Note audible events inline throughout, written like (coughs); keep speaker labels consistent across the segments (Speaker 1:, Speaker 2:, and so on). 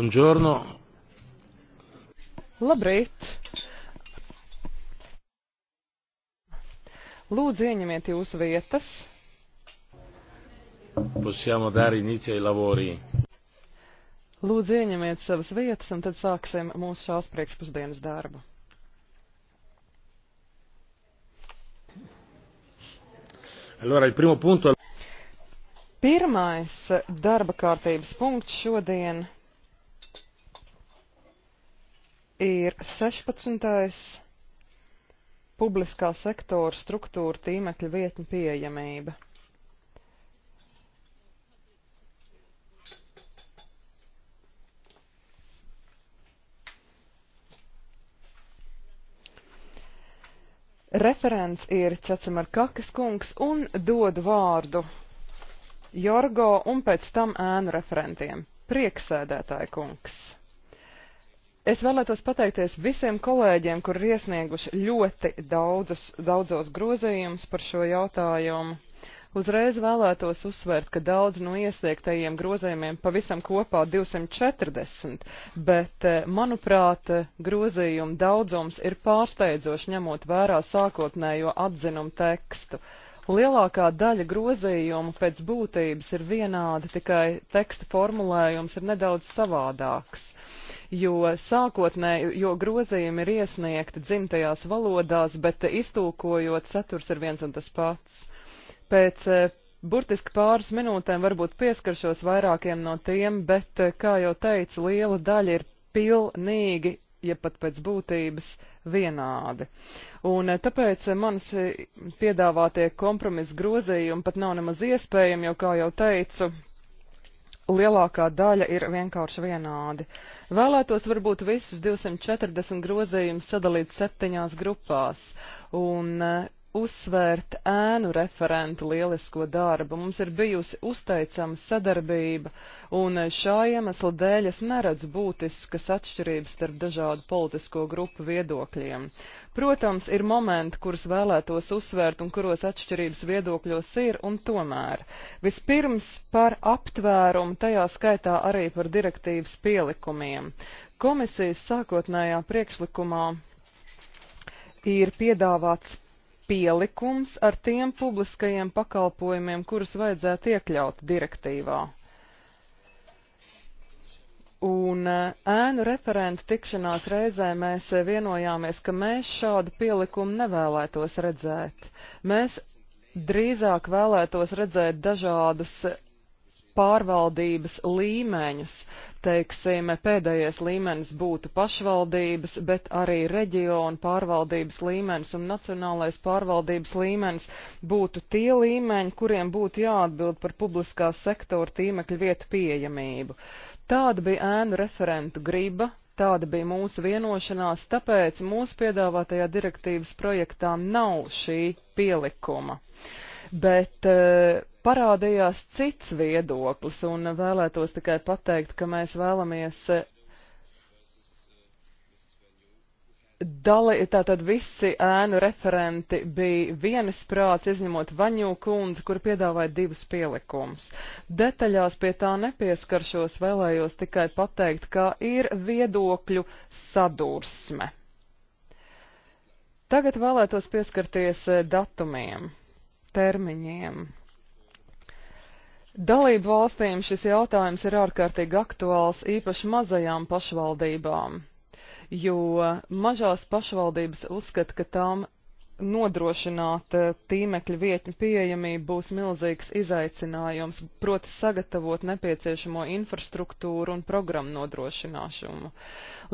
Speaker 1: Buongiorno.
Speaker 2: Labrīt. Lūdzu, ieņemiet jūsu vietas.
Speaker 1: Possiamo dare inizio ai lavori.
Speaker 2: Lūdzu, ieņemiet savas vietas un tad sāksim mūsu šās priekšpusdienas darbu.
Speaker 1: Allora, il primo punto...
Speaker 2: Pirmais darba kārtības punkts šodien ir 16. publiskā sektora struktūra tīmekļa vietņu pieejamība. Referents ir Čacimar Kakas kungs un dod vārdu Jorgo un pēc tam ēnu referentiem. Prieksēdētāja kungs. Es vēlētos pateikties visiem kolēģiem, kur ir iesnieguši ļoti daudzas, daudzos grozījumus par šo jautājumu. Uzreiz vēlētos uzsvērt, ka daudz no iesniegtajiem grozījumiem pavisam kopā 240, bet, eh, manuprāt, grozījumu daudzums ir pārsteidzoši ņemot vērā sākotnējo atzinumu tekstu. Lielākā daļa grozījumu pēc būtības ir vienāda, tikai teksta formulējums ir nedaudz savādāks. Uh, jo sākotnēji, jo grozījumi ir iesniegti dzimtajās valodās, bet iztūkojot saturs ir viens un tas pats. Pēc eh, burtiski pāris minūtēm varbūt pieskaršos vairākiem no tiem, bet, eh, kā jau teicu, liela daļa ir pilnīgi ja pat pēc būtības vienādi. Un eh, tāpēc manas piedāvātie kompromisa grozījumi pat nav nemaz iespējami, jo, kā jau teicu, lielākā daļa ir vienkārši vienādi. Vēlētos varbūt visus 240 grozījumus sadalīt septiņās grupās, un uzsvērt ēnu referentu lielisko darbu. Mums ir bijusi uzteicama sadarbība, un šā iemesla dēļ es neredzu būtiskas atšķirības starp dažādu politisko grupu viedokļiem. Protams, ir momenti, kurus vēlētos uzsvērt un kuros atšķirības viedokļos ir, un tomēr vispirms par aptvērumu, tajā skaitā arī par direktīvas pielikumiem. Komisijas sākotnējā priekšlikumā ir piedāvāts pielikums ar tiem publiskajiem pakalpojumiem, kurus vajadzētu iekļaut direktīvā. Un eh, ēnu referentu tikšanās reizē mēs eh, vienojāmies, ka mēs šādu pielikumu nevēlētos redzēt. Mēs drīzāk vēlētos redzēt dažādus eh, pārvaldības līmeņus. Teiksim, pēdējais līmenis būtu pašvaldības, bet arī reģionu pārvaldības līmenis un nacionālais pārvaldības līmenis būtu tie līmeņi, kuriem būtu jāatbild par publiskā sektora tīmekļa vietu pieejamību. Tāda bija ēnu referentu griba, tāda bija mūsu vienošanās, tāpēc mūsu piedāvātajā direktīvas projektā nav šī pielikuma. Uh, bet e, parādījās cits viedoklis, un vēlētos tikai pateikt, ka mēs vēlamies eh, Dali, tātad visi ēnu referenti bija vienas prāts, izņemot Vaņū kundzi, kur piedāvāja divus pielikumus. Detaļās pie tā nepieskaršos, vēlējos tikai pateikt, ka ir viedokļu sadursme. Tagad vēlētos pieskarties eh, datumiem termiņiem. Dalību valstīm šis jautājums ir ārkārtīgi aktuāls īpaši mazajām pašvaldībām, jo mažās pašvaldības uzskata, ka tām nodrošināt eh, tīmekļa vietņu pieejamību būs milzīgs izaicinājums, proti sagatavot nepieciešamo infrastruktūru un programmu nodrošināšanu.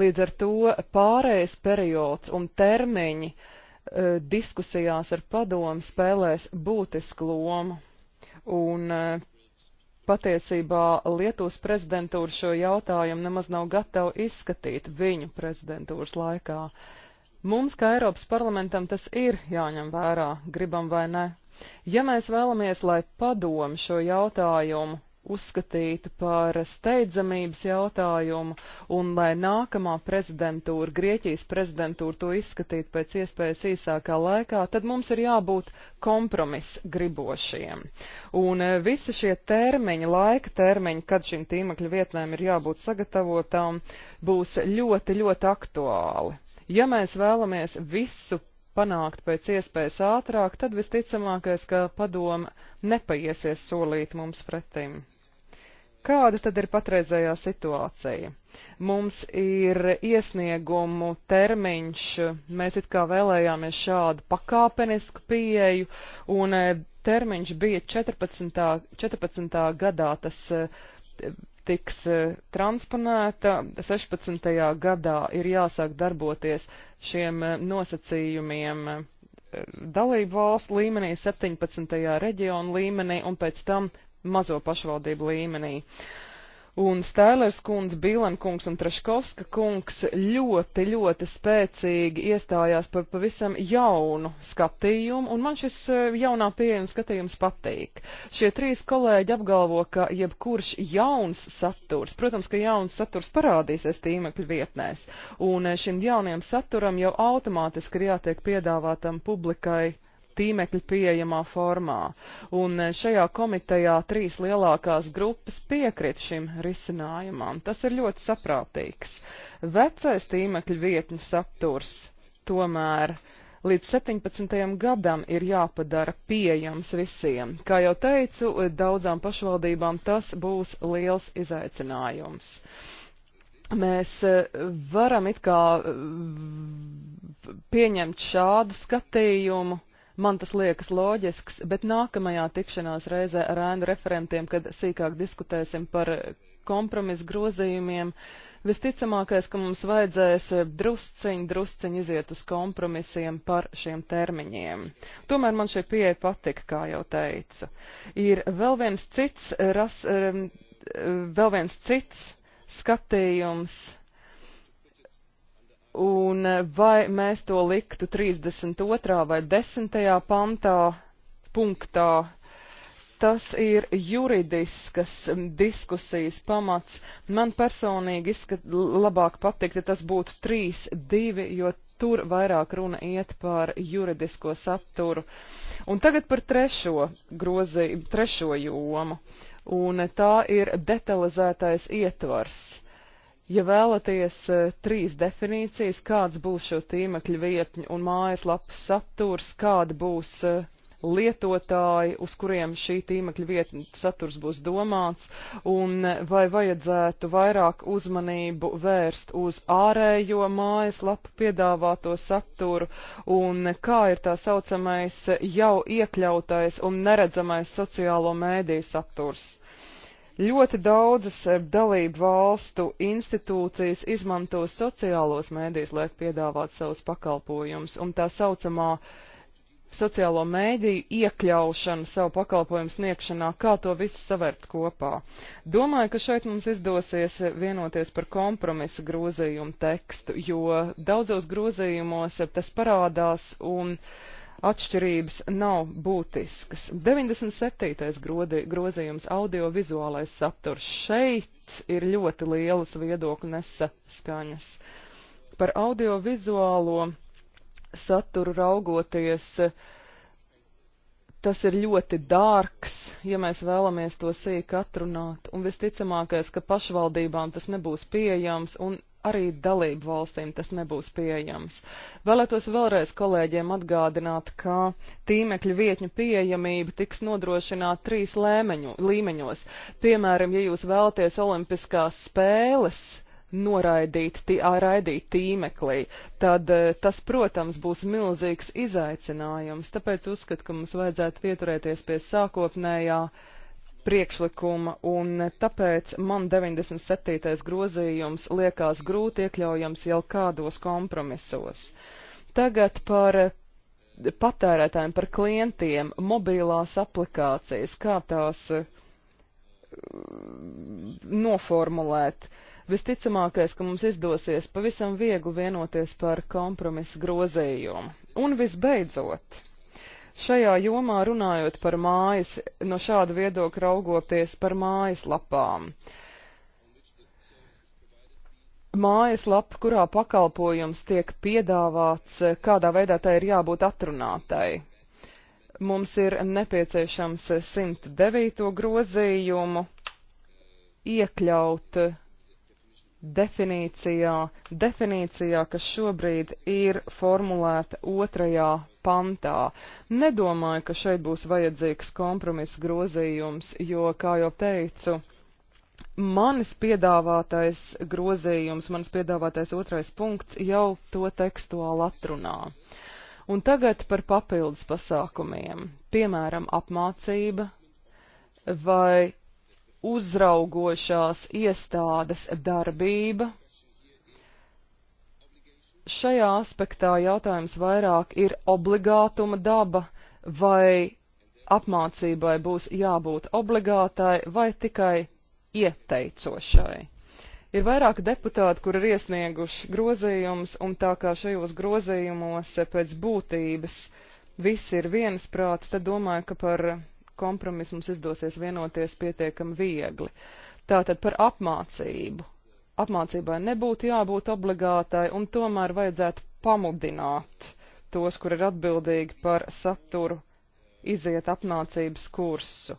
Speaker 2: Līdz ar to pārējais periods un termiņi uh, E, diskusijās ar padomu spēlēs būtisku lomu. Un e, patiesībā Lietuvas prezidentūra šo jautājumu nemaz nav gatava izskatīt viņu prezidentūras laikā. Mums, kā Eiropas parlamentam, tas ir jāņem vērā, gribam vai ne. Ja mēs vēlamies, lai padomu šo jautājumu uzskatītu par steidzamības jautājumu un lai nākamā prezidentūra, Grieķijas prezidentūra to izskatītu pēc iespējas īsākā laikā, tad mums ir jābūt kompromis gribošiem. Un e, visi šie termiņi, laika termiņi, kad šīm tīmekļa vietnēm ir jābūt sagatavotām, būs ļoti, ļoti aktuāli. Ja mēs vēlamies visu panākt pēc iespējas ātrāk, tad visticamākais, ka padoma nepaiesies solīt mums pretim. Kāda tad ir patreizējā situācija? Mums ir iesniegumu termiņš, mēs it kā vēlējāmies šādu pakāpenisku pieeju, un e, termiņš bija 14. 14. gadā, tas e, tiks e, transponēta, 16. gadā ir jāsāk darboties šiem nosacījumiem dalību valstu līmenī, 17. reģionu līmenī un pēc tam mazo pašvaldību līmenī. Un Stēlers kundz, Bīlenkungs un Traškovska kungs ļoti, ļoti spēcīgi iestājās par pavisam jaunu skatījumu, un man šis eh, jaunā pieejams skatījums patīk. Šie trīs kolēģi apgalvo, ka jebkurš jauns saturs, protams, ka jauns saturs parādīsies tīmekļu vietnēs, un eh, šim jaunajam saturam jau automātiski ir jātiek piedāvātam publikai tīmekļa pieejamā formā. Un e, šajā komitejā trīs lielākās grupas piekrit šim risinājumam. Tas ir ļoti saprātīgs. Vecais tīmekļa vietņu saturs tomēr līdz 17. gadam ir jāpadara pieejams visiem. Kā jau teicu, daudzām pašvaldībām tas būs liels izaicinājums. Mēs e, varam it kā e, pieņemt šādu skatījumu, Man tas liekas loģisks, bet nākamajā tikšanās reizē ar ēnu referentiem, kad sīkāk diskutēsim par kompromisu grozījumiem, visticamākais, ka mums vajadzēs drusciņ, drusciņ iziet uz kompromisiem par šiem termiņiem. Tomēr man šī pieeja patika, kā jau teicu. Ir vēl viens cits, ras, ehm, vēl viens cits skatījums un vai mēs to liktu 32. vai 10. pantā punktā, tas ir juridiskas diskusijas pamats. Man personīgi izskat, labāk patikt, ja tas būtu 3-2, jo tur vairāk runa iet par juridisko saturu. Un tagad par trešo grozību, trešo jomu, un tā ir detalizētais ietvars. Ja vēlaties eh, trīs definīcijas, kāds būs šo tīmekļa vietņu un mājaslapas saturs, kāda būs eh, lietotāji, uz kuriem šī tīmekļa vietņa saturs būs domāts, un eh, vai vajadzētu vairāk uzmanību vērst uz ārējo mājaslapu piedāvāto saturu, un kā ir tā saucamais jau iekļautais un neredzamais sociālo mēdīju saturs. Ļoti daudzas eh, dalību valstu institūcijas izmanto sociālos mēdījus, lai piedāvātu savus pakalpojumus, un tā saucamā sociālo mēdīju iekļaušana savu pakalpojumu sniegšanā, kā to visu savērt kopā. Domāju, ka šeit mums izdosies vienoties par kompromisa grozījumu tekstu, jo daudzos grozījumos tas parādās un uh, atšķirības nav būtiskas. 97. Grodi, grozījums - audiovizuālais saturs. Šeit ir ļoti lielas viedokļu nesaskaņas. Par audiovizuālo saturu raugoties, tas ir ļoti dārgs, ja mēs vēlamies to sīk atrunāt, un visticamākais, ka pašvaldībām tas nebūs pieejams, un arī dalību valstīm tas nebūs pieejams. Vēlētos vēlreiz kolēģiem atgādināt, ka tīmekļa vietņu pieejamība tiks nodrošināta trīs lēmeņu, līmeņos. Piemēram, ja jūs vēlaties olimpiskās spēles, noraidīt, tī, raidīt tīmeklī, tad e, tas, protams, būs milzīgs izaicinājums. Tāpēc uzskatu, ka mums vajadzētu pieturēties pie sākotnējā uh, priekšlikuma, un tāpēc man 97. grozījums liekas grūti iekļaujams jau kādos kompromisos. Tagad par patērētājiem, par klientiem, mobilās aplikācijas, kā tās uh, noformulēt. Visticamākais, ka mums izdosies pavisam viegli vienoties par kompromisu grozījumu. Un visbeidzot, Šajā jomā runājot par mājas, no šāda viedokļa raugoties par mājas lapām. Mājas lapa, kurā pakalpojums tiek piedāvāts, kādā veidā tai ir jābūt atrunātai mums ir nepieciešams 109. grozījumu iekļaut definīcijā, definīcijā, kas šobrīd ir formulēta otrajā pantā. Nedomāju, ka šeit būs vajadzīgs kompromisa grozījums, jo, kā jau teicu, manis piedāvātais grozījums, manis piedāvātais otrais punkts jau to tekstuāli atrunā. Un tagad par papildus pasākumiem, piemēram, apmācība vai uzraugošās iestādes darbība. Šajā aspektā jautājums vairāk ir obligātuma daba, vai apmācībai būs jābūt obligātai vai tikai ieteicošai. Ir vairāk deputāti, kur ir iesnieguši grozījumus, un tā kā šajos grozījumos pēc būtības viss ir viensprāts, tad domāju, ka par kompromisu mums izdosies vienoties pietiekami viegli. Tātad par apmācību. Apmācībai nebūtu jābūt obligātai, un tomēr vajadzētu pamudināt tos, kur ir atbildīgi par saturu, iziet apmācības kursu.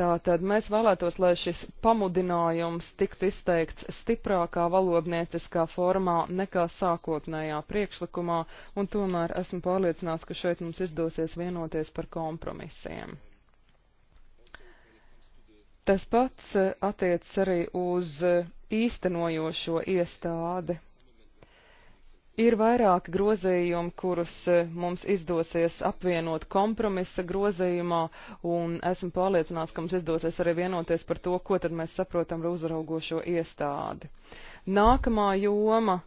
Speaker 2: Tātad mēs vēlētos, lai šis pamudinājums tiktu izteikts stiprākā valodnieciskā formā nekā sākotnējā priekšlikumā, un tomēr esmu pārliecināts, ka šeit mums izdosies vienoties par kompromisiem. Tas pats eh, attiecas arī uz eh, īstenojošo iestādi. Ir vairāki grozījumi, kurus eh, mums izdosies apvienot kompromisa grozījumā, un esmu pārliecināts, ka mums izdosies arī vienoties par to, ko tad mēs saprotam ar uzraugošo iestādi. Nākamā joma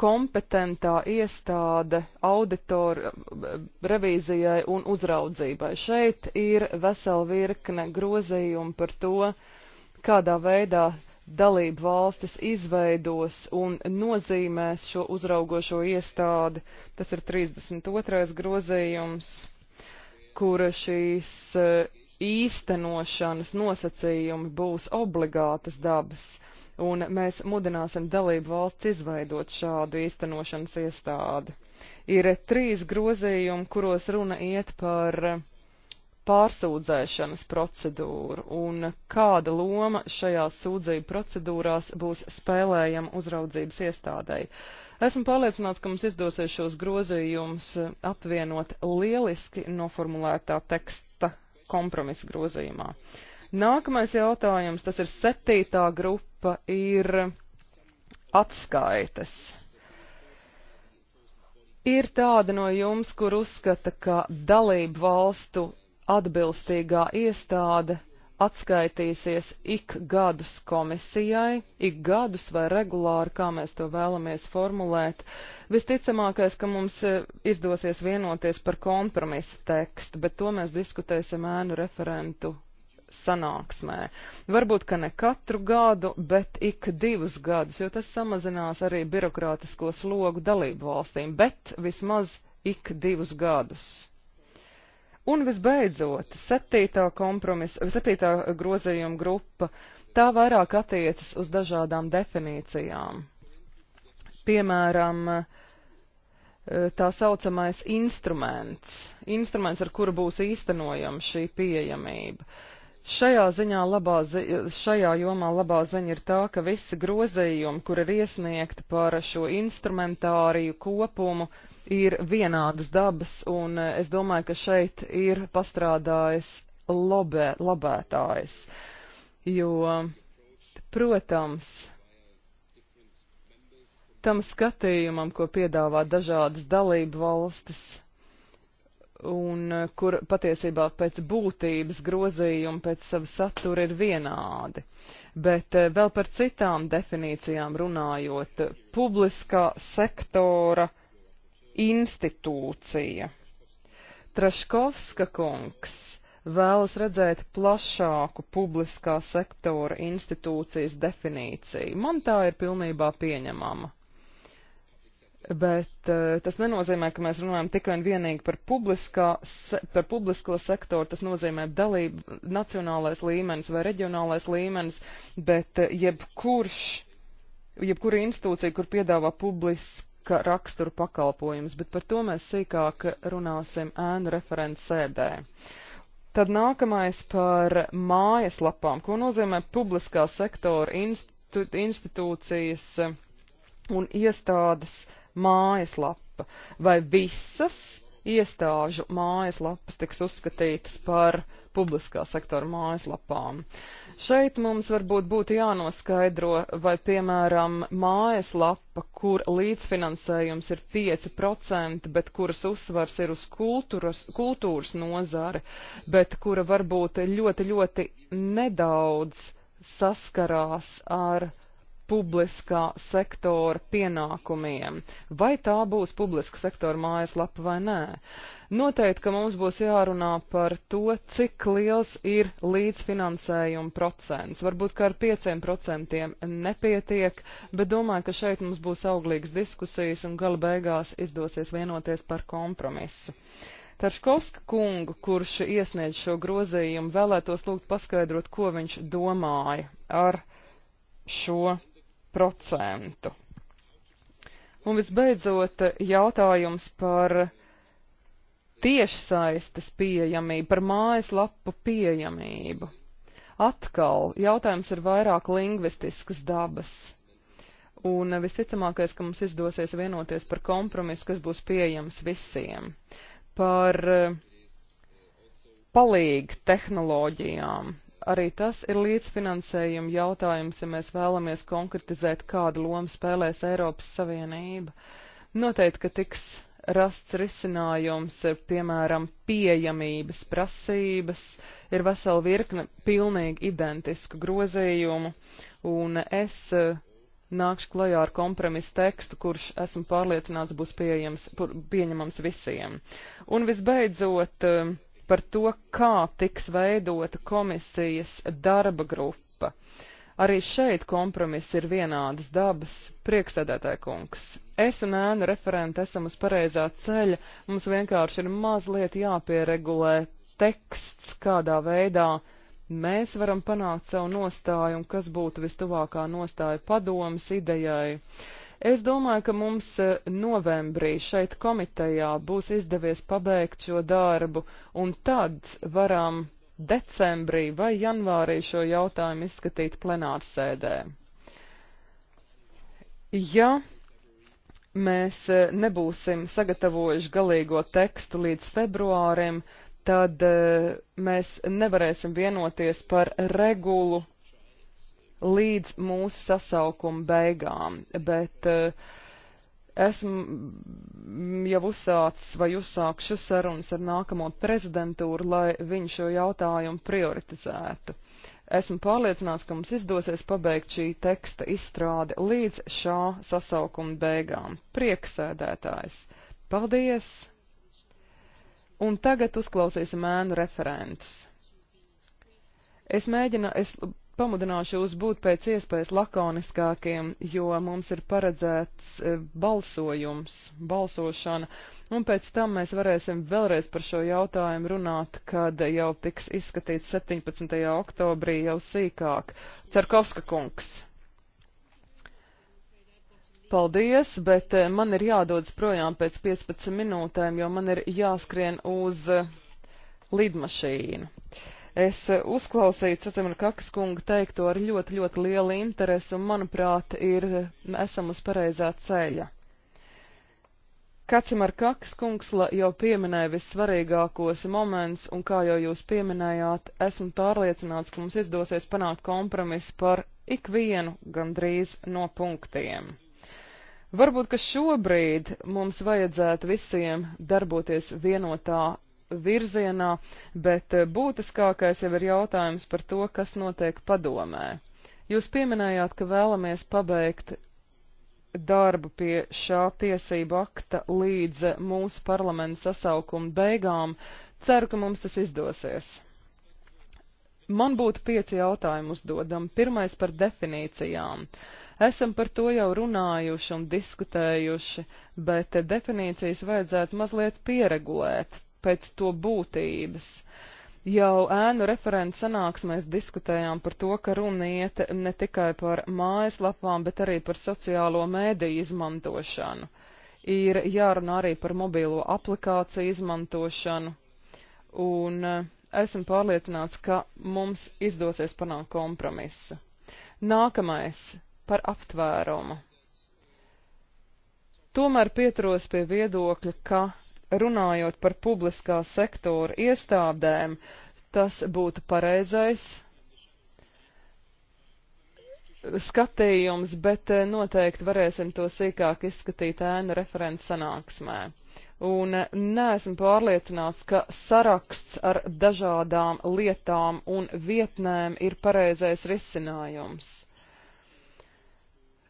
Speaker 2: kompetentā iestāde auditoru revīzijai un uzraudzībai. Šeit ir vesela virkne grozījumu par to, kādā veidā dalību valstis izveidos un nozīmēs šo uzraugošo iestādi. Tas ir 32. grozījums, kura šīs e, īstenošanas nosacījumi būs obligātas dabas. Uh, un mēs mudināsim dalību valsts izveidot šādu īstenošanas iestādi. Ir trīs grozījumi, kuros runa iet par pārsūdzēšanas procedūru un kāda loma šajās sūdzību procedūrās būs spēlējama uzraudzības iestādēji. Esmu pārliecināts, ka mums izdosies šos grozījumus apvienot lieliski noformulētā teksta kompromisa grozījumā. Uh, Nākamais jautājums, tas ir septītā grupa, ir atskaitas. Ir tāda no jums, kur uzskata, ka dalību valstu atbilstīgā iestāde atskaitīsies ik gadus komisijai, ik gadus vai regulāri, kā mēs to vēlamies formulēt. Visticamākais, ka mums e, izdosies vienoties par kompromisa tekstu, bet to mēs diskutēsim ēnu referentu sanāksmē. Varbūt, ka ne katru gadu, bet ik divus gadus, jo tas samazinās arī birokrātisko slogu dalību valstīm, bet vismaz ik divus gadus. Un visbeidzot, septītā, septītā grozījuma grupa, tā vairāk attiecas uz dažādām definīcijām. Piemēram, tā saucamais instruments, instruments, ar kuru būs īstenojama šī pieejamība. Šajā, ziņā labā, zi šajā jomā labā ziņa ir tā, ka visi grozījumi, kur ir iesniegti par šo instrumentāriju kopumu, ir vienādas dabas, un eh, es domāju, ka šeit ir pastrādājis lobē, lobētājs. Jo, protams, tam skatījumam, ko piedāvā dažādas dalību valstis, un eh, kur patiesībā pēc būtības grozījumi pēc sava satura ir vienādi. Bet eh, vēl par citām definīcijām runājot, publiskā sektora institūcija. Traškovska kungs vēlas redzēt plašāku publiskā sektora institūcijas definīciju. Man tā ir pilnībā pieņemama. Bet eh, tas nenozīmē, ka mēs runājam tikai un vienīgi par, publiskā, par publisko sektoru, tas nozīmē dalību nacionālais līmenis vai reģionālais līmenis, bet eh, jebkurš, jebkura institūcija, kur piedāvā publiska rakstura pakalpojums, bet par to mēs sīkāk runāsim ēnu referents sēdē. Tad nākamais par mājaslapām, ko nozīmē publiskā sektora institūcijas eh, un iestādes mājaslapa. Vai visas iestāžu mājaslapas tiks uzskatītas par publiskā sektora mājaslapām. Šeit mums varbūt būtu jānoskaidro, vai piemēram mājaslapa, kur līdzfinansējums ir 5%, bet kuras uzsvars ir uz kultūras, kultūras nozari, bet kura varbūt ļoti, ļoti nedaudz saskarās ar publiskā sektora pienākumiem. Vai tā būs publiska sektora mājaslapa vai nē? Noteikti, ka mums būs jārunā par to, cik liels ir līdzfinansējuma procents. Varbūt, ka ar 5% nepietiek, bet domāju, ka šeit mums būs auglīgas diskusijas un gala beigās izdosies vienoties par kompromisu. Tarškovska kungu, kurš iesniedz šo grozījumu, vēlētos lūgt paskaidrot, ko viņš domāja ar šo procentu. Un visbeidzot jautājums par tiešsaistes pieejamību, par mājaslapu pieejamību. Atkal jautājums ir vairāk lingvistiskas dabas. Un visticamākais, ka mums izdosies vienoties par kompromisu, kas būs pieejams visiem. Par palīgu tehnoloģijām arī tas ir līdzfinansējuma jautājums, ja mēs vēlamies konkretizēt, kādu lomu spēlēs Eiropas Savienība. Noteikti, ka tiks rasts risinājums, piemēram, pieejamības prasības, ir vesela virkne pilnīgi identisku grozījumu, un es eh, nākšu klajā ar kompromisu tekstu, kurš esmu pārliecināts būs pieejams, pieņemams visiem. Un visbeidzot, uh, par to, kā tiks veidota komisijas darba grupa. Arī šeit kompromiss ir vienādas dabas priekšsēdētāja kungs. Es un ēnu referenti esam uz pareizā ceļa, mums vienkārši ir mazliet jāpieregulē teksts, kādā veidā mēs varam panākt savu nostāju un kas būtu vistuvākā nostāja padomas idejai. Uh, Es domāju, ka mums eh, novembrī šeit komitejā būs izdevies pabeigt šo darbu, un tad varam decembrī vai janvārī šo jautājumu izskatīt plenārsēdē. Ja mēs eh, nebūsim sagatavojuši galīgo tekstu līdz februārim, tad eh, mēs nevarēsim vienoties par regulu līdz mūsu sasaukuma beigām, bet uh, esmu jau uzsācis vai uzsākšu sarunas ar nākamo prezidentūru, lai viņi šo jautājumu prioritizētu. Esmu pārliecināts, ka mums izdosies pabeigt šī teksta izstrādi līdz šā sasaukuma beigām. Prieksēdētājs! Paldies! Un tagad uzklausīsim ēnu referentus. Es mēģinu, es pamudināšu jūs būt pēc iespējas lakoniskākiem, jo mums ir paredzēts e, balsojums, balsošana, un pēc tam mēs varēsim vēlreiz par šo jautājumu runāt, kad jau tiks izskatīts 17. oktobrī jau sīkāk. Cerkovska kungs. Paldies, bet e, man ir jādodas projām pēc 15 minūtēm, jo man ir jāskrien uz e, lidmašīnu. Es uzklausīju Cecimina Kakas kunga teikto ar ļoti, ļoti lielu interesi un, manuprāt, ir esam uz pareizā ceļa. Kacimar Kakas kungs jau pieminēja vissvarīgākos moments, un kā jau jūs pieminējāt, esmu pārliecināts, ka mums izdosies panākt kompromisu par ikvienu gandrīz no punktiem. Varbūt, ka šobrīd mums vajadzētu visiem darboties vienotā virzienā, bet eh, būtiskākais jau ir jautājums par to, kas notiek padomē. Jūs pieminējāt, ka vēlamies pabeigt darbu pie šā tiesību akta līdz eh, mūsu parlamenta sasaukuma beigām. Ceru, ka mums tas izdosies. Man būtu pieci jautājumi uzdodam. Pirmais par definīcijām. Esam par to jau runājuši un diskutējuši, bet eh, definīcijas vajadzētu mazliet pieregulēt pēc to būtības. Jau ēnu referents sanāksmēs diskutējām par to, ka runa iet ne tikai par mājaslapām, bet arī par sociālo mēdīju izmantošanu. Ir jārunā arī par mobīlo aplikāciju izmantošanu, un eh, esmu pārliecināts, ka mums izdosies panākt kompromisu. Nākamais par aptvērumu. Tomēr pieturos pie viedokļa, ka runājot par publiskā sektora iestādēm, tas būtu pareizais skatījums, bet eh, noteikti varēsim to sīkāk izskatīt ēnu referents sanāksmē. Un eh, neesmu pārliecināts, ka saraksts ar dažādām lietām un vietnēm ir pareizais risinājums.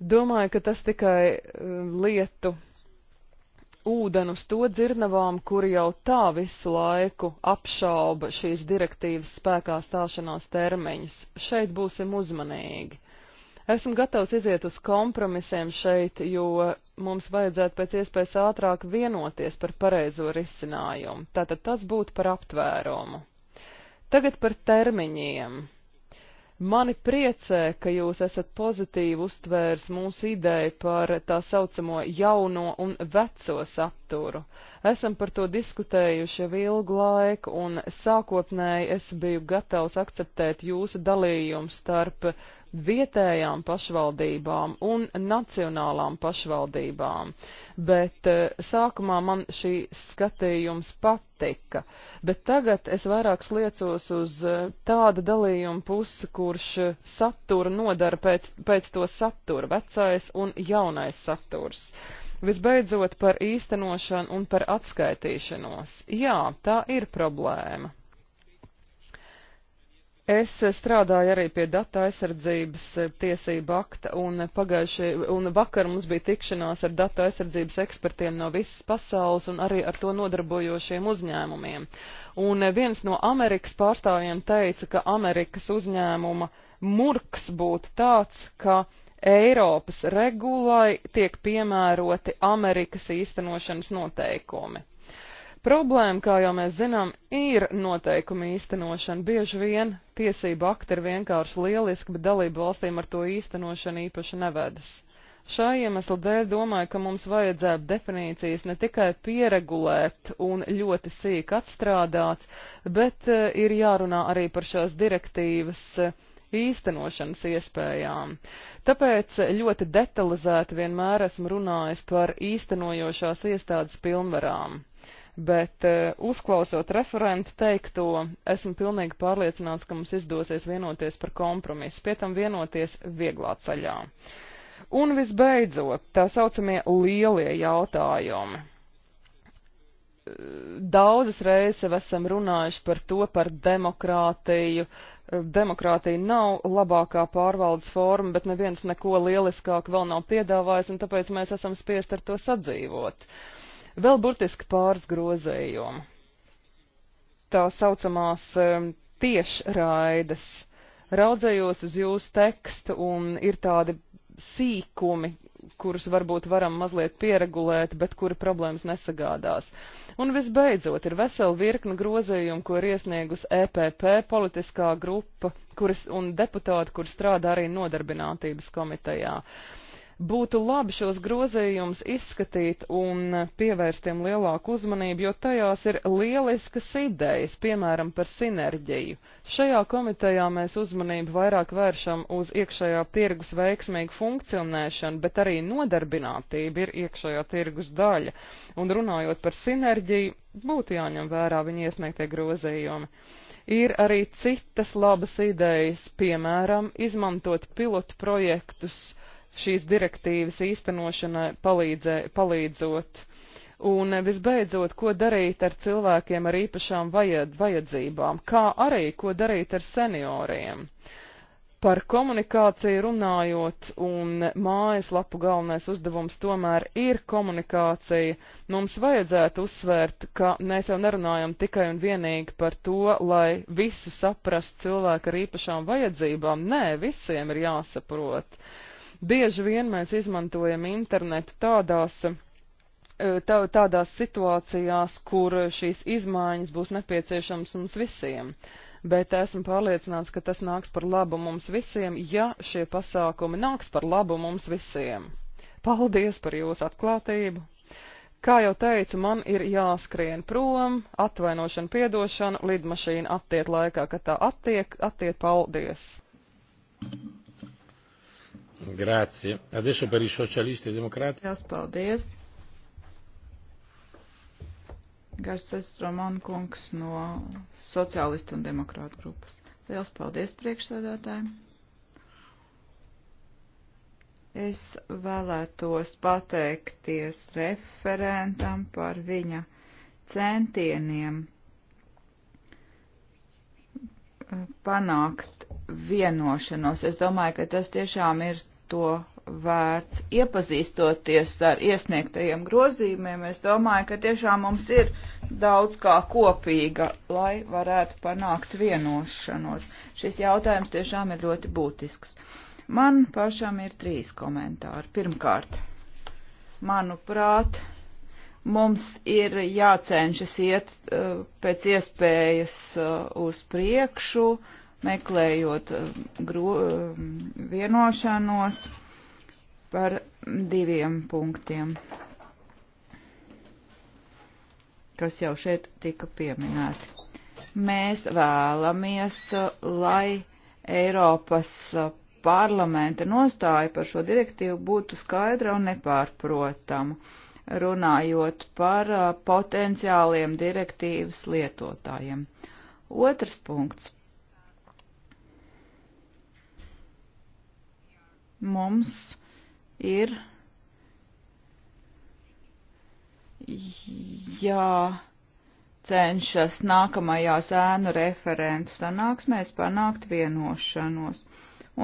Speaker 2: Domāju, ka tas tikai eh, lietu ūdeni uz to dzirnavām, kur jau tā visu laiku apšauba šīs direktīvas spēkā stāšanās termiņus. Šeit būsim uzmanīgi. Esmu gatavs iziet uz kompromisiem šeit, jo mums vajadzētu pēc iespējas ātrāk vienoties par pareizo risinājumu. Tātad tas būtu par aptvērumu. Tagad par termiņiem. Mani priecē, ka jūs esat pozitīvi uztvērs mūsu ideju par tā saucamo jauno un veco saturu. Esam par to diskutējuši jau ilgu laiku, un sākotnēji es biju gatavs akceptēt jūsu dalījumu starp vietējām pašvaldībām un nacionālām pašvaldībām, bet eh, sākumā man šī skatījums patika, bet tagad es vairāk sliecos uz eh, tāda dalījuma pusi, kurš eh, satura nodara pēc, pēc to satura, vecais un jaunais saturs. Visbeidzot par īstenošanu un par atskaitīšanos. Jā, tā ir problēma, Es strādāju arī pie data aizsardzības eh, tiesība akta, un, pagājuši, un vakar mums bija tikšanās ar data aizsardzības ekspertiem no visas pasaules un arī ar to nodarbojošiem uzņēmumiem. Un eh, viens no Amerikas pārstāvjiem teica, ka Amerikas uzņēmuma murks būtu tāds, ka Eiropas regulai tiek piemēroti Amerikas īstenošanas noteikumi. Problēma, kā jau mēs zinām, ir noteikuma īstenošana. Bieži vien tiesība akti ir vienkārši lieliski, bet dalību valstīm ar to īstenošanu īpaši nevedas. Šā iemesla dēļ domāju, ka mums vajadzētu definīcijas ne tikai pieregulēt un ļoti sīk atstrādāt, bet eh, ir jārunā arī par šās direktīvas eh, īstenošanas iespējām. Tāpēc ļoti detalizēti vienmēr esmu runājis par īstenojošās iestādes pilnvarām bet eh, uzklausot referentu teikto, esmu pilnīgi pārliecināts, ka mums izdosies vienoties par kompromisu, pie tam vienoties vieglā ceļā. Un visbeidzot, tā saucamie lielie jautājumi. Daudzas reizes jau esam runājuši par to, par demokrātiju. Demokrātija nav labākā pārvaldes forma, bet neviens neko lieliskāk vēl nav piedāvājis, un tāpēc mēs esam spiest ar to sadzīvot. Uh, Vēl burtiski pāris grozējumu. Tā saucamās um, tiešraides. Raudzējos uz jūsu tekstu un ir tādi sīkumi, kurus varbūt varam mazliet pieregulēt, bet kuri problēmas nesagādās. Un visbeidzot, ir vesela virkna grozījumu, ko ir iesniegus EPP politiskā grupa kuras, un deputāti, kur strādā arī nodarbinātības komitejā. Uh, Būtu labi šos grozījumus izskatīt un pievērst tiem lielāku uzmanību, jo tajās ir lieliskas idejas, piemēram, par sinerģiju. Šajā komitejā mēs uzmanību vairāk vēršam uz iekšējā tirgus veiksmīgu funkcionēšanu, bet arī nodarbinātība ir iekšējā tirgus daļa. Un runājot par sinerģiju, būtu jāņem vērā viņa iesniegtie grozījumi ir arī citas labas idejas, piemēram, izmantot pilotu projektus šīs direktīvas īstenošanai palīdzē, palīdzot. Un eh, visbeidzot, ko darīt ar cilvēkiem ar īpašām vajad, vajadzībām, kā arī ko darīt ar senioriem. Par komunikāciju runājot, un mājaslapu galvenais uzdevums tomēr ir komunikācija, mums vajadzētu uzsvērt, ka mēs jau nerunājam tikai un vienīgi par to, lai visu saprastu cilvēku ar īpašām vajadzībām. Nē, visiem ir jāsaprot Bieži vien mēs izmantojam internetu tādās e, tādās situācijās, kur šīs izmaiņas būs nepieciešams mums visiem. Bet esmu pārliecināts, ka tas nāks par labu mums visiem, ja šie pasākumi nāks par labu mums visiem. Paldies par jūsu atklātību! Kā jau teicu, man ir jāskrien prom, atvainošana, piedošana, lidmašīna attiek laikā, kad tā attiek, attiek paldies! Thank you.
Speaker 1: Grazie. Adesso per i socialisti e democratici. Jās paldies.
Speaker 3: Garses Roman kungs no sociālistu un demokrātu grupas. Liels paldies priekšsēdētājiem. Es vēlētos pateikties referentam par viņa centieniem panākt vienošanos. Es domāju, ka tas tiešām ir to vērts. Iepazīstoties ar iesniegtajiem grozījumiem, es domāju, ka tiešām mums ir daudz kā kopīga, lai varētu panākt vienošanos. Šis jautājums tiešām ir ļoti būtisks. Man pašam ir trīs komentāri. Pirmkārt, manuprāt, mums ir jācenšas iet uh, pēc iespējas uh, uz priekšu, uh, meklējot eh, gro, eh, vienošanos par diviem punktiem, kas jau šeit tika pieminēti. Mēs vēlamies, eh, lai Eiropas parlamenta nostāja par šo direktīvu būtu skaidra un nepārprotama, runājot par potenciāliem direktīvas lietotājiem. Otrs punkts mums ir jācenšas nākamajās ēnu referentu sanāksmēs panākt vienošanos.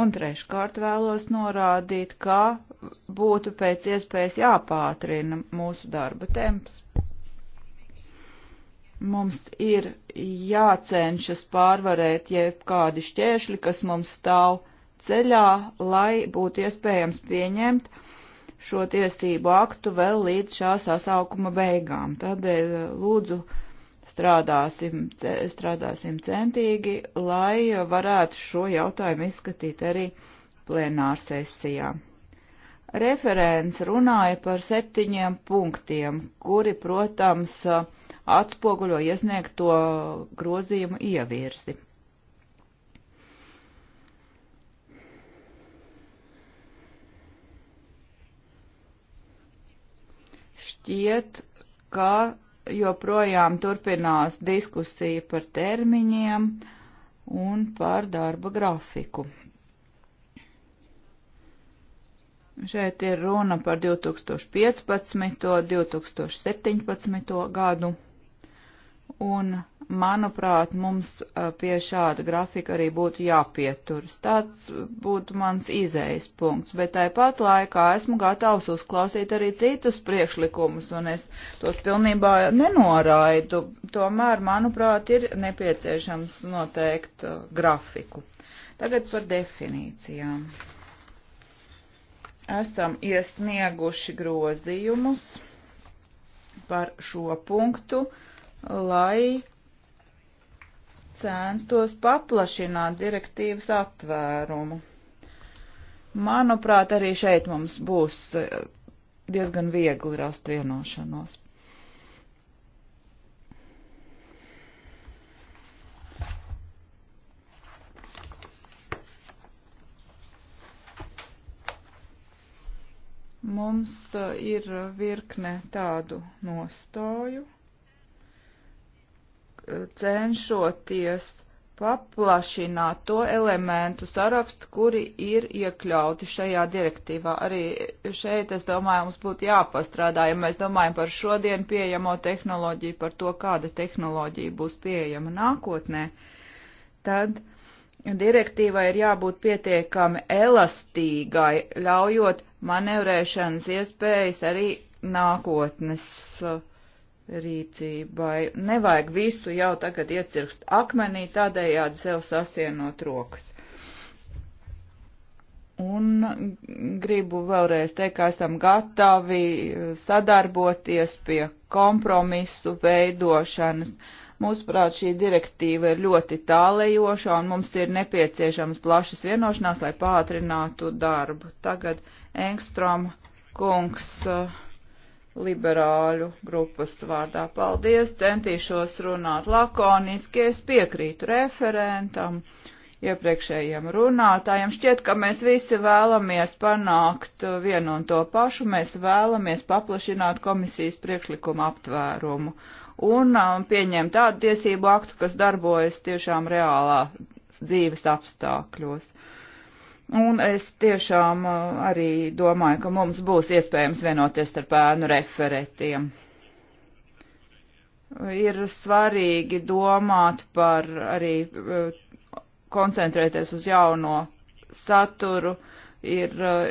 Speaker 3: Un treškārt vēlos norādīt, ka būtu pēc iespējas jāpātrina mūsu darba temps. Mums ir jācenšas pārvarēt jebkādi šķēršļi, kas mums stāv ceļā, lai būtu iespējams pieņemt šo tiesību aktu vēl līdz šā sasaukuma beigām. Tādēļ eh, lūdzu strādāsim, strādāsim centīgi, lai varētu šo jautājumu izskatīt arī plenārsesijā. Referents runāja par septiņiem punktiem, kuri, protams, atspoguļo iesniegto grozījumu ievirzi. šķiet, ka joprojām turpinās diskusija par termiņiem un par darba grafiku. Šeit ir runa par 2015. un 2017. gadu, un manuprāt, mums pie šāda grafika arī būtu jāpieturas. Tāds būtu mans izējas punkts, bet tāpat laikā esmu gatavs uzklausīt arī citus priekšlikumus, un es tos pilnībā nenoraidu. Tomēr, manuprāt, ir nepieciešams noteikt grafiku. Tagad par definīcijām. Esam iesnieguši grozījumus par šo punktu, lai centos paplašināt direktīvas aptvērumu. Manuprāt, arī šeit mums būs eh, diezgan viegli rast vienošanos. Mums eh, ir virkne tādu nostoju cenšoties paplašināt to elementu sarakstu, kuri ir iekļauti šajā direktīvā. Arī šeit, es domāju, mums būtu jāpastrādā, ja mēs domājam par šodien pieejamo tehnoloģiju, par to, kāda tehnoloģija būs pieejama nākotnē, tad direktīvai ir jābūt pietiekami elastīgai, ļaujot manevrēšanas iespējas arī nākotnes uh, rīcībai. Nevajag visu jau tagad iecirkst akmenī, tādējādi sev sasienot rokas. Un gribu vēlreiz teikt, ka esam gatavi eh, sadarboties pie kompromisu veidošanas. Mūsuprāt, šī direktīva ir ļoti tālējoša un mums ir nepieciešams plašas vienošanās, lai pātrinātu darbu. Tagad Engstrom kungs. Uh, liberāļu grupas vārdā. Paldies, centīšos runāt lakoniski, es piekrītu referentam, iepriekšējiem runātājiem. Šķiet, ka mēs visi vēlamies panākt vienu un to pašu, mēs vēlamies paplašināt komisijas priekšlikuma aptvērumu un um, pieņemt tādu tiesību aktu, kas darbojas tiešām reālā dzīves apstākļos. Uh, Un es tiešām uh, arī domāju, ka mums būs iespējams vienoties ar pēnu referentiem. Ir svarīgi domāt par arī uh, koncentrēties uz jauno saturu, ir uh,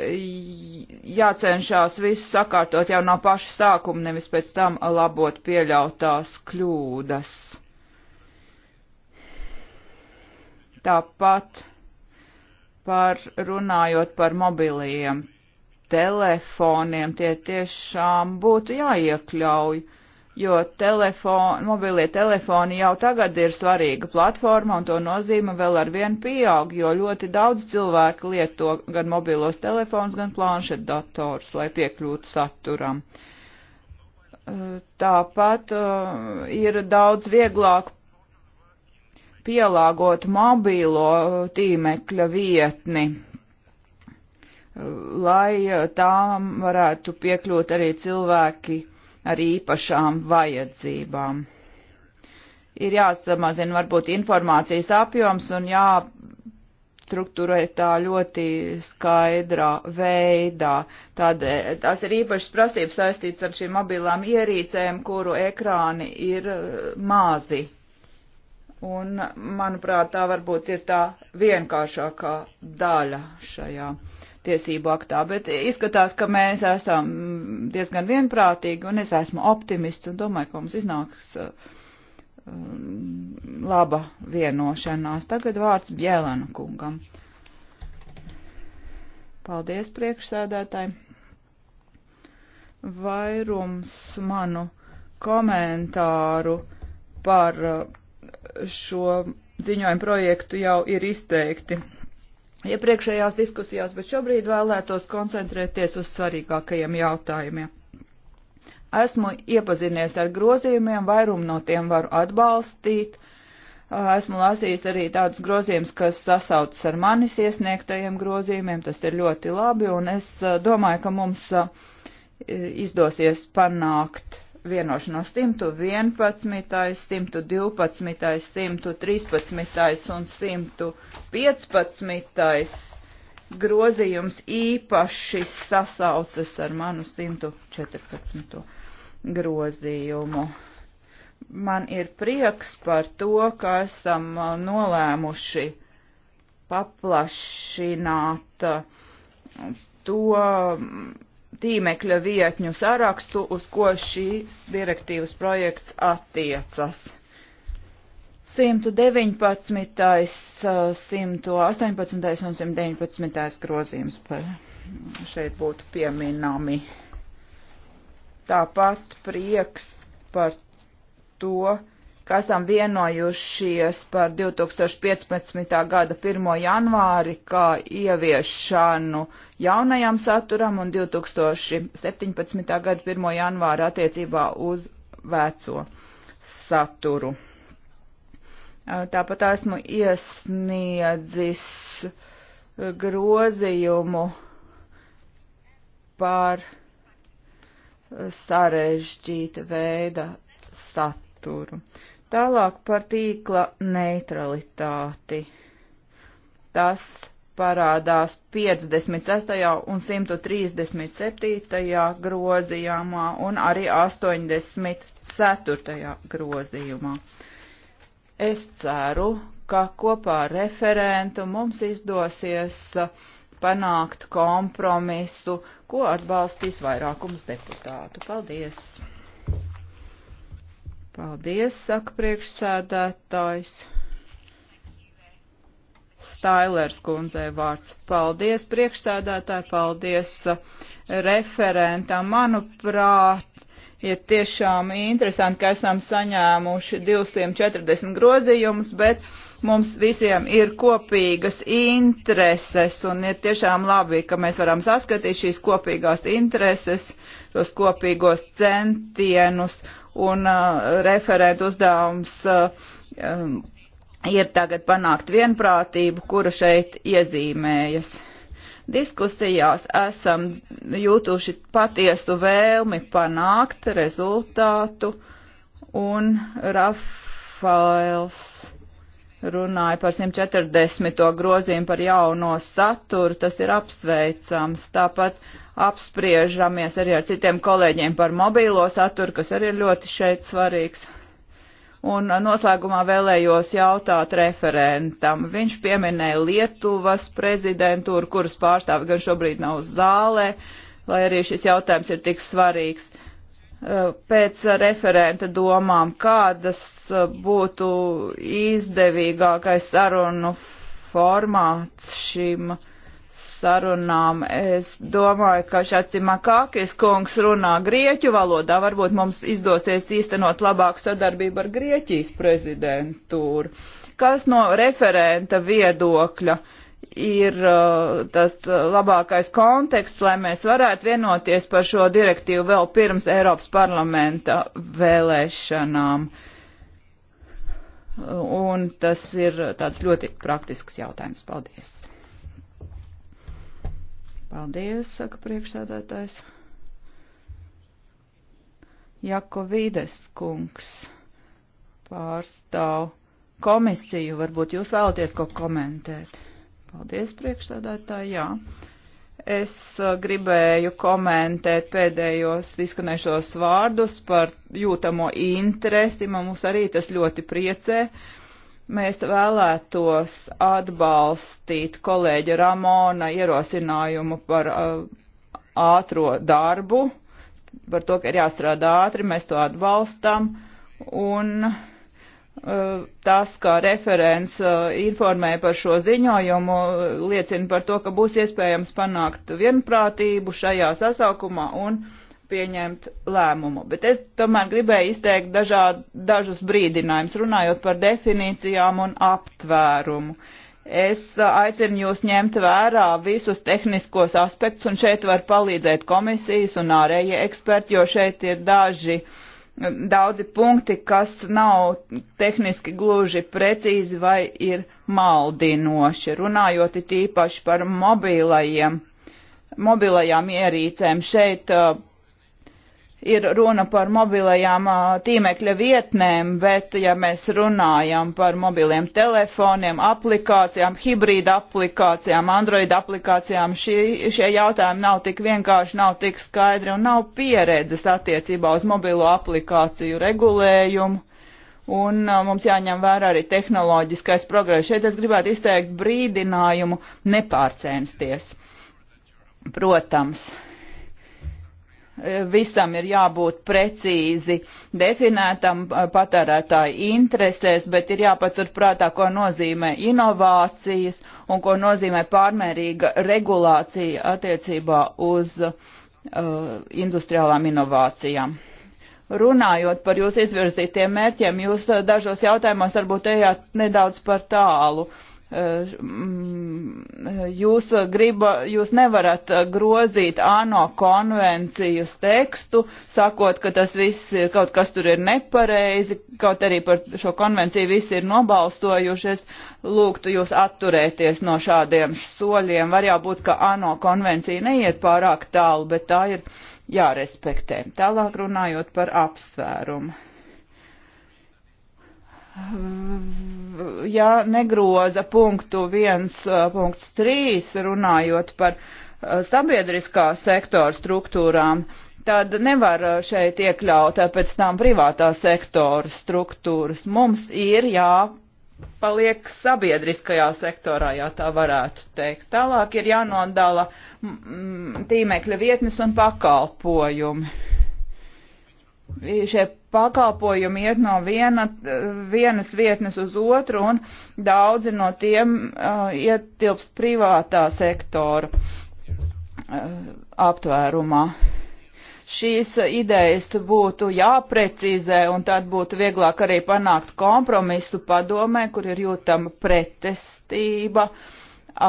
Speaker 3: jācenšās visu sakārtot jau no paša sākuma, nevis pēc tam labot pieļautās kļūdas. Tāpat par runājot par mobiliem telefoniem, tie tiešām būtu jāiekļauj, jo telefon, mobilie telefoni jau tagad ir svarīga platforma un to nozīme vēl ar vienu pieaug, jo ļoti daudz cilvēku lieto gan mobilos telefons, gan planšetdators, lai piekļūtu saturam. Tāpat uh, ir daudz vieglāk pielāgot mobīlo tīmekļa vietni, lai eh, tām varētu piekļūt arī cilvēki ar īpašām vajadzībām. Ir jāsamazina varbūt informācijas apjoms un jāstrukturē tā ļoti skaidrā veidā. Tad, tās ir īpašas prasības saistītas ar šīm mobilām ierīcēm, kuru ekrāni ir eh, mazi Un, manuprāt, tā varbūt ir tā vienkāršākā daļa šajā tiesību aktā, bet izskatās, ka mēs esam diezgan vienprātīgi, un es esmu optimists un domāju, ka mums iznāks uh, um, laba vienošanās. Tagad vārds Bjelana kungam. Paldies priekšsēdētāji. Vairums manu komentāru par uh, šo ziņojumu projektu jau ir izteikti iepriekšējās diskusijās, bet šobrīd vēlētos koncentrēties uz svarīgākajiem jautājumiem. Esmu iepazinies ar grozījumiem, vairumu no tiem varu atbalstīt. Esmu lasījis arī tādus grozījumus, kas sasaucas ar manis iesniegtajiem grozījumiem. Tas ir ļoti labi, un es eh, domāju, ka mums eh, izdosies panākt vienošanos 111, 112, 113 un 115 grozījums īpaši sasaucas ar manu 114. grozījumu. Man ir prieks par to, ka esam uh, nolēmuši paplašināt uh, to um, tīmekļa vietņu sarakstu, uz ko šīs direktīvas projekts attiecas. 119, 118 uh, un 119 grozījums par šeit būtu pieminami. Tāpat prieks par to, ka esam vienojušies par 2015. gada 1. janvāri kā ieviešanu jaunajam saturam un 2017. gada 1. janvāra attiecībā uz veco saturu. Tāpat esmu iesniedzis grozījumu par sarežģīta veida saturu. Uh, Tālāk par tīkla neutralitāti. Tas parādās 56. un 137. grozījumā un arī 84. grozījumā. Es ceru, ka kopā ar referentu mums izdosies uh, panākt kompromisu, ko atbalstīs vairākums deputātu. Paldies! Paldies, saka priekšsēdētājs. Stailers kundzei vārds. Paldies, priekšsēdētāji, paldies uh, referentam. Manuprāt, ir tiešām interesanti, ka esam saņēmuši 240 grozījumus, bet mums visiem ir kopīgas intereses un ir tiešām labi, ka mēs varam saskatīt šīs kopīgās intereses, tos kopīgos centienus un uh, referēt uzdevums uh, um, ir tagad panākt vienprātību, kura šeit iezīmējas diskusijās esam jūtuši patiesu vēlmi panākt rezultātu, un Rafaels runāja par 140. grozījumu par jauno saturu, tas ir apsveicams. Tāpat apspriežamies arī ar citiem kolēģiem par mobīlo saturu, kas arī ir ļoti šeit svarīgs. Un noslēgumā vēlējos jautāt referentam. Viņš pieminēja Lietuvas prezidentūru, kuras pārstāvi gan šobrīd nav zālē, lai arī šis jautājums ir tik svarīgs. Eh, pēc referenta domām, kādas eh, būtu izdevīgākais sarunu formāts šim uh, sarunām. Es domāju, ka Šacimakakis kungs runā grieķu valodā. Varbūt mums izdosies īstenot labāku sadarbību ar Grieķijas prezidentūru. Kas no referenta viedokļa ir uh, tas uh, labākais konteksts, lai mēs varētu vienoties par šo direktīvu vēl pirms Eiropas parlamenta vēlēšanām? Un tas ir tāds ļoti praktisks jautājums. Paldies! Paldies, saka priekšsēdētājs. Jako Vīdes kungs pārstāv komisiju. Varbūt jūs vēlaties ko komentēt. Paldies, priekšsēdētāji. Jā. Es uh, gribēju komentēt pēdējos izskanējušos vārdus par jūtamo interesi. Man mums arī tas ļoti priecē. Uh, Mēs vēlētos atbalstīt kolēģa Ramona ierosinājumu par uh, ātro darbu, par to, ka ir jāstrādā ātri, mēs to atbalstam. Un uh, tas, kā referents uh, informē par šo ziņojumu, liecina par to, ka būs iespējams panākt vienprātību šajā sasaukumā un uh, pieņemt lēmumu. Bet es tomēr gribēju izteikt dažād, dažus brīdinājumus, runājot par definīcijām un aptvērumu. Es uh, aicinu jūs ņemt vērā visus tehniskos aspektus, un šeit var palīdzēt komisijas un ārējie eksperti, jo šeit ir daži, daudzi punkti, kas nav tehniski gluži precīzi vai ir maldinoši, runājot it īpaši par mobīlajiem mobilajām ierīcēm. Šeit uh, ir runa par mobilajām tīmekļa vietnēm, bet ja mēs runājam par mobiliem telefoniem, aplikācijām, hibrīda aplikācijām, Android aplikācijām, šie, šie jautājumi nav tik vienkārši, nav tik skaidri un nav pieredzes attiecībā uz mobilo aplikāciju regulējumu. Un mums jāņem vērā arī tehnoloģiskais progress. Šeit es gribētu izteikt brīdinājumu nepārcensties. Protams, visam ir jābūt precīzi definētam patērētāju interesēs, bet ir jāpatur prātā, ko nozīmē inovācijas un ko nozīmē pārmērīga regulācija attiecībā uz uh, industriālām inovācijām. Runājot par jūsu izvirzītiem mērķiem, jūs dažos jautājumos varbūt ejāt nedaudz par tālu. Uh, Eh, mm, eh, jūs, griba, jūs nevarat grozīt ANO konvencijas tekstu, sakot, ka tas viss kaut kas tur ir nepareizi, kaut arī par šo konvenciju visi ir nobalstojušies. Lūgtu jūs atturēties no šādiem soļiem. Var jau būt, ka ANO konvencija neiet pārāk tālu, bet tā ir jārespektē. Tālāk runājot par apsvērumu ja negroza punktu 1.3 eh, runājot par eh, sabiedriskā sektora struktūrām, tad nevar eh, šeit iekļaut pēc tam privātā sektora struktūras. Mums ir jāpaliek sabiedriskajā sektorā, ja tā varētu teikt. Tālāk ir jānodala tīmekļa vietnes un pakalpojumi šie pakalpojumi iet no viena, vienas vietnes uz otru un daudzi no tiem uh, ietilpst privātā sektora uh, aptvērumā. Šīs idejas būtu jāprecizē un tad būtu vieglāk arī panākt kompromisu padomē, kur ir jūtama pretestība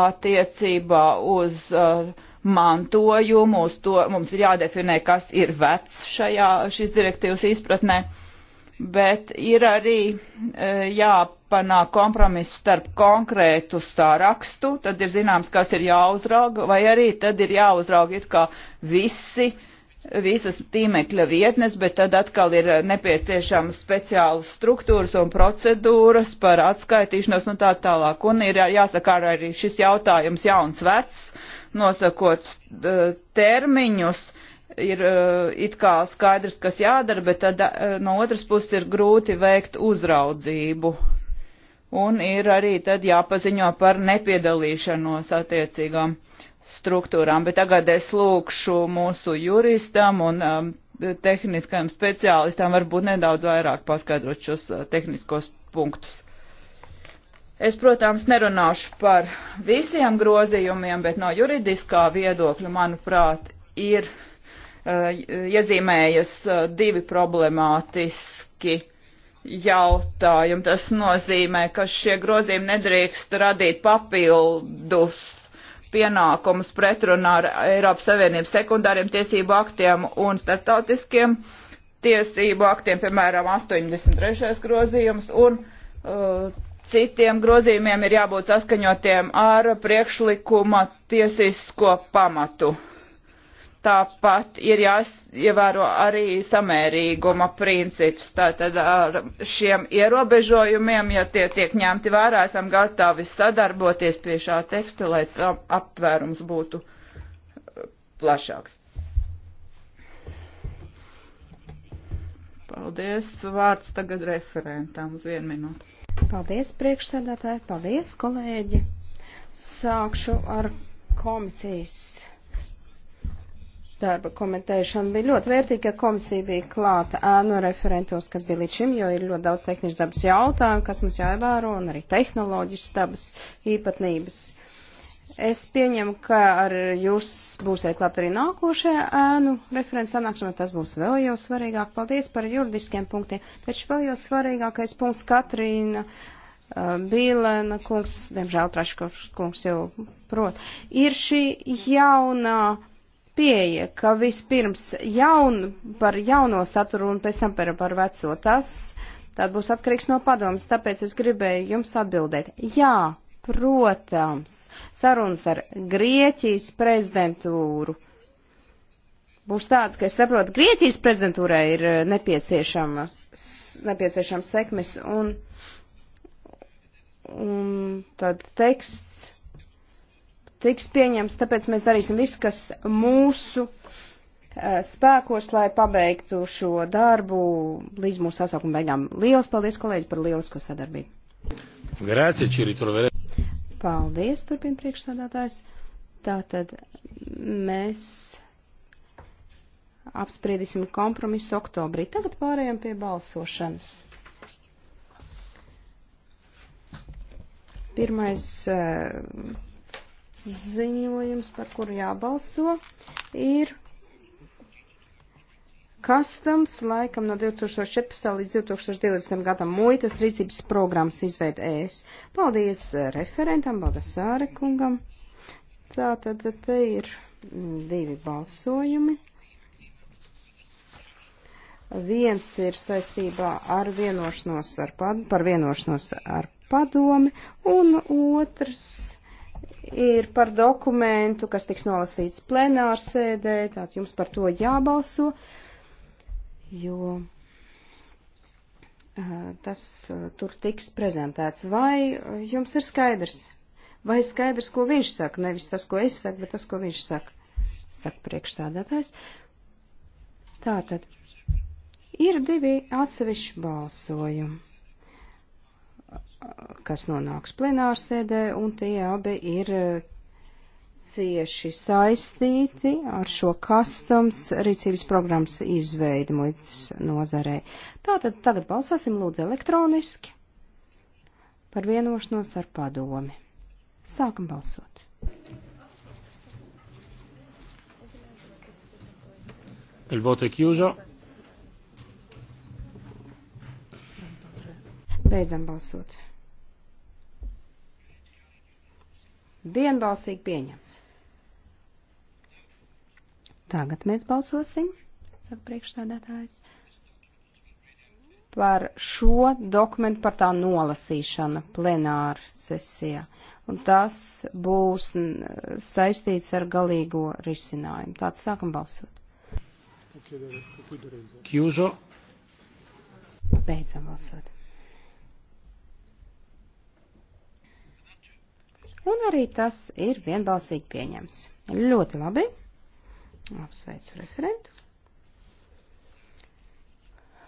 Speaker 3: attiecībā uz uh, mantojumu, uz to mums ir jādefinē, kas ir vecs šajā, šīs direktīvas izpratnē, bet ir arī e, jāpanāk kompromiss starp konkrētu stārakstu, tad ir zināms, kas ir jāuzrauga, vai arī tad ir jāuzrauga it kā visi visas tīmekļa vietnes, bet tad atkal ir nepieciešamas speciālas struktūras un procedūras par atskaitīšanos un nu tā tālāk. Un ir jāsaka arī šis jautājums jauns vecs, uh, nosakot eh, termiņus, ir eh, it kā skaidrs, kas jādara, bet tad eh, no otras puses ir grūti veikt uzraudzību. Un ir arī tad jāpaziņo par nepiedalīšanos attiecīgām struktūrām. Bet tagad es lūkšu mūsu juristam un um, tehniskajam speciālistam varbūt nedaudz vairāk paskaidrot šos tehniskos punktus. Es, protams, nerunāšu par visiem grozījumiem, bet no juridiskā viedokļa, manuprāt, ir uh, iezīmējas uh, divi problemātiski jautājumi. Tas nozīmē, ka šie grozījumi nedrīkst radīt papildus pienākumus pretrunā ar Eiropas Savienības sekundāriem tiesību aktiem un starptautiskiem tiesību aktiem, piemēram, 83. grozījums un uh, Citiem grozījumiem ir jābūt saskaņotiem ar priekšlikuma tiesisko pamatu. Tāpat ir jāievēro arī samērīguma princips. Tātad ar šiem ierobežojumiem, ja tie tiek ņemti vērā, esam gatavi sadarboties pie šā teksta, lai aptvērums būtu uh, plašāks. Paldies. Vārds tagad referentam uz vienu minūti.
Speaker 4: Paldies, priekšsēdētāji, paldies, kolēģi. Sākšu ar komisijas darba komentēšanu. Bija ļoti vērtīgi, ka komisija bija klāta ēnu referentos, kas bija līdz šim, jo ir ļoti daudz tehniski dabas jautājumu, kas mums jāievēro, un arī tehnoloģisks dabas īpatnības. Es pieņemu, ka ar jūs būsiet klāt arī nākošajā ēnu referents sanākšanā, tas būs vēl jau svarīgāk. Paldies par juridiskiem punktiem, taču vēl jau svarīgākais punkts Katrīna. Bīlēna kungs, diemžēl Traškovs kungs jau prot, ir šī jaunā pieeja, ka vispirms jaun, par jauno saturu un pēc tam par, par veco. Tas tad būs atkarīgs no padomas, tāpēc es gribēju jums atbildēt. Jā, Protams, sarunas ar Grieķijas prezidentūru būs tāds, ka es saprotu, Grieķijas prezidentūrai ir eh, nepieciešama, nepieciešama sekmes un, un tad teksts tiks pieņemts, tāpēc mēs darīsim visu, kas mūsu uh, spēkos, lai pabeigtu šo darbu līdz mūsu sasaukuma beigām. Lielas paldies, kolēģi, par lielisko sadarbību.
Speaker 1: Grazie, Čiri,
Speaker 4: Paldies, turpina priekšsādātājs. Tātad mēs apspriedīsim kompromisu oktobrī. Tagad pārējām pie balsošanas. Pirmais eh, ziņojums, par kuru jābalso, ir Customs laikam no 2014. līdz 2020. gadam muitas rīcības programmas izveida ēs. Paldies eh, referentam, Baldasāre kungam. Tā tad te ir mm, divi balsojumi. Viens ir saistībā ar vienošanos ar pad, par vienošanos ar padomi, un otrs ir par dokumentu, kas tiks nolasīts plenārsēdē, tātad jums par to jābalso. Uh, jo eh, tas eh, tur tiks prezentēts. Vai eh, jums ir skaidrs? Vai skaidrs, ko viņš saka? Nevis tas, ko es saku, bet tas, ko viņš saka. Saka priekšsādātājs. Tātad, ir divi atsevišķi balsojumi, kas nonāks plenārsēdē, un tie abi ir cieši saistīti ar šo customs rīcības programmas izveidi muitas nozarē. Tātad tagad balsosim lūdzu elektroniski par vienošanos ar padomi. Sākam balsot.
Speaker 1: Il voto è chiuso.
Speaker 4: Beidzam balsot. Vienbalsīgi pieņemts. Tagad mēs balsosim, saka priekšstādātājs, par šo dokumentu, par tā nolasīšanu plenāra sesijā. Un tas būs saistīts ar galīgo risinājumu. Tāds sākam balsot. Kjūzo. Beidzam balsot. Un arī tas ir vienbalsīgi pieņemts. Ļoti labi. Apsveicu referentu.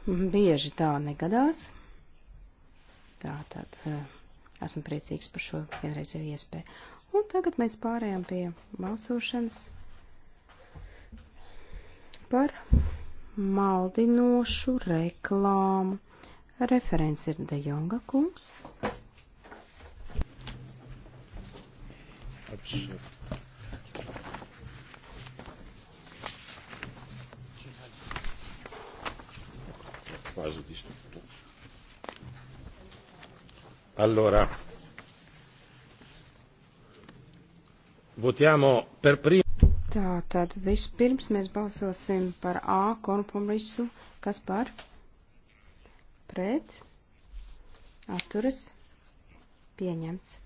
Speaker 4: Bieži tā negadās. Tātad eh, esmu priecīgs par šo vienreizēju iespēju. Un tagad mēs pārējām pie balsošanas par maldinošu reklāmu. Referents ir De Jonga kungs.
Speaker 1: Absurd. quasi distrutto. Allora, votiamo per primo.
Speaker 4: Tātad vispirms mēs balsosim par A kompromisu, kas par pret atturas pieņemts.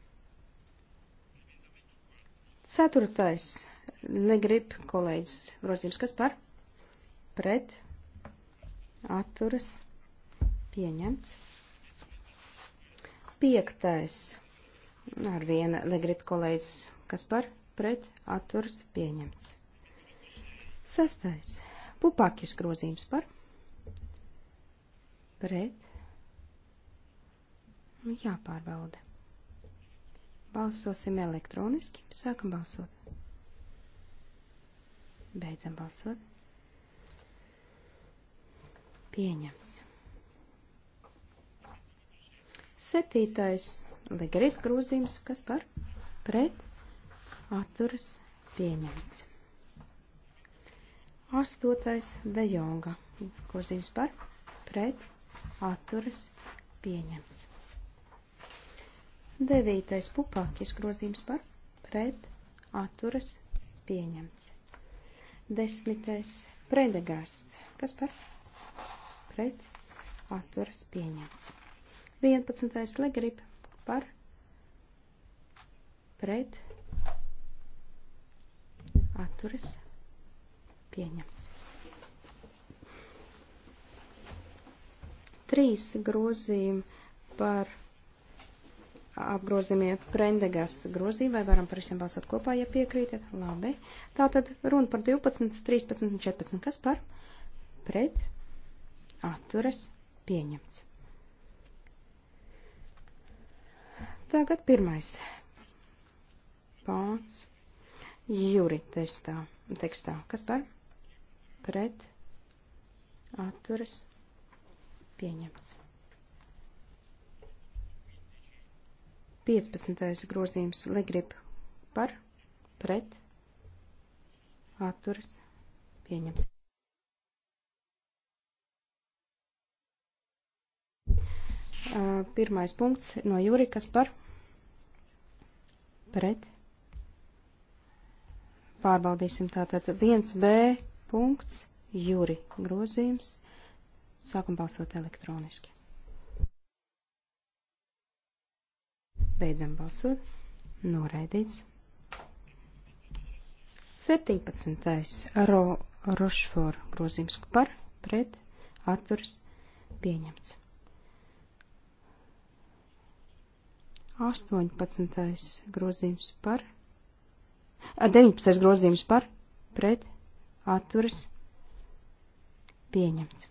Speaker 4: Ceturtais negrib kolēģis grozījums, kas par pret atturas Pieņemts. Piektais. Ar viena Legrip kolēģis, kas par pret atturs pieņemts. Sastais. Pupakis grozījums par pret nu, jāpārbauda. Balsosim elektroniski. Sākam balsot. Beidzam balsot. Pieņemts. Septītais Legrifa grozījums, kas par pret atturas pieņemts. Astotais Dejonga grozījums par pret atturas pieņemts. Devītais Pupākis grozījums par pret atturas pieņemts. Desmitais Predegārst, kas par pret atturas pieņemts. 11. legrib par pret atturas pieņemts. Trīs grozījumi par apgrozījumie prendegasta grozījumi, vai varam par visiem balsot kopā, ja piekrītat? Labi. Tātad runa par 12, 13 un 14. Kas par? Pret atturas pieņemts. Tagad pirmais pāns jūri testā, tekstā. Kas par? Pret atturas pieņemts. 15. grozījums Legrib par, pret, atturas, pieņems. Pirmais punkts no Jūri, kas par, pret. Pārbaudīsim tātad 1B punkts jūri grozījums. Sākam balsot elektroniski. Beidzam balsot. Noraidīts. 17. Ro Rošfor grozījums par pret atturs pieņemts. 18. grozījums par, 19. grozījums par, pret, atturas, pieņemts.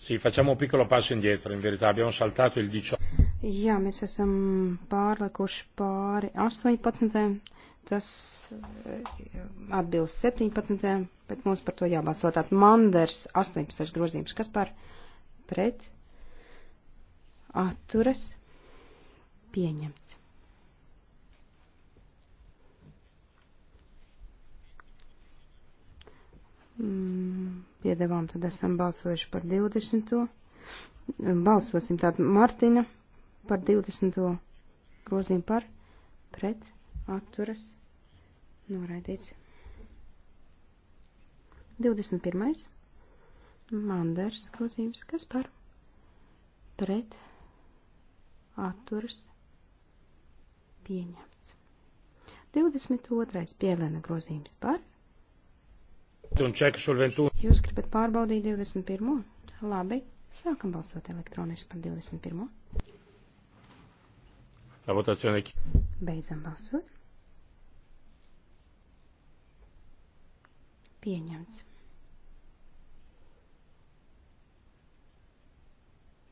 Speaker 1: Sì, facciamo un piccolo passo indietro, in verità abbiamo saltato il 18.
Speaker 4: Jā, mēs esam pārlikuši pāri 18. Tas eh, atbilst 17. bet mums par to jābalso. Tātad Manders 18. grozījums. Kas par pret atturas pieņemts? Mm, Piedevām tad esam balsojuši par 20. Balsosim tātad Martina par 20. grozījumu par pret atturas atturas noraidīts. 21. Manders grozījums, kas par pret atturas pieņemts. 22. pielēna grozījums par.
Speaker 1: Jūs
Speaker 4: gribat pārbaudīt 21. Labi, sākam balsot elektroniski par 21. La votazione Beidzam balsot. Pieņemts.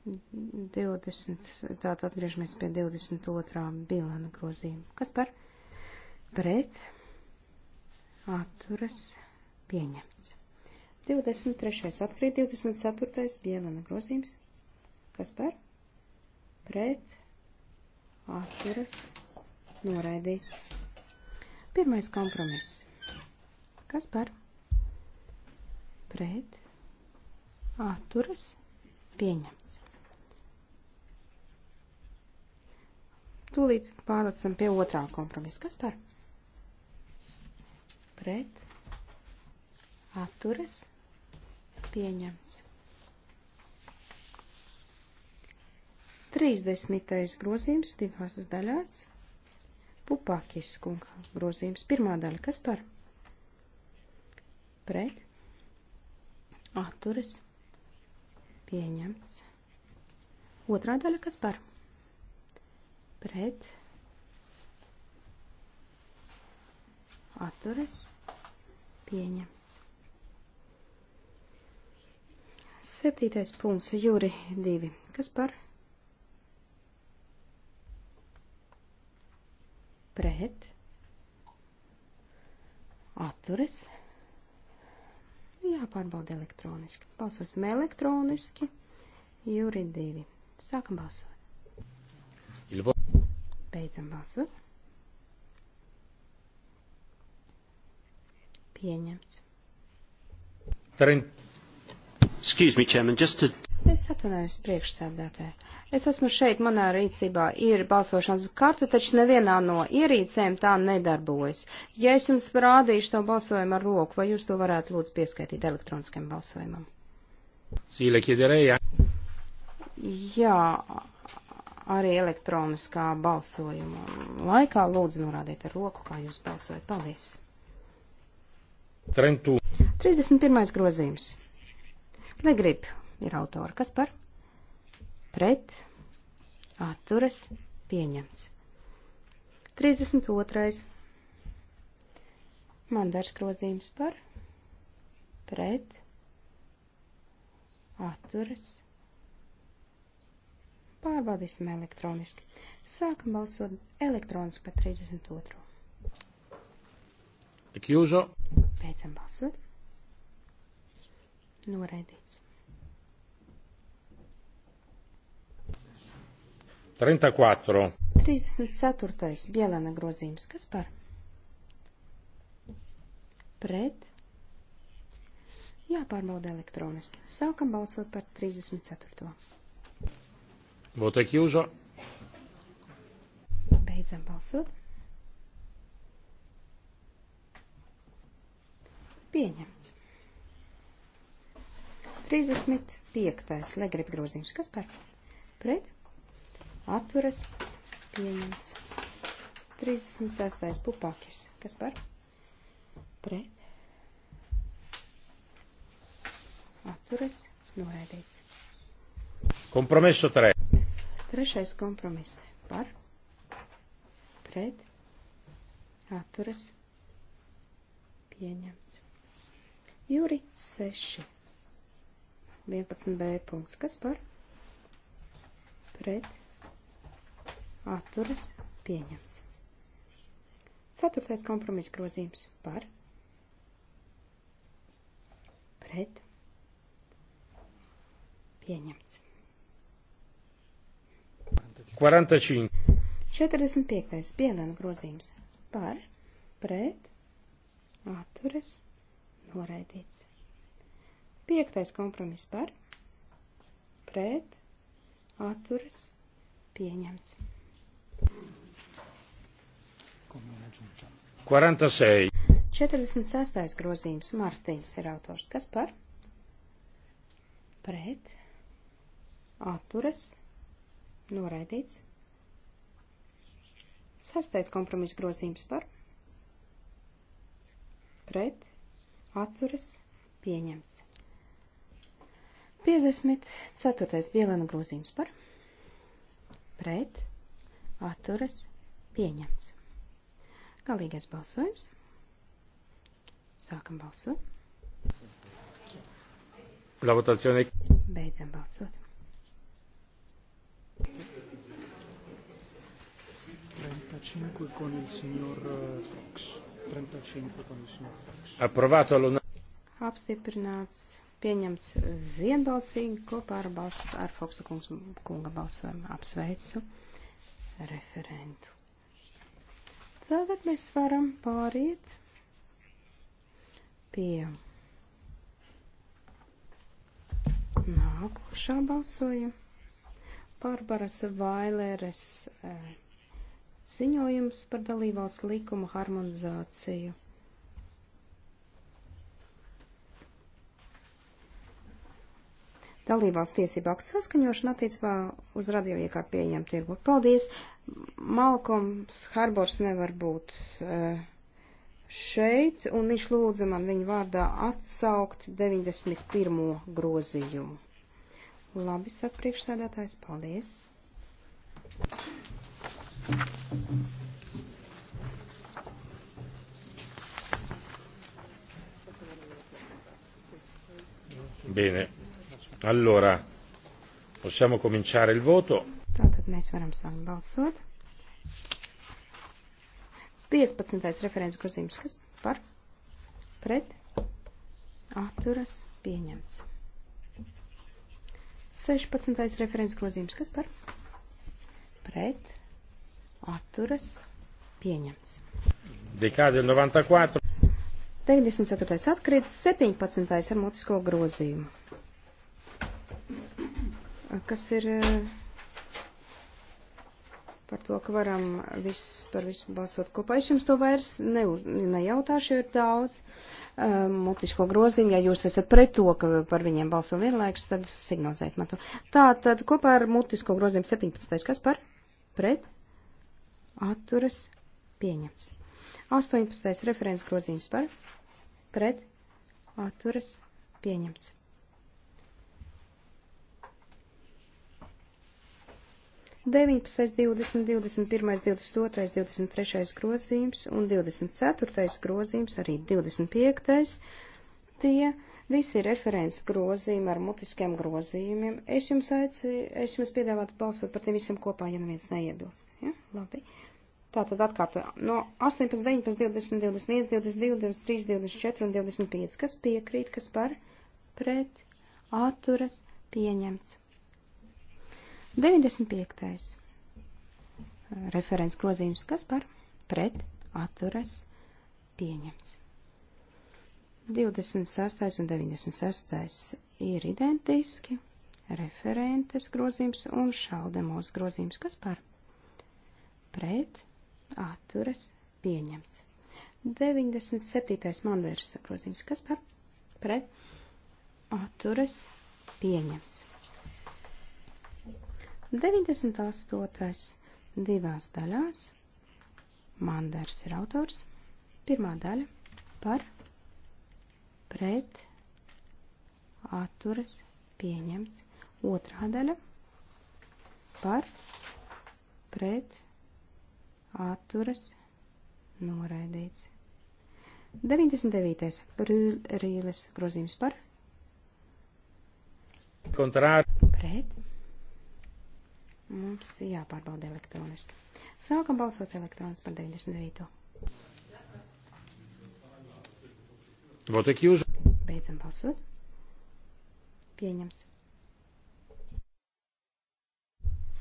Speaker 4: 20, tātad atgriežamies pie 22. bilana grozījuma. Kas par pret atturas pieņemts? 23. atkrīt 24. bilana grozījums. Kas par pret atturas pieņemts? noraidīts. Pirmais kompromiss. Kas par? Pret. Atturas. Pieņems. Tūlīt pārlecam pie otrā kompromisa. Kas par? Pret. Atturas. Pieņems. 30. grozījums divās daļās. Pupakis kunga grozījums. Pirmā daļa, kas par? Pret. Atturis. Pieņemts. Otrā daļa, kas par? Pret. Atturis. Pieņemts. Septītais punkts, jūri divi. Kas par? Pret pret, atturas, jāpārbauda elektroniski. Balsosim elektroniski, jūri divi. Sākam balsot. Beidzam balsot. Pieņemts.
Speaker 1: Excuse me, Chairman, just to
Speaker 4: Es atvainojos priekšsēdētāji. Es esmu šeit, manā rīcībā ir balsošanas karta, taču nevienā no ierīcēm tā nedarbojas. Ja es jums rādīšu to balsojumu ar roku, vai jūs to varētu lūdzu pieskaitīt elektroniskam balsojumam?
Speaker 1: Sīle kiederēja.
Speaker 4: Jā, arī elektroniskā balsojuma laikā lūdzu norādiet ar roku, kā jūs balsojat. Paldies! Trentu. 31. grozījums. Negrib ir autora. Kas par? Pret, atturas, pieņemts. 32. Mandars grozījums par, pret, atturas. Pārbaudīsim elektroniski. Sākam balsot elektroniski par 32. Ek jūžo. Beidzam balsot. Noraidīts.
Speaker 1: 34.
Speaker 4: 34. Bielana grozījums. Kas par? Pret. Jāpārbauda elektroniski. Sākam balsot par 34.
Speaker 1: Votek jūža.
Speaker 4: Beidzam balsot. Pieņemts. 35. Legrib grozījums. Kas par? Pret atturas pieņemts. 36. pupakis. Kas par? Pret. Atturas noraidīts.
Speaker 1: Kompromisu tre.
Speaker 4: Trešais kompromiss. Par. Pret. Atturas pieņemts. Juri 6. 11b punkts. Kas par? Pret atturas pieņemts. Ceturtais kompromiss grozījums par pret pieņemts.
Speaker 1: 45.
Speaker 4: 45. Bielēna grozījums par pret atturas noraidīts. Piektais kompromiss par pret atturas pieņemts.
Speaker 1: 46.
Speaker 4: 46. grozījums Mārtiņas ir autors. Kas par? Pret. Atturas. Noraidīts. Sastais kompromiss grozījums par. Pret. Atturas. Pieņemts. 54. Bielena grozījums par. Pret atturas pieņemts. Galīgais balsojums. Sākam balsot. La votazione. Beidzam balsot.
Speaker 1: con il signor eh, Fox. 35 con il signor Fox. Approvato all'unanimità.
Speaker 4: Apstiprināts pieņemts vienbalsīgi kopā ar, balsu, ar Foksa kunga balsojumu. Apsveicu referentu. Tagad mēs varam pāriet pie nākošā balsojuma. Pārbaras Vailēres eh, ziņojums par dalībvalsts likumu harmonizāciju. dalībās tiesību aktu saskaņošanu attiecībā uz radioiekā pieejam tirgu. Paldies! Malkoms Harbors nevar būt eh, šeit, un viņš lūdza man viņa vārdā atsaukt 91. grozījumu. Labi, saka priekšsēdētājs, paldies!
Speaker 1: Bene. Allora, possiamo cominciare il voto.
Speaker 4: Tātad mēs varam sākt balsot. 15. referents grozījums, kas par pret atturas pieņemts. 16. referents grozījums, kas par pret atturas pieņemts.
Speaker 1: Dekāde 94.
Speaker 4: 94. atkrīt 17. ar mutisko grozījumu kas ir eh, par to, ka varam viss, par visu balsot kopā. Es jums to vairs ne, nejautāšu, jo ir daudz um, mutisko groziņu. Ja jūs esat pret to, ka par viņiem balso vienlaikus, tad signalizēt man to. Tā, tad kopā ar mutisko groziņu 17. kas par? Pret? Atturas? Pieņemts. 18. referents groziņš par? Pret? Atturas? Pieņemts. 19, 20, 21, 22, 23 grozījums un 24 grozījums, arī 25. Tie visi ir referents grozījumi ar mutiskiem grozījumiem. Es jums aicinu, es jums piedāvātu balsot par tiem visiem kopā, ja neviens neiebilst. Ja? Labi. Tātad atkārtojam. No 18, 19, 20, 21, 22, 23, 24 un 25. Kas piekrīt, kas par pret atturas pieņemts. 95. referents grozījums, kas par pret atturas pieņemts. 26. un 96. ir identiski, referentes grozījums un šaldemos grozījums, kas par pret atturas pieņemts. 97. mandērs grozījums, kas par pret atturas pieņemts. 98. divās daļās. Manders ir autors. Pirmā daļa par pret atturas pieņemts. Otrā daļa par pret atturas noraidīts. 99. Rīles grozījums par kontrāri. Mums jāpārbauda elektroniski. Sākam balsot elektroniski par 99. Votek jūs. Beidzam balsot. Pieņemts.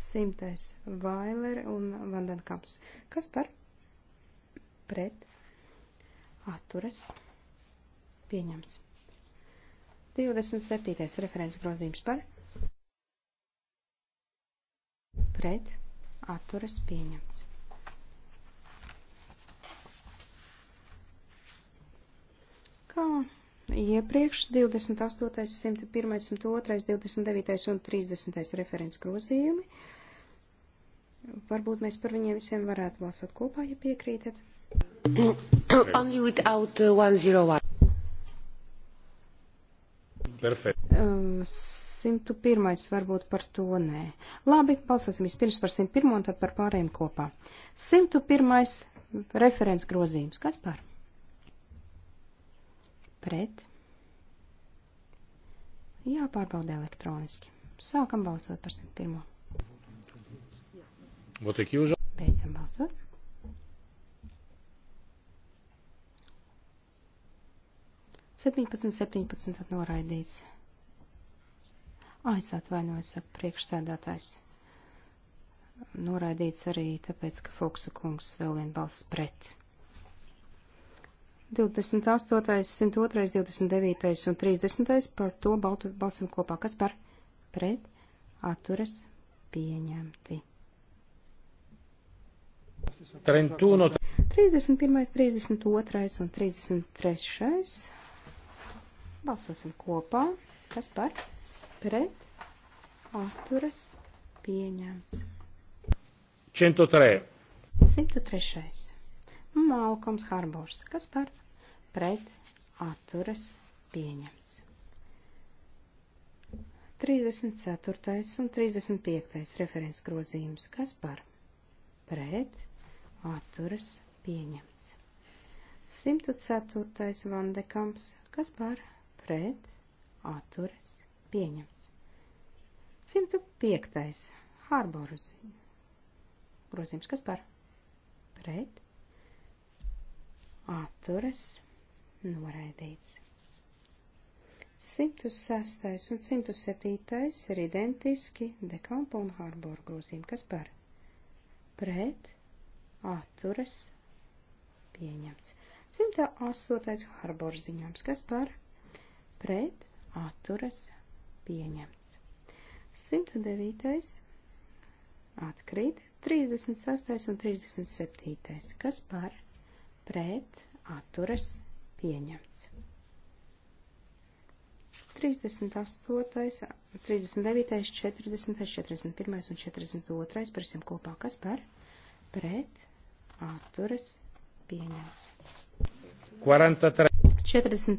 Speaker 4: Simtais Vailer un Vandenkaps. Kas par? Pret. Atturas. Pieņemts. 27. referents grozījums par pret atturas pieņemts. Kā iepriekš 28., 101., 102., 29. un 30. referents grozījumi. Varbūt mēs par viņiem visiem varētu balsot kopā, ja piekrītat.
Speaker 1: (coughs) Only without 101. Perfect.
Speaker 4: Uh, 101. varbūt par to nē. Labi, balsosim vispirms par 101. un tad par pārējiem kopā. 101. referents grozījums. Kas par? Pret. Jāpārbauda elektroniski. Sākam balsot par 101. Beidzam balsot. Septiņpadsmit, septiņpadsmit noraidīts. Aiz atvainojas, saka priekšsēdātājs. Noraidīts arī tāpēc, ka Foksa kungs vēl vien balsts pret. 28., 102., 29. un 30. par to baltu balsam kopā. Kas par pret atturas pieņemti?
Speaker 1: 31.
Speaker 4: 31., 32. un 33. Balsosim kopā. Kas par? pret, atturas, pieņemts. 103. 103. Malkoms Harbors, kas par pret, atturas, pieņemts. 34. un 35. referents grozījums, kas par pret atturas pieņemts. 104. vandekams, kas par pret atturas pieņems. 105. Harboras grozījums, kas par pret atturas noraidīts. 106. un 107. ir identiski dekampa un harboru grozījumi, kas par pret atturas pieņemts. 108. harboru ziņojums, kas par pret atturas pieņemts. 109. atkrīt, 36. un 37. kas par pret atturas pieņemts. 38, 39, 40, 41 un 42 prasim kopā, kas par pret atturas pieņemts.
Speaker 1: 43,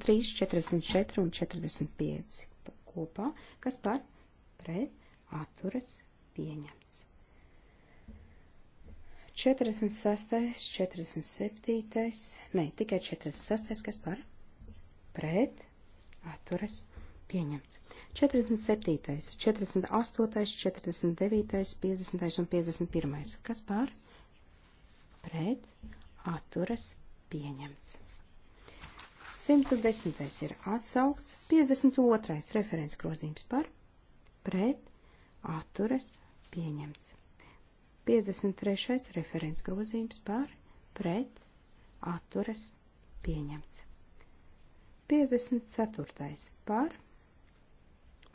Speaker 4: 43 44 un 45 kopā, kas par pret atturas pieņemts. 46, 47, ne, tikai 46, kas par pret atturas pieņemts. 47, 48, 49, 50 un 51, kas par pret atturas pieņemts. 110. ir atsaukts, 52. referents grozījums par, pret, atturas, pieņemts. 53. referents grozījums par, pret, atturas, pieņemts. 54. par,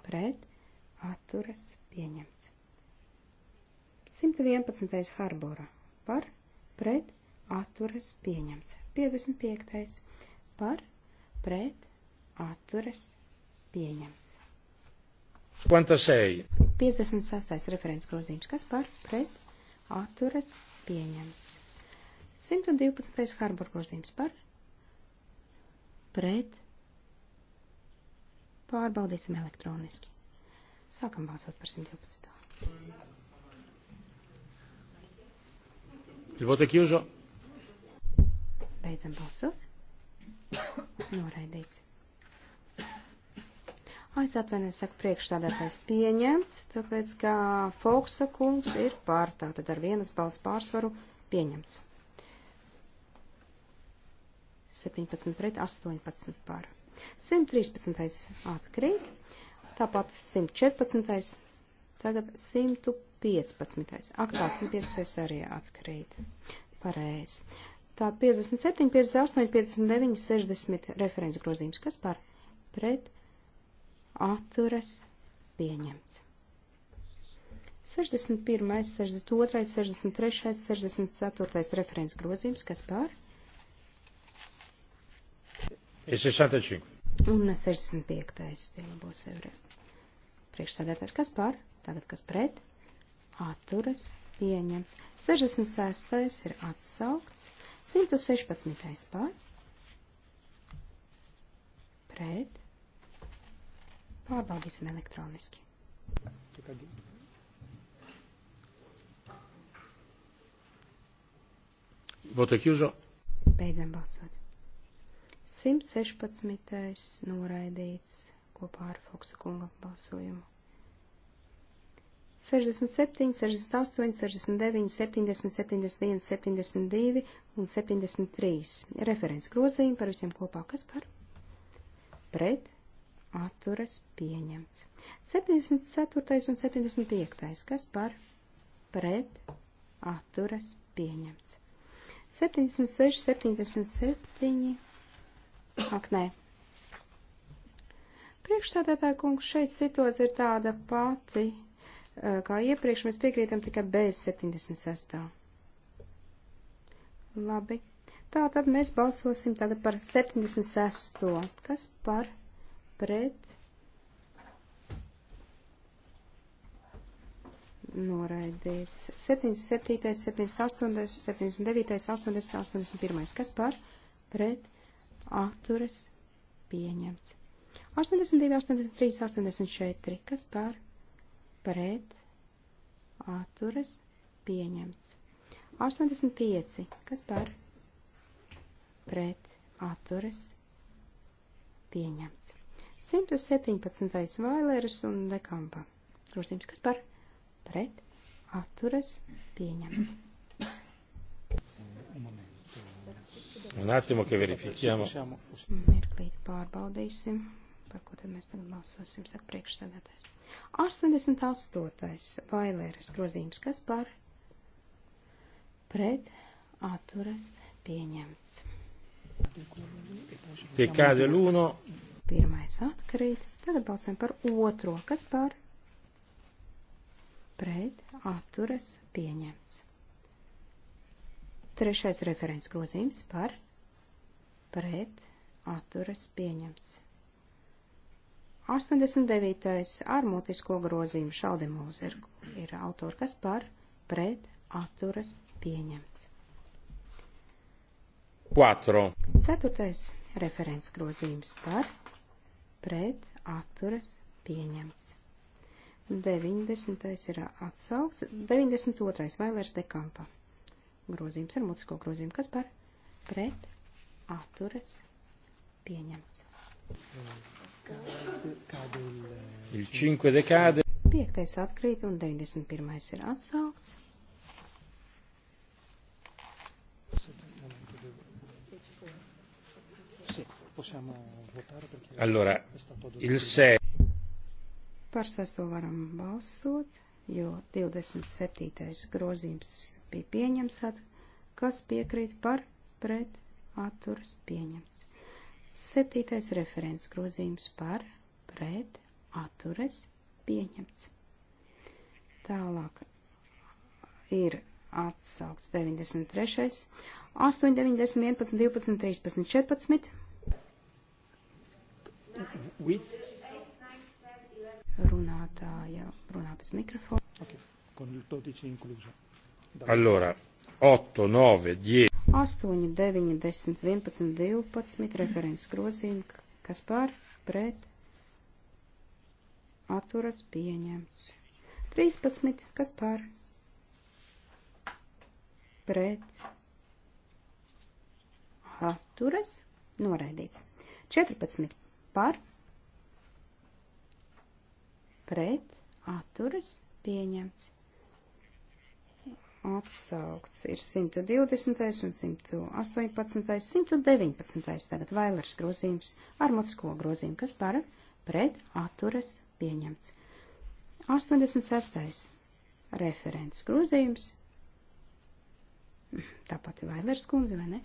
Speaker 4: pret, atturas, pieņemts. 111. harbora par, pret, atturas, pieņemts. 55. par, pret atturas pieņemts.
Speaker 1: 56.
Speaker 4: 56. referents grozījums, kas par pret atturas pieņemts. 112. harbor grozījums par pret pārbaudīsim elektroniski. Sākam balsot par 112.
Speaker 1: Il voto è chiuso.
Speaker 4: Beidzam balsot. Noraidīts. Aiz atvainojiet, saka, priekšstādātais pieņemts, tāpēc, ka Fauksa kungs ir pār, tātad ar vienas balss pārsvaru pieņemts. 17 pret 18 pār. 113. atkrīt, tāpat 114. Tagad 115. Ak, tā 115. arī atkrīt. Pareizi. Tātad 57, 58, 59, 60 referents grozījums. Kas par pret atturas pieņemts? 61, 62, 63, 64 referents grozījums. Kas par?
Speaker 1: Ir 65.
Speaker 4: Un 65. pielabo sev priekšsādētājs. Kas par? Tagad kas pret? Atturas pieņemts pieņemts. 66. ir atsaukts. 116. par. Pret. Pārbaudīsim elektroniski. Votek jūžo. Beidzam balsot. 116. noraidīts kopā ar Foksa kunga balsojumu. 67, 68, 69, 70, 71, 72 un 73. Referents grozījumi par visiem kopā, kas par pret atturas pieņemts. 74. un 75. kas par pret atturas pieņemts. 76, 77. Ak, nē. Priekšsādātāja kungs šeit situācija ir tāda pati Eh, kā iepriekš, mēs piekrītam tikai bez 76. Labi. Tā tad mēs balsosim tagad par 76. Kas par pret noraidīts? 77., 78., 79., 80., 81. Kas par pret atturas pieņemts? 82, 83, 84. Kas par pret? pret atturas pieņemts. 85. Kas par pret atturas pieņemts. 117. Vailēras un Dekampa. Grozījums, kas par pret atturas pieņemts.
Speaker 1: Un attimo, ka verifikiamo.
Speaker 4: Mirklīt pārbaudīsim, par ko tad mēs tagad balsosim, saka priekšsēdētājs. 88. Vailēras grozījums, kas par pret atturas pieņemts. Pie kāda lūno? Pirmais atkarīt, tagad balsojam par otro, kas par pret atturas pieņemts. Trešais referents grozījums par pret atturas pieņemts. 89. ar mutisko grozījumu šaldemos ir, ir autori, kas par pret atturas pieņemts. 4. Ceturtais referents grozījums par pret atturas pieņemts. 90. ir atsaukts. 92. Vailers de Kampa. Grozījums ar mutisko grozījumu, kas par pret atturas pieņemts. Mm.
Speaker 1: Il 5 decade.
Speaker 4: 5. atkrīt un 91. ir atsaukts.
Speaker 1: Allora, il 6.
Speaker 4: Par sesto varam balsot, jo 27. grozījums bija pieņemts, kas piekrīt par pret atturas pieņemts. Septītais referents grozījums par pret atturas pieņemts. Tālāk ir atsaukts 93. 8, 9, 10, 11, 12, 13, 14. With... Runātāja runā bez mikrofona.
Speaker 1: Okay. Allora, 8, 9, 10.
Speaker 4: 8, 9, 10, 11, 12 referents grozījumi, kas par pret atturas pieņemts. 13, kas par pret atturas noraidīts. 14 par pret atturas pieņemts atsaukts. Ir 120. un 118. 119. tagad Vailers grozījums ar mutisko grozījumu, kas par pret atturas pieņemts. 86. referents grozījums. Tāpat ir Vailers kundze, vai ne?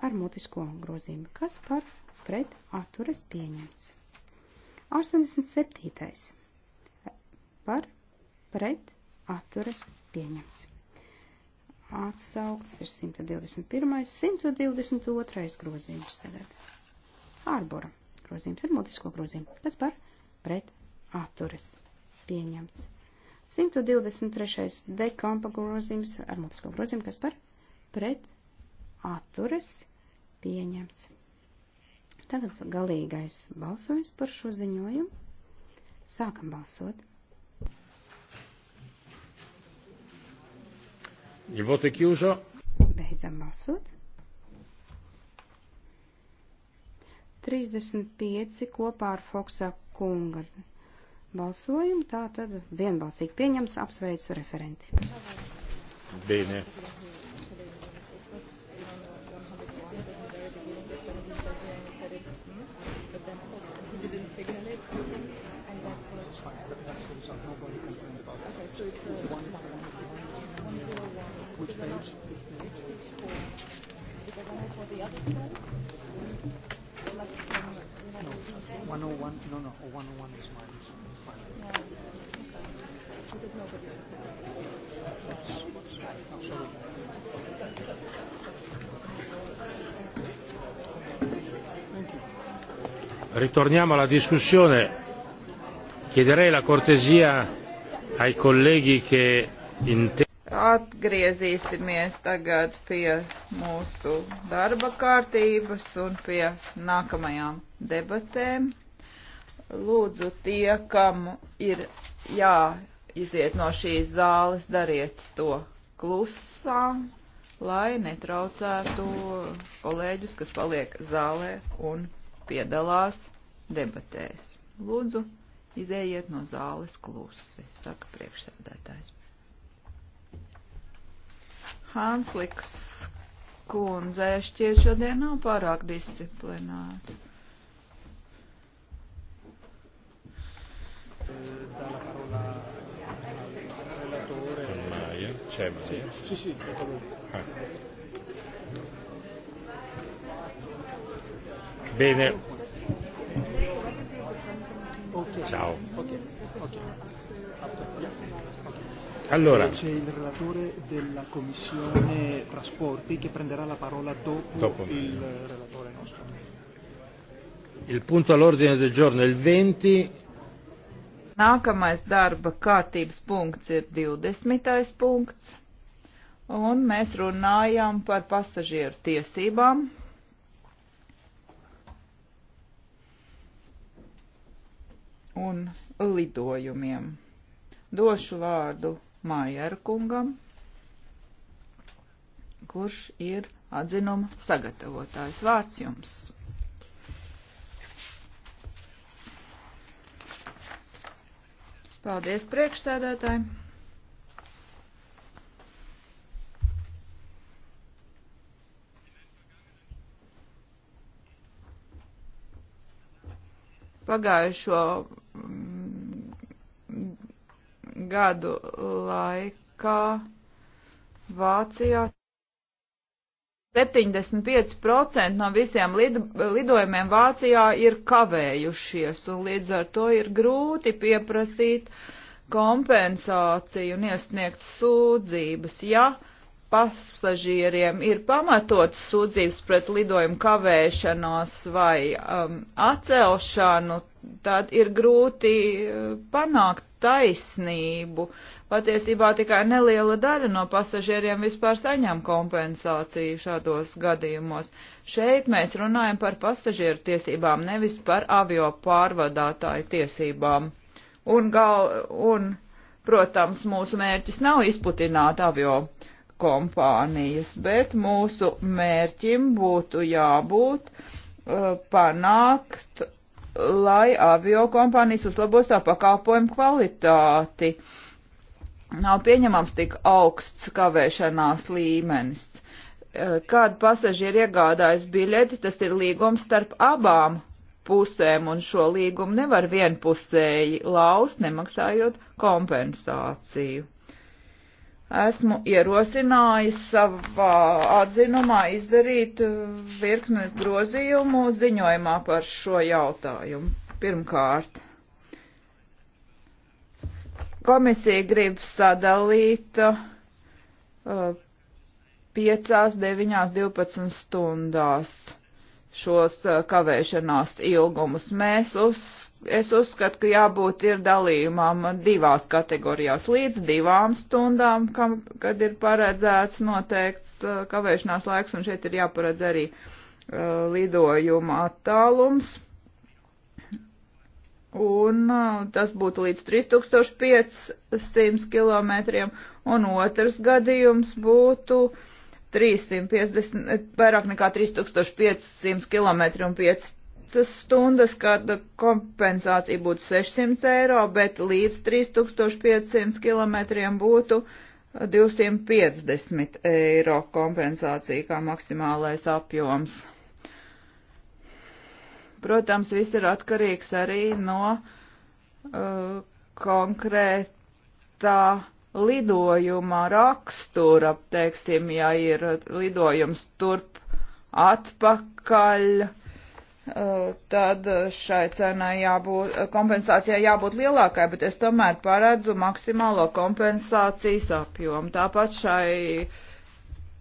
Speaker 4: Ar mutisko grozījumu, kas par pret atturas pieņemts. 87. par pret atturas pieņemts. Atsaukts ir 121. 122. grozījums tagad. Ārbora grozījums ir mutisko grozījumu. Kas par pret atturas pieņemts. 123. dekampa grozījums ar mutisko grozījumu. Kas par pret atturas pieņemts. Tagad galīgais balsojums par šo ziņojumu. Sākam
Speaker 1: balsot. Il voto è chiuso. Beidzam
Speaker 4: balsot. 35 kopā ar Foksa kunga balsojumu, tā tad vienbalsīgi pieņems, apsveicu referenti.
Speaker 1: Bīnie.
Speaker 2: Which page?
Speaker 3: No,
Speaker 1: 101, no, no, 101 is mine. Is mine. No.
Speaker 4: Yes. Sorry.
Speaker 1: Ritorniamo alla discussione. Chiederei la cortesia ai colleghi che intendano
Speaker 3: Atgriezīsimies tagad pie mūsu darba kārtības un pie nākamajām debatēm. Lūdzu, tie, kam ir jāiziet no šīs zāles, dariet to klusā, lai netraucētu kolēģus, kas paliek zālē un piedalās debatēs. Lūdzu, izējiet no zāles klusi, saka priekšsēdētājs. Hansliks kundze šķiet šodien nav pārāk disciplināta. Maia,
Speaker 1: c'è Maia? Sì, sì, ah. Bene. Okay. Ciao. Okay. Okay. After, yeah. okay. Allora. C'è il relatore della Commissione Trasporti che prenderà la parola dopo, dopo. il relatore nostro. Il punto all'ordine del giorno è il 20.
Speaker 3: Nākamais darba kārtības punkts ir 20. punkts, un mēs runājam par pasažieru tiesībām. un lidojumiem. Došu vārdu Mājerkungam, kurš ir atzinuma sagatavotājs. Vārds jums! Paldies priekšsēdētāji! Pagājušo mm, gadu laikā Vācijā 75% no visiem lid, lidojumiem Vācijā ir kavējušies, un līdz ar to ir grūti pieprasīt kompensāciju un iesniegt sūdzības. Ja pasažieriem ir pamatots sūdzības pret lidojumu kavēšanos vai um, atcelšanu, tad ir grūti uh, panākt taisnību. Patiesībā tikai neliela daļa no pasažieriem vispār saņem kompensāciju šādos gadījumos. Šeit mēs runājam par pasažieru tiesībām, nevis par avio pārvadātāju tiesībām. Un, gal, un protams, mūsu mērķis nav izputināt avio kompānijas, bet mūsu mērķim būtu jābūt eh, panākt lai aviokompānijas uzlabos tā pakalpojumu kvalitāti. Nav pieņemams tik augsts kavēšanās līmenis. E, kad pasažieri iegādājas biļeti, tas ir līgums starp abām pusēm, un šo līgumu nevar vienpusēji laust, nemaksājot kompensāciju esmu ierosinājis savā atzinumā izdarīt uh, virknes grozījumu ziņojumā par šo jautājumu. Pirmkārt, komisija grib sadalīt uh, 5, 9, 12 stundās šos eh, kavēšanās ilgumus. Mēs uz, es uzskatu, ka jābūt ir dalījumam divās kategorijās līdz divām stundām, kam, kad ir paredzēts noteikts eh, kavēšanās laiks, un šeit ir jāparedz arī uh, lidojuma attālums. Un uh, tas būtu līdz 3500 km, un otrs gadījums būtu uh, 350, eh, vairāk nekā 3500 km un 5 stundas, kad kompensācija būtu 600 eiro, bet līdz 3500 km būtu 250 eiro kompensācija kā maksimālais apjoms. Protams, viss ir atkarīgs arī no uh, konkrētā lidojuma rakstura, teiksim, ja ir lidojums turp atpakaļ, eh, tad šai cenai jābūt, kompensācijai jābūt lielākai, bet es tomēr paredzu maksimālo kompensācijas apjomu. Tāpat šai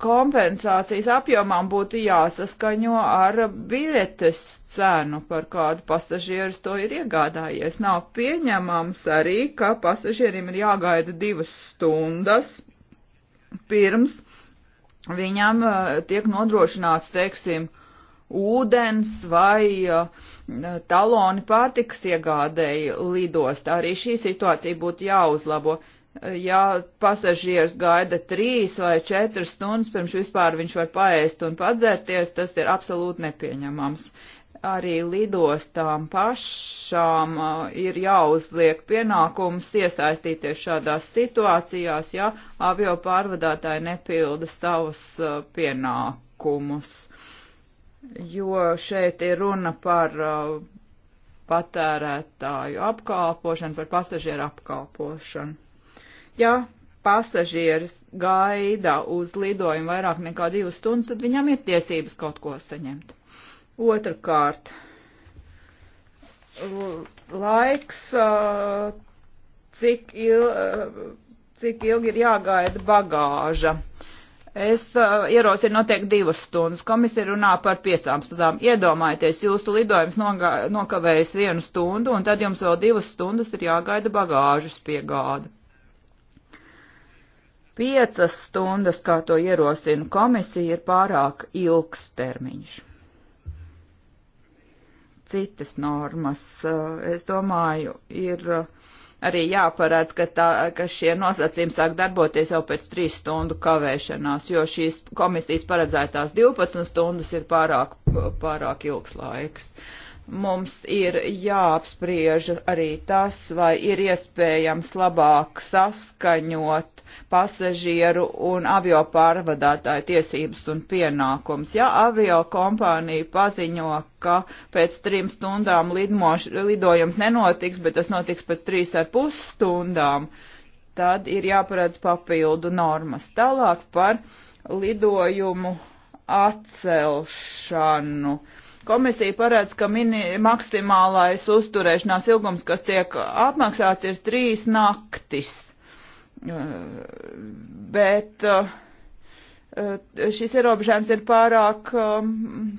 Speaker 3: kompensācijas apjomām būtu jāsaskaņo ar biļetes cenu, par kādu pasažieris to ir iegādājies. Nav pieņemams arī, ka pasažierim ir jāgaida divas stundas pirms viņam eh, tiek nodrošināts, teiksim, ūdens vai eh, taloni pārtiks iegādēji lidost. Arī šī situācija būtu jāuzlabo ja pasažieris gaida trīs vai četras stundas, pirms vispār viņš var paēst un padzerties, tas ir absolūti nepieņemams. Arī lidostām pašām uh, ir jāuzliek pienākums iesaistīties šādās situācijās, ja avio pārvadātāji nepilda savus uh, pienākumus. Jo šeit ir runa par uh, patērētāju apkalpošanu, par pasažieru apkalpošanu Ja pasažieris gaida uz lidojumu vairāk nekā divas stundas, tad viņam ir tiesības kaut ko saņemt. Otrakārt, laiks, cik, il, cik ilgi ir jāgaida bagāža. Es uh, ierosinu noteikti divas stundas. Komisija runā par piecām stundām. Iedomājieties, jūsu lidojums nokavējas vienu stundu, un tad jums vēl divas stundas ir jāgaida bagāžas piegāda. Piecas stundas, kā to ierosina komisija, ir pārāk ilgs termiņš. Citas normas, eh, es domāju, ir eh, arī jāparāds, ka, tā, ka šie nosacījumi sāk darboties jau pēc 3 stundu kavēšanās, jo šīs komisijas paredzētās 12 stundas ir pārāk, pārāk ilgs laiks. Mums ir jāapspriež arī tas, vai ir iespējams labāk saskaņot pasažieru un avio pārvadātāju tiesības un pienākums. Ja avio kompānija paziņo, ka pēc trim stundām lidmoš, lidojums nenotiks, bet tas notiks pēc trīs ar pus stundām, tad ir jāparedz papildu normas. Tālāk par lidojumu atcelšanu. Komisija paredz, ka mini, maksimālais uzturēšanās ilgums, kas tiek apmaksāts, ir trīs naktis bet eh, šis ierobežojums ir pārāk, eh,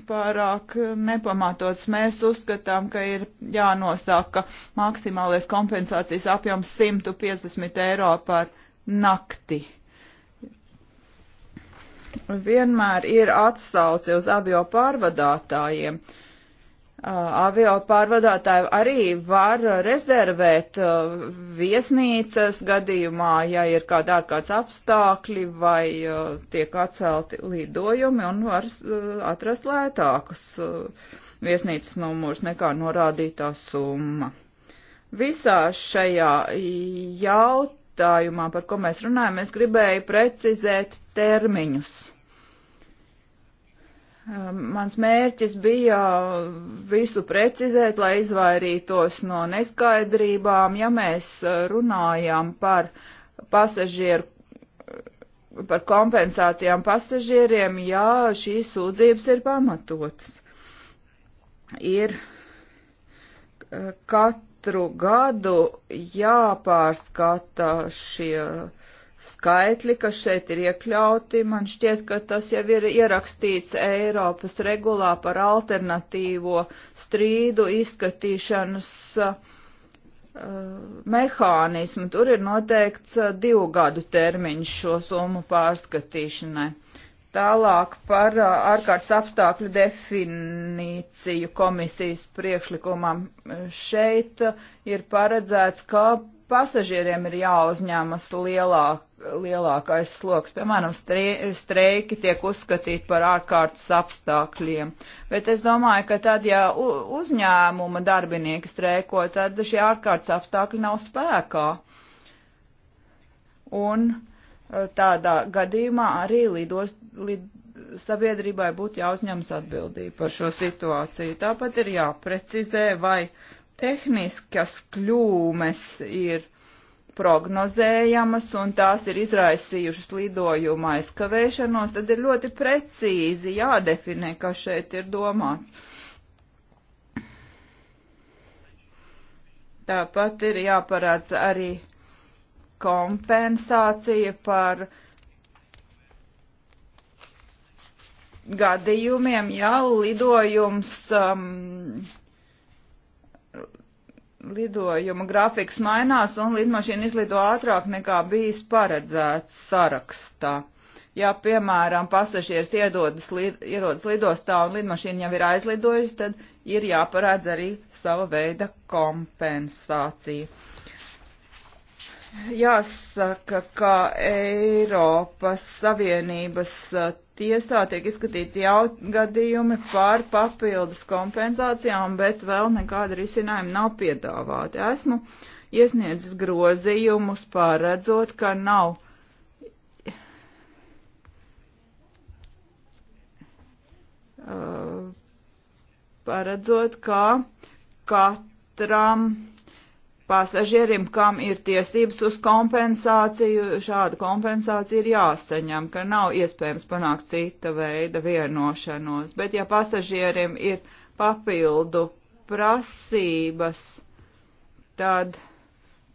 Speaker 3: pārāk nepamatots. Mēs uzskatām, ka ir jānosaka maksimālais kompensācijas apjoms 150 eiro par nakti. Vienmēr ir atsauce uz avio pārvadātājiem. Uh, avio pārvadātāji arī var rezervēt viesnīcas gadījumā, ja ir kāda ārkārtas apstākļi vai tiek atcelti lidojumi un var atrast lētākas viesnīcas numurs nekā norādītā summa. Visā šajā jautājumā, par ko mēs runājam, es gribēju precizēt termiņus Um, mans mērķis bija visu precizēt, lai izvairītos no neskaidrībām. Ja mēs uh, runājam par pasažieru, par kompensācijām pasažieriem, jā, šīs sūdzības ir pamatotas. Ir uh, katru gadu jāpārskata šie skaitļi, kas šeit ir iekļauti, man šķiet, ka tas jau ir ierakstīts Eiropas regulā par alternatīvo strīdu izskatīšanas uh, mehānismu. Tur ir noteikts uh, divu gadu termiņš šo summu pārskatīšanai. Tālāk par uh, ārkārtas apstākļu definīciju komisijas priekšlikumam. Šeit uh, ir paredzēts, ka pasažieriem ir jāuzņemas lielāk, lielākais sloks. Piemēram, streiki tiek uzskatīti par ārkārtas apstākļiem. Bet es domāju, ka tad, ja uzņēmuma darbinieki streiko, tad šie ārkārtas apstākļi nav spēkā. Un e, tādā gadījumā arī lidos, lid, sabiedrībai būtu jāuzņemas atbildība par šo situāciju. Tāpat ir jāprecizē, vai uh, Tehniskas kļūmes ir prognozējamas un tās ir izraisījušas lidojuma aizkavēšanos, tad ir ļoti precīzi jādefinē, kas šeit ir domāts. Tāpat ir jāparāds arī kompensācija par gadījumiem, ja lidojums um, lidojuma grafiks mainās un lidmašīna izlido ātrāk nekā bijis paredzēts sarakstā. Ja, piemēram, pasažieris iedodas, lid, ierodas lidostā un lidmašīna jau ir aizlidojusi, tad ir jāparādz arī sava veida kompensācija. Jāsaka, ka Eiropas Savienības tiesā tiek izskatīti jau gadījumi par papildus kompensācijām, bet vēl nekāda risinājuma nav piedāvāta. Esmu iesniedzis grozījumus pārredzot, ka nav paredzot, ka katram pasažierim, kam ir tiesības uz kompensāciju, šāda kompensācija ir jāsaņem, ka nav iespējams panākt cita veida vienošanos. Bet ja pasažierim ir papildu prasības, tad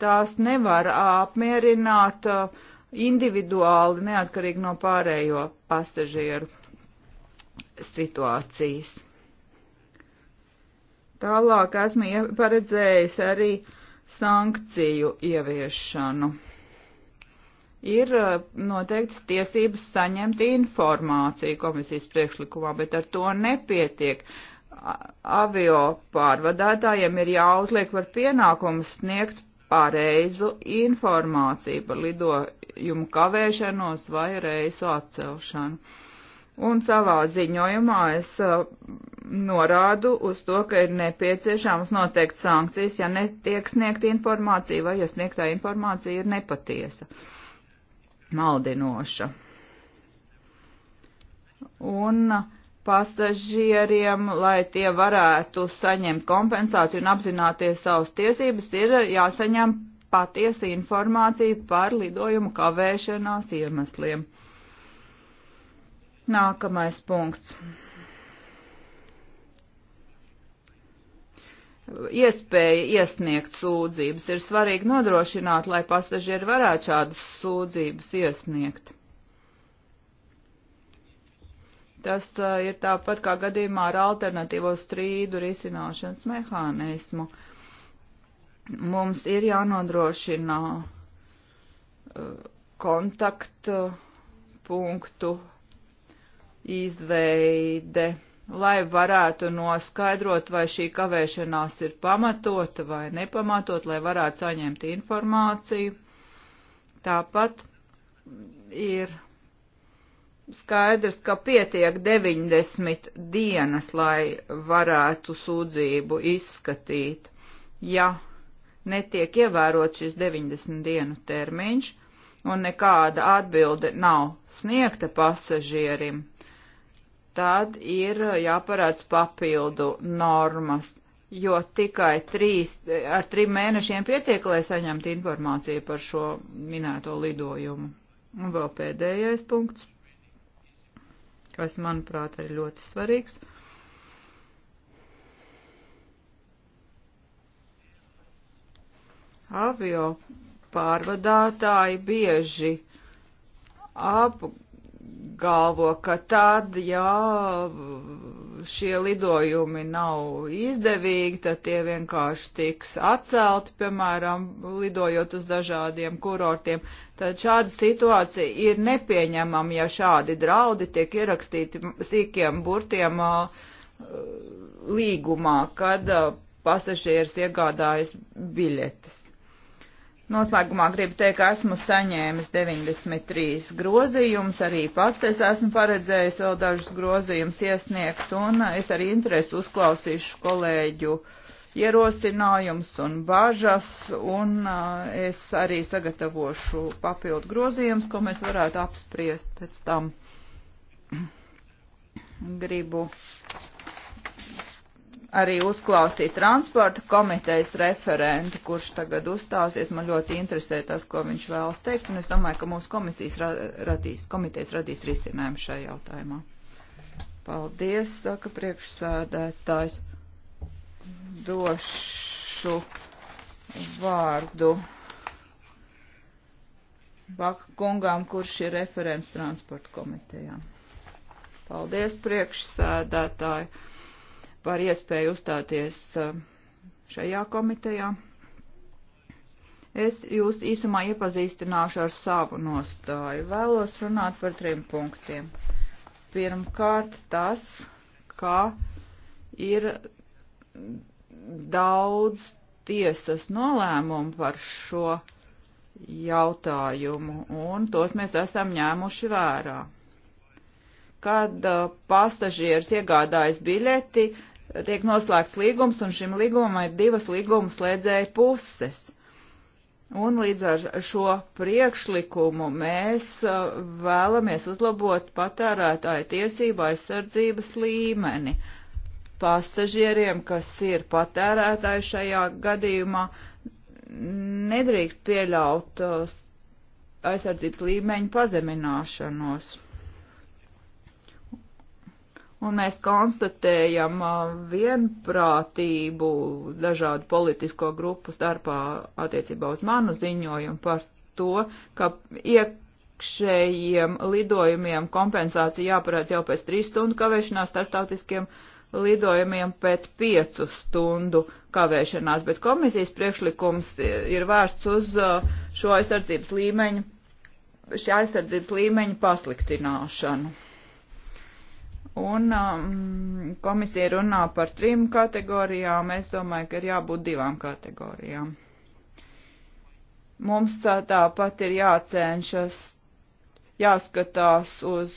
Speaker 3: tās nevar apmierināt uh, individuāli, neatkarīgi no pārējo pasažieru situācijas. Tālāk esmu paredzējis arī uh, sankciju ieviešanu. Ir eh, noteikts tiesības saņemt informāciju komisijas priekšlikumā, bet ar to nepietiek. Avio pārvadātājiem ir jāuzliek par pienākumu sniegt pareizu informāciju par lidojumu kavēšanos vai reisu atcelšanu un savā ziņojumā es uh, norādu uz to, ka ir nepieciešams noteikt sankcijas, ja netiek sniegta informācija vai ja sniegtā informācija ir nepatiesa, maldinoša. Un pasažieriem, lai tie varētu saņemt kompensāciju un apzināties savas tiesības, ir jāsaņem patiesa informācija par lidojumu kavēšanās iemesliem. Nākamais punkts. Iespēja iesniegt sūdzības ir svarīgi nodrošināt, lai pasažieri varētu šādas sūdzības iesniegt. Tas uh, ir tāpat kā gadījumā ar alternatīvo strīdu risināšanas mehānismu. Mums ir jānodrošina uh, kontaktu punktu izveide, lai varētu noskaidrot, vai šī kavēšanās ir pamatota vai nepamatot, lai varētu saņemt informāciju. Tāpat ir skaidrs, ka pietiek 90 dienas, lai varētu sūdzību izskatīt. Ja netiek ievērot šis 90 dienu termiņš un nekāda atbilde nav sniegta pasažierim, tad ir jāparāds papildu normas, jo tikai trīs, ar trim mēnešiem pietiek, lai saņemtu informāciju par šo minēto lidojumu. Un vēl pēdējais punkts, kas, manuprāt, ir ļoti svarīgs. Avio pārvadātāji bieži apgādāja apgalvo, ka tad, ja šie lidojumi nav izdevīgi, tad tie vienkārši tiks atcelti, piemēram, lidojot uz dažādiem kurortiem. Tad šāda situācija ir nepieņemama, ja šādi draudi tiek ierakstīti sīkiem burtiem līgumā, kad pasažieris iegādājas biļetes. Noslēgumā gribu teikt, ka esmu saņēmis 93 grozījumus, arī pats es esmu paredzējis vēl dažus grozījumus iesniegt, un es arī interesi uzklausīšu kolēģu ierosinājums un bažas, un uh, es arī sagatavošu papildu grozījumus, ko mēs varētu apspriest pēc tam. (clears throat) Gribu arī uzklausīt transporta komitejas referentu, kurš tagad uzstāsies. Man ļoti interesē tas, ko viņš vēlas teikt, un es domāju, ka mūsu komisijas ra radīs, komitejas radīs risinājumu šajā jautājumā. Paldies, saka priekšsēdētājs. Došu vārdu Baka kungām, kurš ir referents transporta komitejā. Paldies, priekšsēdētāji par iespēju uzstāties eh, šajā komitejā. Es jūs īsumā iepazīstināšu ar savu nostāju. Vēlos runāt par trim punktiem. Pirmkārt, tas, ka ir daudz tiesas nolēmumu par šo jautājumu, un tos mēs esam ņēmuši vērā. Kad eh, pasažieris iegādājas biļeti, uh, tiek noslēgts līgums, un šim līgumam ir divas līguma slēdzēja puses. Un līdz ar šo priekšlikumu mēs uh, vēlamies uzlabot patērētāju tiesību aizsardzības līmeni. Pasažieriem, kas ir patērētāji šajā gadījumā, nedrīkst pieļaut uh, aizsardzības līmeņu pazemināšanos un mēs konstatējam uh, vienprātību dažādu politisko grupu starpā attiecībā uz manu ziņojumu par to, ka iekšējiem lidojumiem kompensācija jāparāds jau pēc 3 stundu kavēšanās starptautiskiem lidojumiem pēc 5 stundu kavēšanās, bet komisijas priekšlikums ir vērsts uz uh, šo aizsardzības līmeņu, šī aizsardzības līmeņa pasliktināšanu. Un um, komisija runā par trim kategorijām. Es domāju, ka ir jābūt divām kategorijām. Mums tāpat ir jācenšas, jāskatās uz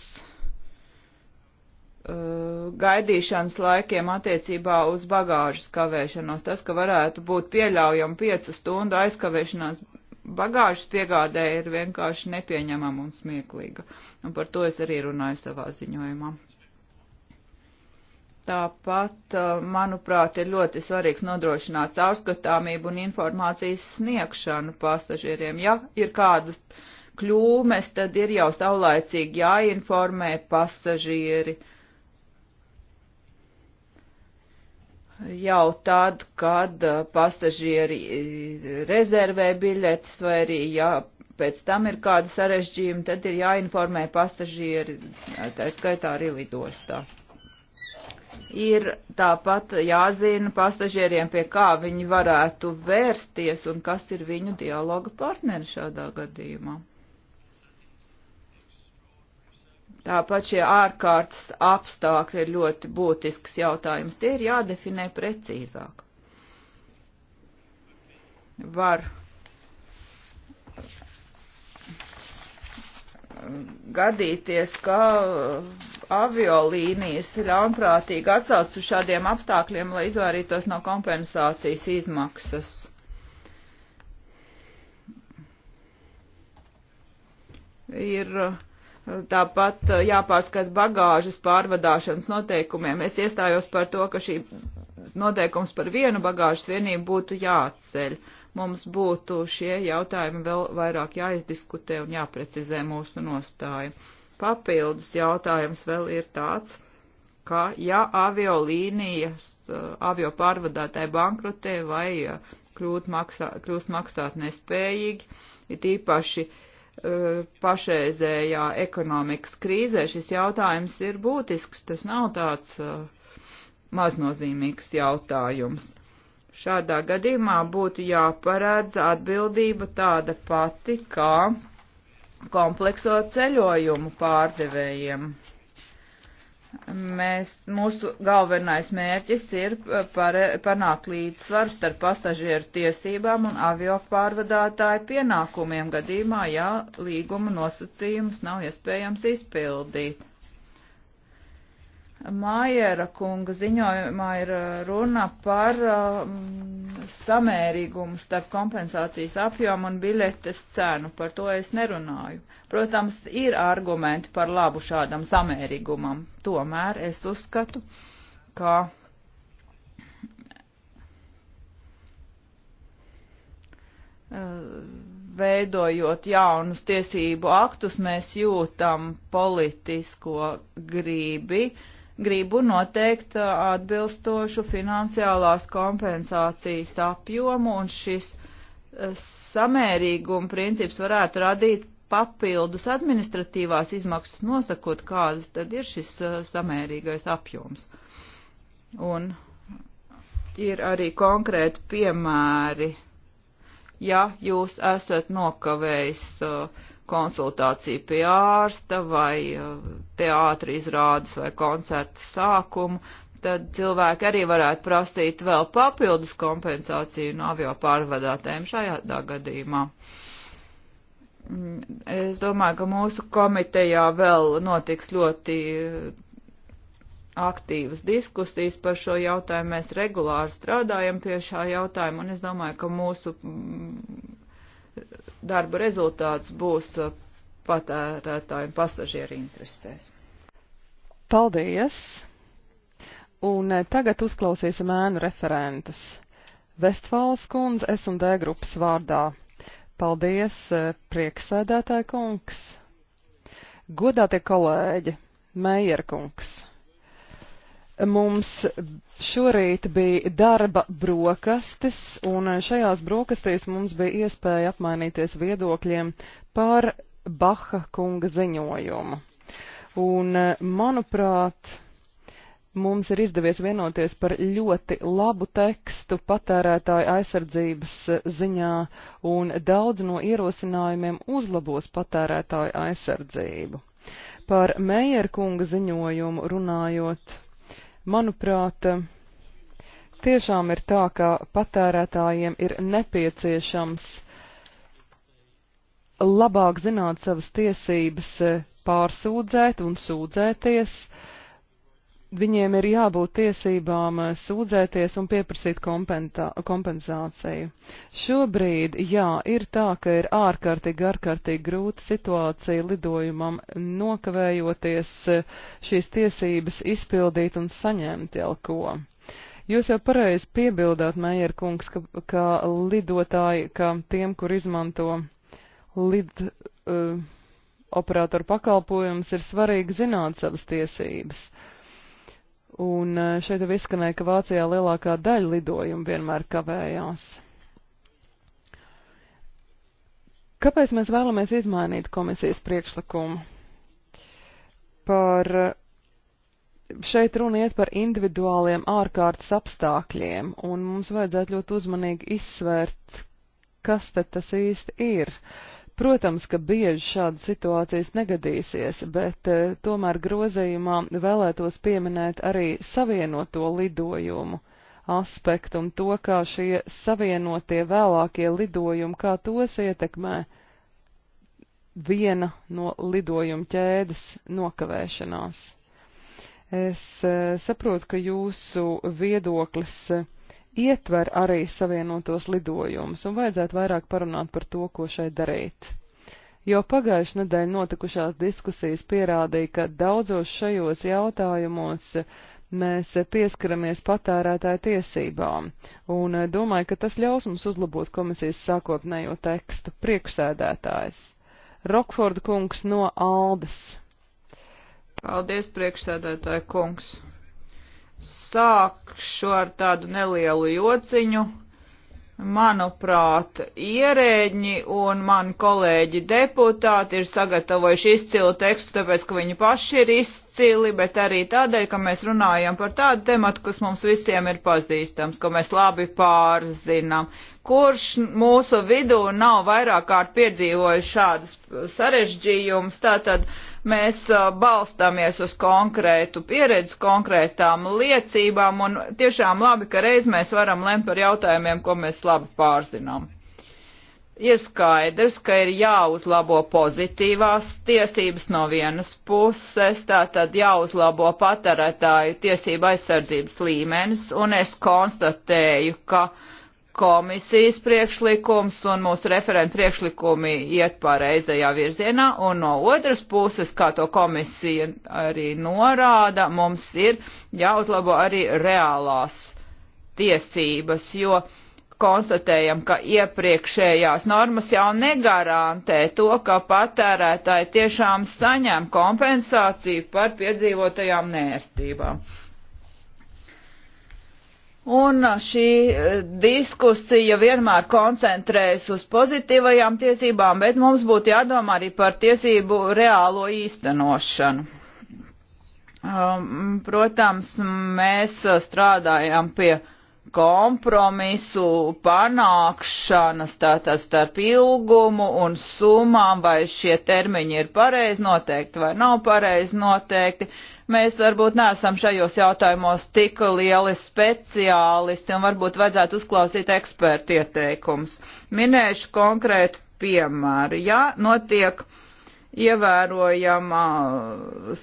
Speaker 3: uh, gaidīšanas laikiem attiecībā uz bagāžas kavēšanos. Tas, ka varētu būt pieļaujama piecu stundu aizkavēšanās bagāžas piegādē, ir vienkārši nepieņemama un smieklīga. Un par to es arī runāju savā ziņojumā. Tāpat, manuprāt, ir ļoti svarīgs nodrošināt caurskatāmību un informācijas sniegšanu pasažieriem. Ja ir kādas kļūmes, tad ir jau saulaicīgi jāinformē pasažieri. Jau tad, kad pasažieri rezervē biļetes vai arī, ja pēc tam ir kāda sarežģījuma, tad ir jāinformē pasažieri, tā skaitā arī lidostā ir tāpat jāzina pasažieriem, pie kā viņi varētu vērsties un kas ir viņu dialoga partneri šādā gadījumā. Tāpat šie ārkārtas apstākļi ir ļoti būtisks jautājums. Tie ir jādefinē precīzāk. Var gadīties, ka uh, aviolīnijas ļaunprātīgi atsauc uz šādiem apstākļiem, lai izvairītos no kompensācijas izmaksas. Ir uh, tāpat uh, jāpārskat bagāžas pārvadāšanas noteikumiem. Es iestājos par to, ka šī noteikums par vienu bagāžas vienību būtu jāatceļ. Uh, mums būtu šie jautājumi vēl vairāk jāizdiskutē un jāprecizē mūsu nostāja. Papildus jautājums vēl ir tāds, ka ja aviolīnijas, eh, avio pārvadātāji bankrotē vai eh, kļūt maksā, kļūst maksāt nespējīgi, ir īpaši eh, pašreizējā ekonomikas krīzē šis jautājums ir būtisks, tas nav tāds maznozīmīgs jautājums. Šādā gadījumā būtu jāparādz atbildība tāda pati kā komplekso ceļojumu pārdevējiem. Mēs, mūsu galvenais mērķis ir par, panākt līdzsvaru starp pasažieru tiesībām un avio pārvadātāju pienākumiem gadījumā, ja līguma nosacījumus nav iespējams izpildīt. Maiera kunga ziņojumā ir uh, runa par uh, mm, samērīgumu starp kompensācijas apjomu un biļetes cenu. Par to es nerunāju. Protams, ir argumenti par labu šādam samērīgumam. Tomēr es uzskatu, ka. Veidojot jaunus tiesību aktus, mēs jūtam politisko grībi uh, gribu noteikt uh, atbilstošu finansiālās kompensācijas apjomu, un šis uh, samērīguma princips varētu radīt papildus administratīvās izmaksas, nosakot, kādas tad ir šis uh, samērīgais apjoms. Un ir arī konkrēti piemēri, ja jūs esat nokavējis uh, konsultāciju pie ārsta vai uh, teātri izrādes vai koncerta sākumu, tad cilvēki arī varētu prasīt vēl papildus kompensāciju no avio pārvadātēm šajā gadījumā. Mm, es domāju, ka mūsu komitejā vēl notiks ļoti uh, aktīvas diskusijas par šo jautājumu. Mēs regulāri strādājam pie šā jautājuma, un es domāju, ka mūsu mm, darba rezultāts būs uh, patērētāju un pasažieru interesēs.
Speaker 2: Paldies! Un uh, tagad uzklausīsim ēnu referentus. Vestfāls kundze S un D grupas vārdā. Paldies, uh, prieksēdētāja kungs! Godātie kolēģi, Meijer kungs! Mums šorīt bija darba brokastis, un šajās brokastīs mums bija iespēja apmainīties viedokļiem par Baha kunga ziņojumu. Un, manuprāt, mums ir izdevies vienoties par ļoti labu tekstu patērētāju aizsardzības ziņā, un daudz no ierosinājumiem uzlabos patērētāju aizsardzību. Par Meijer kunga ziņojumu runājot, Manuprāt, tiešām ir tā, ka patērētājiem ir nepieciešams labāk zināt savas tiesības pārsūdzēt un sūdzēties, uh, viņiem ir jābūt tiesībām eh, sūdzēties un pieprasīt kompensāciju. Šobrīd, jā, ir tā, ka ir ārkārtīgi, ārkārtīgi grūta situācija lidojumam nokavējoties eh, šīs tiesības izpildīt un saņemt jau ko. Jūs jau pareizi piebildāt, Meijer kungs, ka, ka lidotāji, ka tiem, kur izmanto lid. Uh, Operatoru pakalpojums ir svarīgi zināt savas tiesības. Uh, Un šeit jau izskanēja, ka Vācijā lielākā daļa lidojumu vienmēr kavējās. Kāpēc mēs vēlamies izmainīt komisijas priekšlikumu? Par šeit runa iet par individuāliem ārkārtas apstākļiem, un mums vajadzētu ļoti uzmanīgi izsvērt, kas tad tas īsti ir. Uh, Protams, ka bieži šādas situācijas negadīsies, bet eh, tomēr grozījumā vēlētos pieminēt arī savienoto lidojumu aspektu un to, kā šie savienotie vēlākie lidojumi, kā tos ietekmē viena no lidojuma ķēdes nokavēšanās. Es eh, saprotu, ka jūsu viedoklis eh, ietver arī savienotos lidojumus, un vajadzētu vairāk parunāt par to, ko šeit darīt. Jo pagājušajā nedēļā notikušās diskusijas pierādīja, ka daudzos šajos jautājumos mēs pieskaramies patērētāju tiesībām, un domāju, ka tas ļaus mums uzlabot komisijas sākotnējo tekstu priekšsēdētājs. Rokforda kungs no Aldes.
Speaker 3: Paldies, priekšsēdētāja kungs. Sākšu ar tādu nelielu jociņu. Manuprāt, ierēģi un mani kolēģi deputāti ir sagatavojuši izcilu tekstu, tāpēc, ka viņi paši ir izcili, bet arī tādēļ, ka mēs runājam par tādu tematu, kas mums visiem ir pazīstams, ko mēs labi pārzinām. Kurš mūsu vidū nav vairāk kārt piedzīvojis šādas sarežģījumus, tātad. Uh, Mēs balstāmies uz konkrētu pieredzi, konkrētām liecībām, un tiešām labi, ka reiz mēs varam lemt par jautājumiem, ko mēs labi pārzinām. Ir skaidrs, ka ir jāuzlabo pozitīvās tiesības no vienas puses, tātad jāuzlabo patērētāju tiesību aizsardzības līmenis, un es konstatēju, ka uh, komisijas priekšlikums un mūsu referenta priekšlikumi iet pareizajā virzienā, un no otras puses, kā to komisija arī norāda, mums ir jāuzlabo arī reālās tiesības, jo konstatējam, ka iepriekšējās normas jau negarantē to, ka patērētāji tiešām saņem kompensāciju par piedzīvotajām nērtībām. Un šī eh, diskusija vienmēr koncentrējas uz pozitīvajām tiesībām, bet mums būtu jādomā arī par tiesību reālo īstenošanu. Um, protams, mēs eh, strādājam pie kompromisu panākšanas, tātad starp ilgumu un summām, vai šie termiņi ir pareizi noteikti vai nav pareizi noteikti. Uh, Mēs varbūt neesam šajos jautājumos tik lieli speciālisti un varbūt vajadzētu uzklausīt ekspertu ieteikums. Minēšu konkrētu piemēru. Ja notiek ievērojama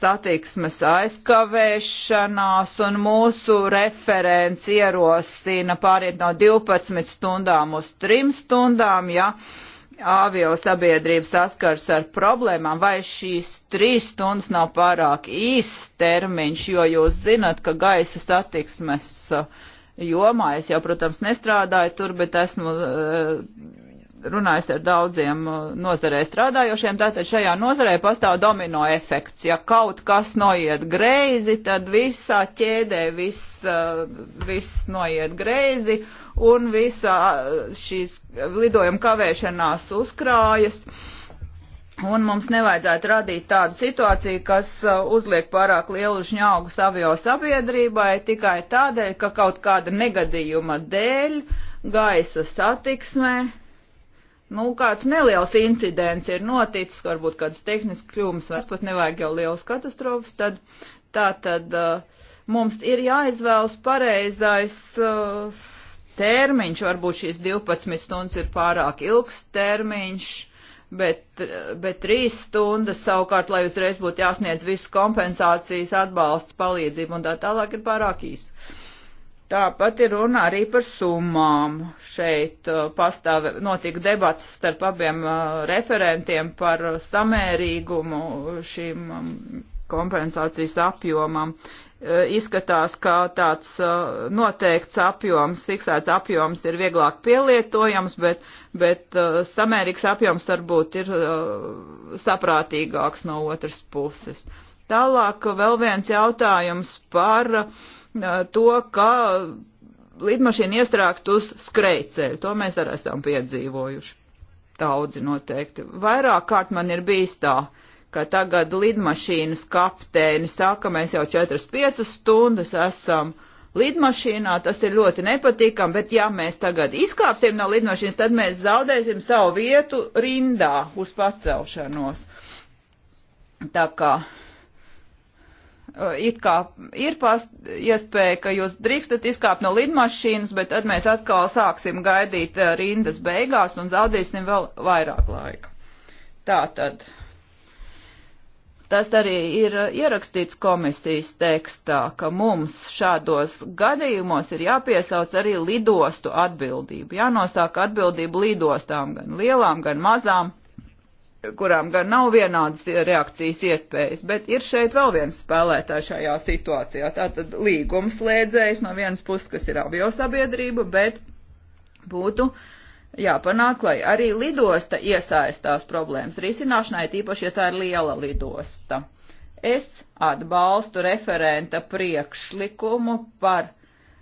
Speaker 3: satiksmes aizkavēšanās un mūsu referents ierosina pāriet no 12 stundām uz 3 stundām, ja avio sabiedrība saskars ar problēmām, vai šīs trīs stundas nav pārāk īsts termiņš, jo jūs zinat, ka gaisa satiksmes uh, jomā es jau, protams, nestrādāju tur, bet esmu uh, runājis ar daudziem uh, nozarē strādājošiem, tātad šajā nozarē pastāv domino efekts. Ja kaut kas noiet greizi, tad visā ķēdē viss, uh, viss noiet greizi un visā uh, šīs lidojuma kavēšanās uzkrājas. Un mums nevajadzētu radīt tādu situāciju, kas uzliek pārāk lielu žņaugu avio sabiedrībai tikai tādēļ, ka kaut kāda negadījuma dēļ gaisa satiksmē nu, kāds neliels incidents ir noticis, varbūt kāds tehnisks kļūmes, vai pat nevajag jau liels katastrofas, tad tā tad uh, mums ir jāizvēlas pareizais uh, termiņš, varbūt šīs 12 stundas ir pārāk ilgs termiņš, bet, uh, bet 3 stundas savukārt, lai uzreiz būtu jāsniedz visu kompensācijas, atbalsts, palīdzību un tā tālāk ir pārāk īsts. Tāpat ir runa arī par summām. Šeit uh, pastāv notika debats starp abiem uh, referentiem par samērīgumu šīm um, kompensācijas apjomam. Uh, izskatās, ka tāds noteikts apjoms, fiksēts apjoms ir vieglāk pielietojams, bet, bet samērīgs apjoms varbūt ir saprātīgāks no otras puses. Tālāk vēl viens jautājums par uh, to, ka lidmašīna iestrāgt uz skrejceļu. To mēs arī esam piedzīvojuši. Daudzi noteikti. Vairāk kārt man ir bijis tā, ka tagad lidmašīnas kapteini saka, mēs jau 4-5 stundas esam lidmašīnā, tas ir ļoti nepatīkam, bet ja mēs tagad izkāpsim no lidmašīnas, tad mēs zaudēsim savu vietu rindā uz pacelšanos. Tā kā Eh, it kā ir past, iespēja, ka jūs drīkstat izkāpt no lidmašīnas, bet tad mēs atkal sāksim gaidīt eh, rindas beigās un zaudēsim vēl vairāk laika. Tā tad. Tas arī ir eh, ierakstīts komisijas tekstā, ka mums šādos gadījumos ir jāpiesauc arī lidostu atbildību. Jānosāk atbildību lidostām, gan lielām, gan mazām kurām gan nav vienādas reakcijas iespējas, bet ir šeit vēl viens spēlētājs šajā situācijā. Tātad līgumslēdzējs no vienas puses, kas ir aviosabiedrība, bet būtu jāpanāk, lai arī lidosta iesaistās problēmas risināšanai, tīpaši, ja tā ir liela lidosta. Es atbalstu referenta priekšlikumu par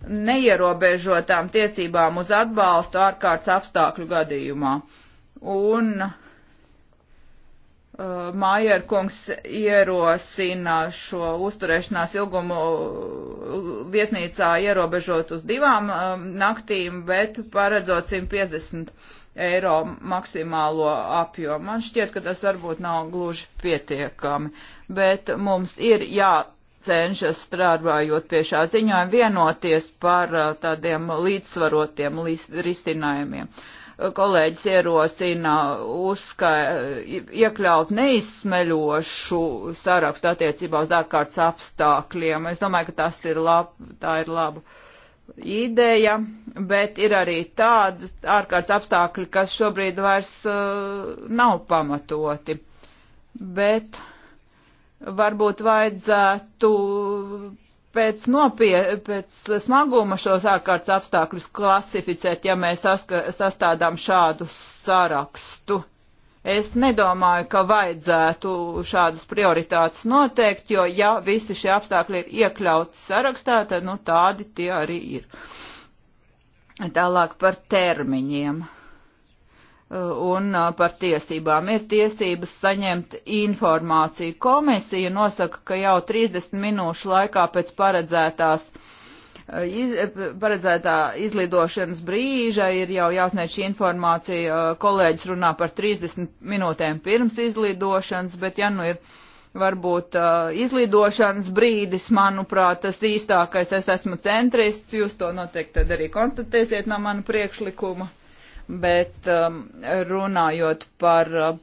Speaker 3: neierobežotām tiesībām uz atbalstu ārkārtas apstākļu gadījumā. Un Uh, Mājerkungs ierosina šo uzturēšanās ilgumu uh, viesnīcā ierobežot uz divām um, naktīm, bet paredzot 150 eiro maksimālo apjomu. Man šķiet, ka tas varbūt nav gluži pietiekami, bet mums ir jācenšas strādājot pie šā ziņojuma vienoties par uh, tādiem līdzsvarotiem risinājumiem. Līdz kolēģis ierosina uzska, iekļaut neizsmeļošu sarakstu attiecībā uz ārkārtas apstākļiem. Es domāju, ka tas ir lab, tā ir laba ideja, bet ir arī tāda ārkārtas apstākļi, kas šobrīd vairs uh, nav pamatoti. Bet varbūt vajadzētu pēc, nopie, pēc smaguma šos ārkārtas apstākļus klasificēt, ja mēs saska, sastādām šādu sarakstu. Es nedomāju, ka vajadzētu šādas prioritātes noteikt, jo ja visi šie apstākļi ir iekļauti sarakstā, tad nu, tādi tie arī ir. Tālāk par termiņiem un par tiesībām. Ir tiesības saņemt informāciju. Komisija nosaka, ka jau 30 minūšu laikā pēc paredzētās iz, paredzētā izlidošanas brīža ir jau jāsniedz šī informācija. Kolēģis runā par 30 minūtēm pirms izlidošanas, bet ja nu ir varbūt uh, izlidošanas brīdis, manuprāt, tas īstākais. Es esmu centrists, jūs to noteikti tad arī konstatēsiet no mana priekšlikuma bet um, runājot par um,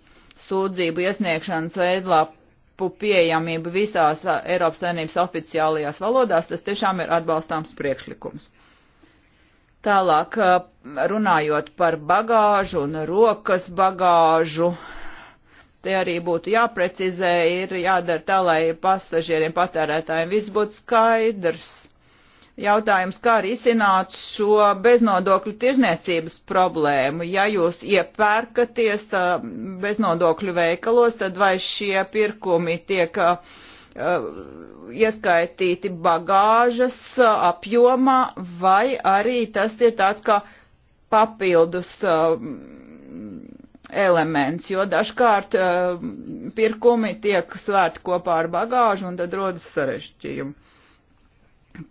Speaker 3: sūdzību iesniegšanas veidlapu pieejamību visās uh, Eiropas Savienības oficiālajās valodās, tas tiešām ir atbalstāms priekšlikums. Tālāk, uh, runājot par bagāžu un rokas bagāžu, te arī būtu jāprecizē, ir jādara tā, lai pasažieriem patērētājiem viss būtu skaidrs jautājums, kā risināt šo beznodokļu tirzniecības problēmu. Ja jūs iepērkaties uh, beznodokļu veikalos, tad vai šie pirkumi tiek uh, uh, ieskaitīti bagāžas apjomā, vai arī tas ir tāds kā papildus elements, jo dažkārt pirkumi tiek svērti kopā ar bagāžu un tad rodas sarešķījumi.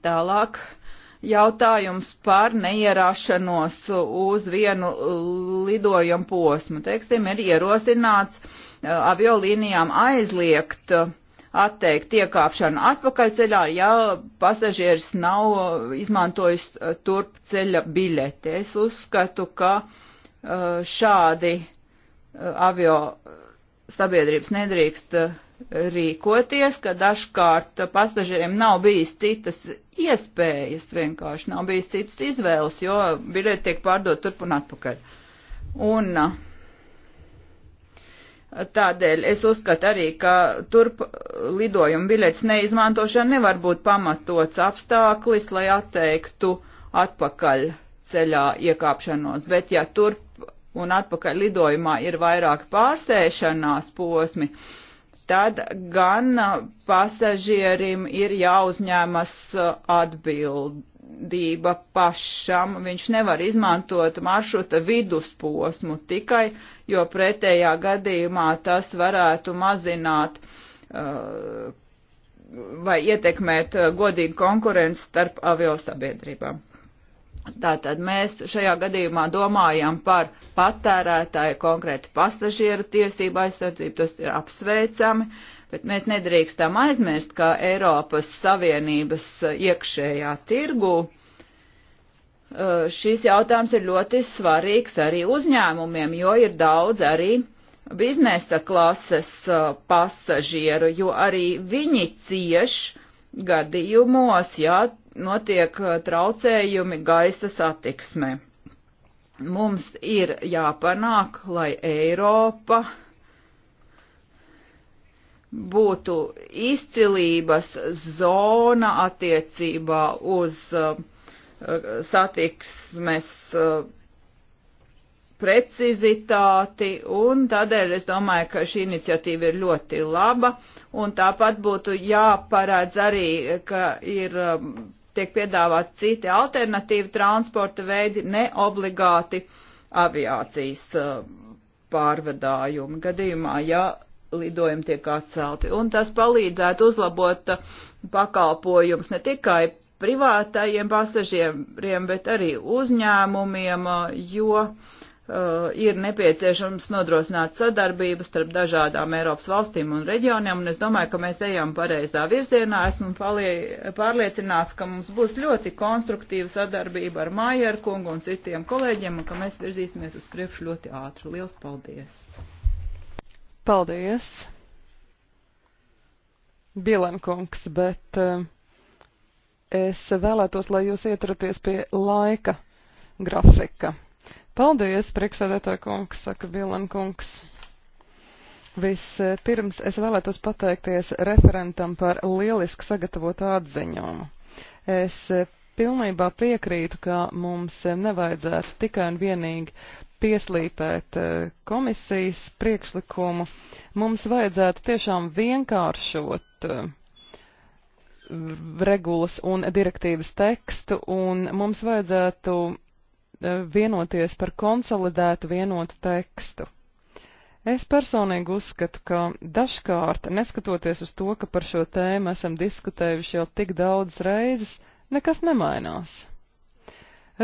Speaker 3: Tālāk jautājums par neierāšanos uz vienu lidojumu posmu. Teiksim, ir ierosināts eh, aviolīnijām aizliegt eh, atteikt iekāpšanu atpakaļceļā, ja pasažieris nav izmantojis eh, turp ceļa biļeti. Es uzskatu, ka šādi avio sabiedrības nedrīkst uh, rīkoties, ka dažkārt pasažieriem nav bijis citas iespējas, vienkārši nav bijis citas izvēles, jo biļeti tiek pārdot turp un atpakaļ. Un tādēļ es uzskatu arī, ka turp lidojuma biļetes neizmantošana nevar būt pamatots apstāklis, lai atteiktu atpakaļ ceļā iekāpšanos, bet ja turp un atpakaļ lidojumā ir vairāk pārsēšanās posmi, uh, tad gan uh, pasažierim ir jāuzņemas uh, atbildība pašam. Viņš nevar izmantot maršruta vidusposmu tikai, jo pretējā gadījumā tas varētu mazināt uh, vai ietekmēt uh, godīgu konkurenci starp avio sabiedrībām. Tātad mēs šajā gadījumā domājam par patērētāju konkrēti pasažieru tiesību aizsardzību, tas ir apsveicami, bet mēs nedrīkstam aizmirst, ka Eiropas Savienības iekšējā tirgu uh, šīs jautājums ir ļoti svarīgs arī uzņēmumiem, jo ir daudz arī biznesa klases uh, pasažieru, jo arī viņi cieši gadījumos, ja notiek uh, traucējumi gaisa satiksmē. Mums ir jāpanāk, lai Eiropa būtu izcilības zona attiecībā uz uh, satiksmes uh, precizitāti, un tādēļ es domāju, ka šī iniciatīva ir ļoti laba, un tāpat būtu jāparādz arī, ka ir um, tiek piedāvāt citi alternatīvi transporta veidi, ne obligāti aviācijas um, pārvadājumi gadījumā, ja lidojumi tiek atcelti. Un tas palīdzētu uzlabot uh, pakalpojums ne tikai privātajiem pasažieriem, bet arī uzņēmumiem, uh, jo uh, Uh, ir nepieciešams nodrošināt sadarbību starp dažādām Eiropas valstīm un reģioniem, un es domāju, ka mēs ejam pareizā virzienā. Esmu pārliecināts, ka mums būs ļoti konstruktīva sadarbība ar Mājeru kungu un citiem kolēģiem, un ka mēs virzīsimies uz priekšu ļoti ātri. Liels paldies! Paldies! Bielankungs,
Speaker 2: bet uh, es vēlētos, lai jūs ieturaties pie laika grafika. Paldies, priekšsēdētāja kungs, saka Bilan kungs. Vispirms es vēlētos pateikties referentam par lieliski sagatavotu atziņumu. Es pilnībā piekrītu, ka mums nevajadzētu tikai un vienīgi pieslīpēt eh, komisijas priekšlikumu. Mums vajadzētu tiešām vienkāršot eh, regulas un direktīvas tekstu, un mums vajadzētu E, vienoties par konsolidētu vienotu tekstu. Es personīgi uzskatu, ka dažkārt, neskatoties uz to, ka par šo tēmu esam diskutējuši jau tik daudzas reizes, nekas nemainās.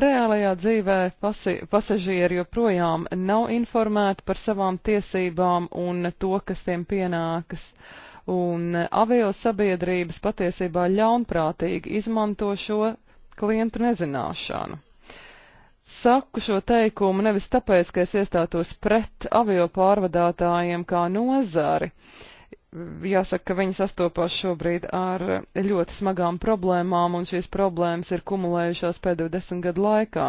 Speaker 2: Reālajā dzīvē pasi pasažieri joprojām nav informēti par savām tiesībām un to, kas tiem pienākas, un avio sabiedrības patiesībā ļaunprātīgi izmanto šo klientu nezināšanu. Saku šo teikumu nevis tāpēc, ka es iestātos pret avio pārvadātājiem kā nozari. Jāsaka, ka viņi sastopās šobrīd ar ļoti smagām problēmām, un šīs problēmas ir kumulējušās pēdējo desmit gadu laikā.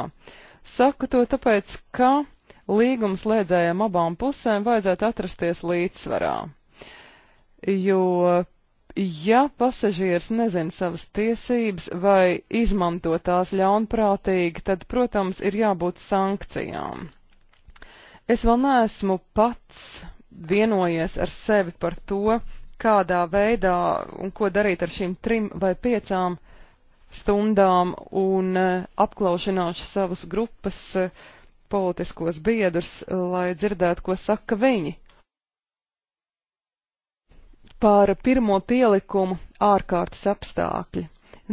Speaker 2: Saku to tāpēc, ka līgumslēdzējiem abām pusēm vajadzētu atrasties līdzsvarā, jo ja pasažieris nezina savas tiesības vai izmanto tās ļaunprātīgi, tad, protams, ir jābūt sankcijām. Es vēl neesmu pats vienojies ar sevi par to, kādā veidā un ko darīt ar šīm trim vai piecām stundām un e, apklaušanāšu savas grupas e, politiskos biedrus, lai dzirdētu, ko saka viņi Par pirmo pielikumu ārkārtas apstākļi.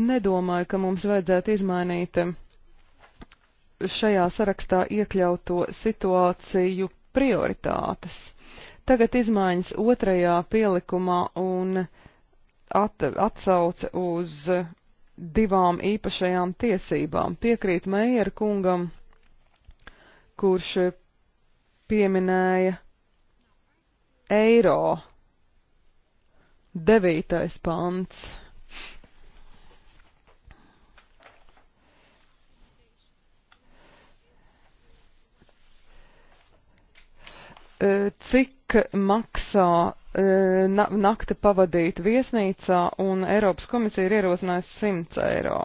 Speaker 2: Nedomāju, ka mums vajadzētu izmainīt eh, šajā sarakstā iekļauto situāciju prioritātes. Tagad izmaiņas otrajā pielikumā un at, atsauce uz divām īpašajām tiesībām. Piekrīt Meijer kungam, kurš pieminēja eiro Devītais pants. E, cik maksā e, na nakti pavadīt viesnīcā, un Eiropas komisija ir ierosinājusi 100 eiro.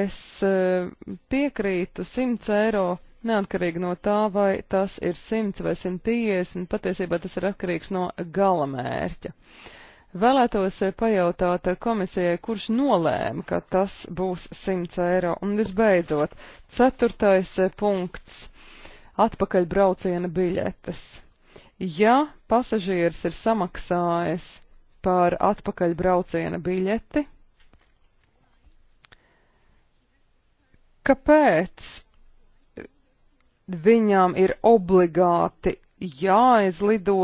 Speaker 2: Es e, piekrītu 100 eiro neatkarīgi no tā, vai tas ir 100 vai 150, patiesībā tas ir atkarīgs no galamērķa. mērķa. Vēlētos eh, pajautāt eh, komisijai, kurš nolēma, ka tas būs 100 eiro. Un visbeidzot, ceturtais eh, punkts - atpakaļbrauciena biļetes. Ja pasažieris ir samaksājis par atpakaļbrauciena biļeti, kāpēc viņām ir obligāti jāizlido,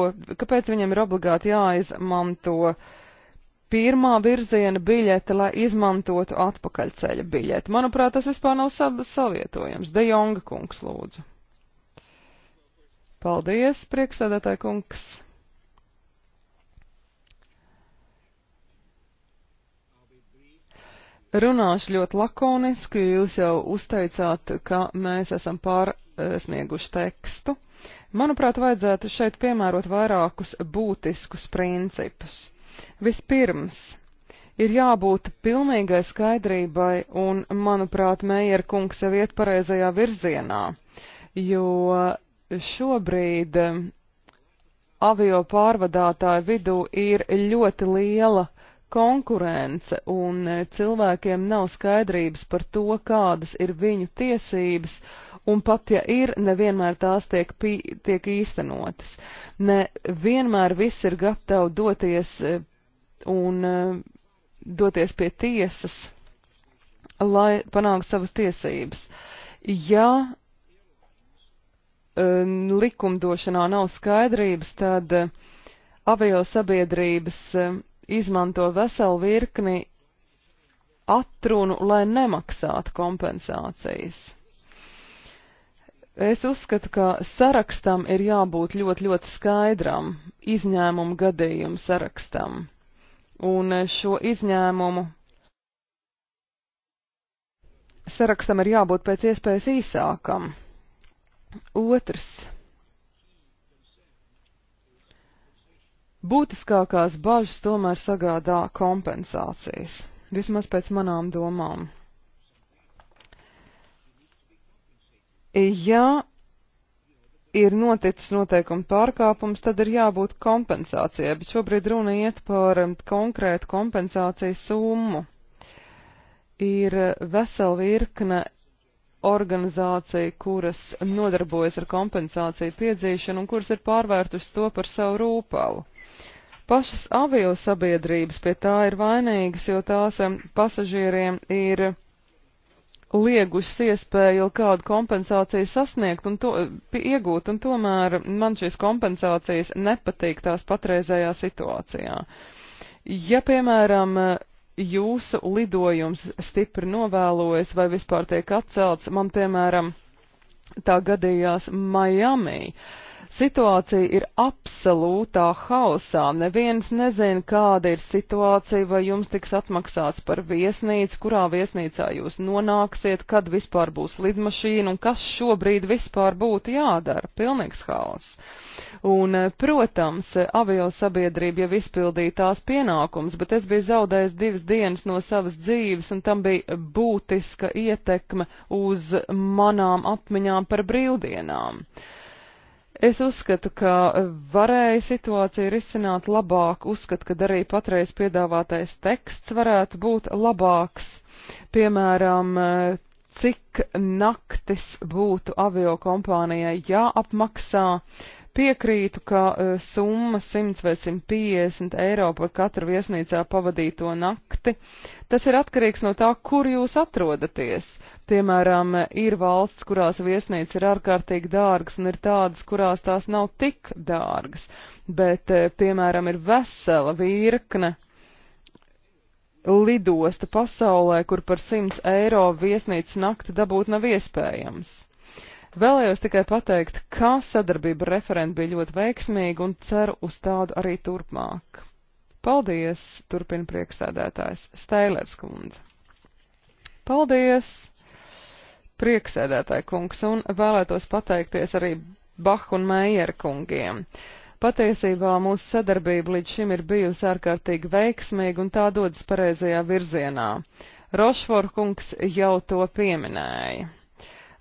Speaker 2: kāpēc viņiem ir obligāti jāizmanto pirmā virziena biļete, lai izmantotu atpakaļceļa biļeti. Manuprāt, tas vispār nav savietojams. De Jonga kungs lūdzu. Paldies, prieksēdētāji kungs. Runāšu ļoti lakoniski, jūs jau uzteicāt, ka mēs esam pārsnieguši tekstu. Manuprāt, vajadzētu šeit piemērot vairākus būtiskus principus. Vispirms, ir jābūt pilnīgai skaidrībai, un, manuprāt, Meijer kungs jau iet pareizajā virzienā, jo šobrīd avio pārvadātāju vidū ir ļoti liela konkurence, un cilvēkiem nav skaidrības par to, kādas ir viņu tiesības, un pat ja ir, nevienmēr tās tiek, pī, tiek īstenotas. Ne vienmēr viss ir gatavi doties e, un e, doties pie tiesas, lai panāktu savas tiesības. Ja e, likumdošanā nav skaidrības, tad avio sabiedrības izmanto veselu virkni atrunu, lai nemaksātu kompensācijas. Es uzskatu, ka sarakstam ir jābūt ļoti, ļoti skaidram, izņēmumu gadījumu sarakstam. Un eh, šo izņēmumu sarakstam ir jābūt pēc iespējas īsākam. Otrs. Būtiskākās bažas tomēr sagādā kompensācijas, vismaz pēc manām domām. Ja ir noticis noteikuma pārkāpums, tad ir jābūt kompensācijai, bet šobrīd runa iet par um, konkrētu kompensācijas summu. Ir uh, vesela virkne organizācija, kuras nodarbojas ar kompensāciju piedzīšanu un kuras ir pārvērtusi to par savu rūpalu. Pašas avio sabiedrības pie tā ir vainīgas, jo tās um, pasažieriem ir liegušas iespēju jau kādu kompensāciju sasniegt un to, eh, iegūt, un tomēr man šīs kompensācijas nepatīk tās patreizējā situācijā. Ja, piemēram, jūsu lidojums stipri novēlojas vai vispār tiek atcelts, man, piemēram, tā gadījās Miami. Uh, Situācija ir absolūtā hausā. Neviens nezina, kāda ir situācija, vai jums tiks atmaksāts par viesnīcu, kurā viesnīcā jūs nonāksiet, kad vispār būs lidmašīna un kas šobrīd vispār būtu jādara. Pilnīgs haoss. Un, eh, protams, avio sabiedrība jau izpildīja tās pienākums, bet es biju zaudējis divas dienas no savas dzīves, un tam bija būtiska ietekme uz manām apmiņām par brīvdienām. Es uzskatu, ka varēja situāciju risināt labāk, uzskatu, ka arī patreiz piedāvātais teksts varētu būt labāks. Piemēram, cik naktis būtu avio kompānijai jāapmaksā, Piekrītu, ka e, summa 100 vai 150 eiro par katru viesnīcā pavadīto nakti, tas ir atkarīgs no tā, kur jūs atrodaties. Piemēram, e, ir valsts, kurās viesnīca ir ārkārtīgi dārgas, un ir tādas, kurās tās nav tik dārgas, bet, e, piemēram, ir vesela virkne lidosta pasaulē, kur par 100 eiro viesnīcas nakti dabūt nav iespējams. Vēlējos tikai pateikt, kā sadarbība referenti bija ļoti veiksmīga un ceru uz tādu arī turpmāk. Paldies, turpina prieksēdētājs Steilers kundze. Paldies, prieksēdētāja kungs, un vēlētos pateikties arī Bahu un Meijera kungiem. Patiesībā mūsu sadarbība līdz šim ir bijusi ārkārtīgi veiksmīga un tā dodas pareizajā virzienā. Rošfor kungs jau to pieminēja.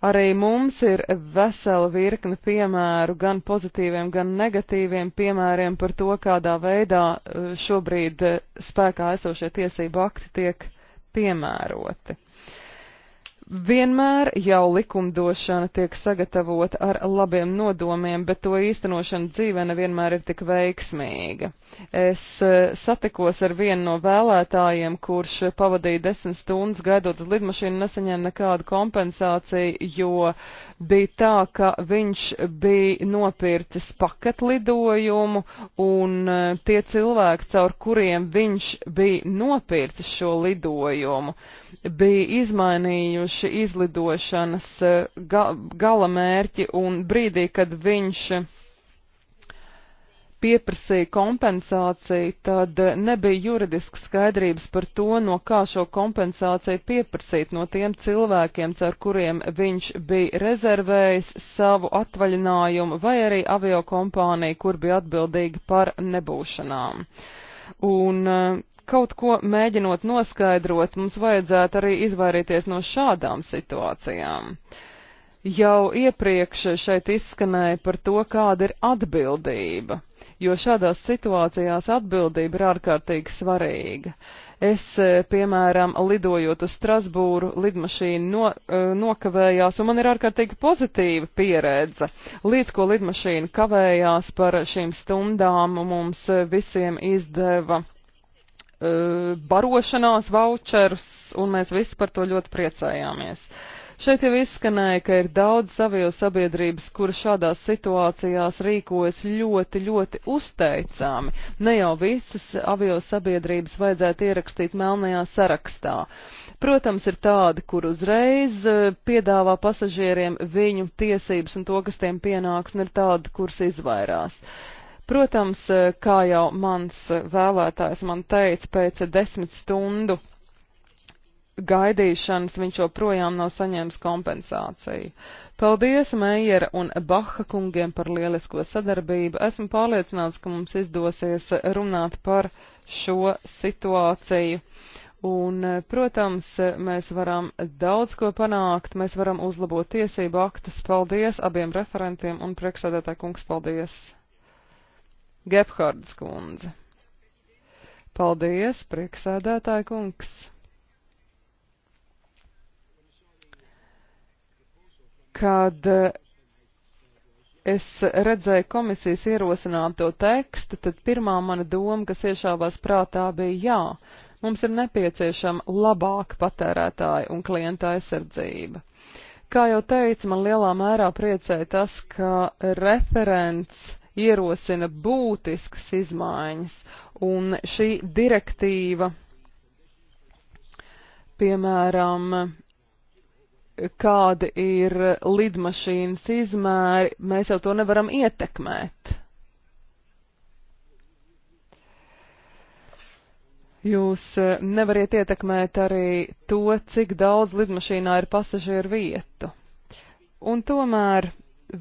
Speaker 2: Arī mums ir vesela virkne piemēru, gan pozitīviem, gan negatīviem piemēriem par to, kādā veidā eh, šobrīd eh, spēkā esošie tiesību akti tiek piemēroti. Vienmēr jau likumdošana tiek sagatavota ar labiem nodomiem, bet to īstenošana dzīvē nevienmēr ir tik veiksmīga. Es eh, satikos ar vienu no vēlētājiem, kurš pavadīja desmit stundas gaidot uz lidmašīnu, nesaņēma nekādu kompensāciju, jo bija tā, ka viņš bija nopircis paketlidojumu, un eh, tie cilvēki, caur kuriem viņš bija nopircis šo lidojumu, bija izmainījuši izlidošanas eh, ga gala mērķi, un brīdī, kad viņš pieprasīja kompensāciju, tad nebija juridiska skaidrības par to, no kā šo kompensāciju pieprasīt no tiem cilvēkiem, ar kuriem viņš bija rezervējis savu atvaļinājumu, vai arī avio kompāniju, kur bija atbildīga par nebūšanām. Un eh, kaut ko mēģinot noskaidrot, mums vajadzētu arī izvairīties no šādām situācijām. Jau iepriekš šeit izskanēja par to, kāda ir atbildība jo šādās situācijās atbildība ir ārkārtīgi svarīga. Es, e, piemēram, lidojot uz Strasbūru, lidmašīna no, e, nokavējās, un man ir ārkārtīgi pozitīva pieredze. Līdz ko lidmašīna kavējās par šīm stundām, mums e, visiem izdeva uh, barošanās voucherus, un mēs visi par to ļoti priecājāmies. Uh, Šeit jau izskanēja, ka ir daudz avio sabiedrības, kur šādās situācijās rīkojas ļoti, ļoti uzteicami. Ne jau visas avio sabiedrības vajadzētu ierakstīt melnajā sarakstā. Protams, ir tādi, kur uzreiz eh, piedāvā pasažieriem viņu tiesības un to, kas tiem pienāks, un ir tādi, kurus izvairās. Protams, eh, kā jau mans eh, vēlētājs man teica, pēc desmit stundu gaidīšanas viņš joprojām nav saņēmis kompensāciju. Paldies Meijera un Baha kungiem par lielisko sadarbību. Esmu pārliecināts, ka mums izdosies runāt par šo situāciju. Un, protams, mēs varam daudz ko panākt, mēs varam uzlabot tiesību aktus. Paldies abiem referentiem un priekšsēdētāj kungs, paldies. Gebhards kundze. Paldies, priekšsēdētāj kungs. kad eh, es redzēju komisijas ierosināto tekstu, tad pirmā mana doma, kas iešāvās prātā, bija jā, mums ir nepieciešama labāka patērētāja un klienta aizsardzība. Kā jau teicu, man lielā mērā priecēja tas, ka referents ierosina būtiskas izmaiņas, un šī direktīva, piemēram, kādi ir lidmašīnas izmēri, mēs jau to nevaram ietekmēt. Jūs e, nevariet ietekmēt arī to, cik daudz lidmašīnā ir pasažieru vietu. Un tomēr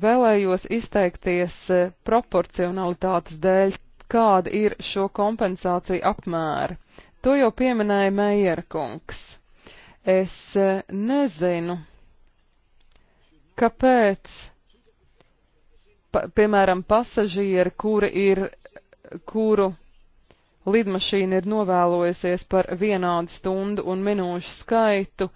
Speaker 2: vēlējos izteikties e, proporcionalitātes dēļ, kāda ir šo kompensāciju apmēra. To jau pieminēja Meijera kungs. Es eh, nezinu, kāpēc, pa, piemēram, pasažieri, kuri ir, kuru lidmašīna ir novēlojusies par vienādu stundu un minūšu skaitu,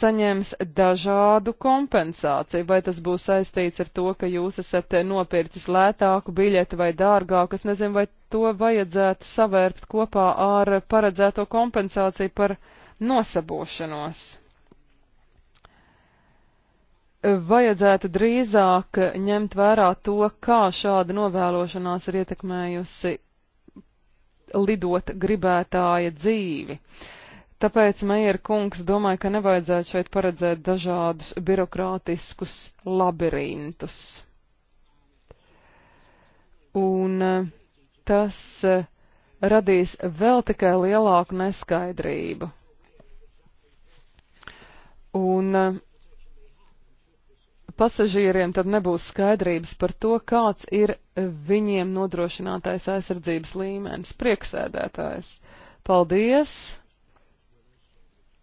Speaker 2: saņems dažādu kompensāciju, vai tas būs saistīts ar to, ka jūs esat nopircis lētāku biļeti vai dārgāku, es nezinu, vai to vajadzētu savērpt kopā ar paredzēto kompensāciju par nosabošanos. Vajadzētu drīzāk ņemt vērā to, kā šāda novēlošanās ir ietekmējusi lidot gribētāja dzīvi. Tāpēc, Meijer kungs, domāju, ka nevajadzētu šeit paredzēt dažādus birokrātiskus labirintus. Un eh, tas eh, radīs vēl tikai lielāku neskaidrību un eh, pasažieriem tad nebūs skaidrības par to, kāds ir eh, viņiem nodrošinātais aizsardzības līmenis. Prieksēdētājs. Paldies!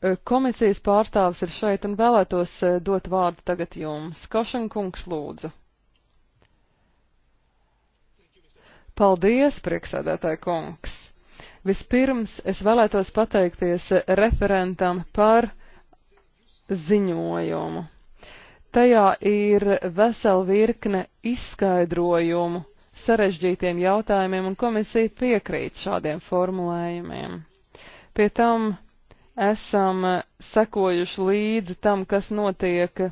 Speaker 2: Eh, komisijas pārstāvs ir šeit un vēlētos dot vārdu tagad jums. Košankungs lūdzu. Paldies, prieksēdētāji kungs! Vispirms es vēlētos pateikties referentam par ziņojumu. Tajā ir vesela virkne izskaidrojumu sarežģītiem jautājumiem, un komisija piekrīt šādiem formulējumiem. Pie tam esam sekojuši līdzi tam, kas notiek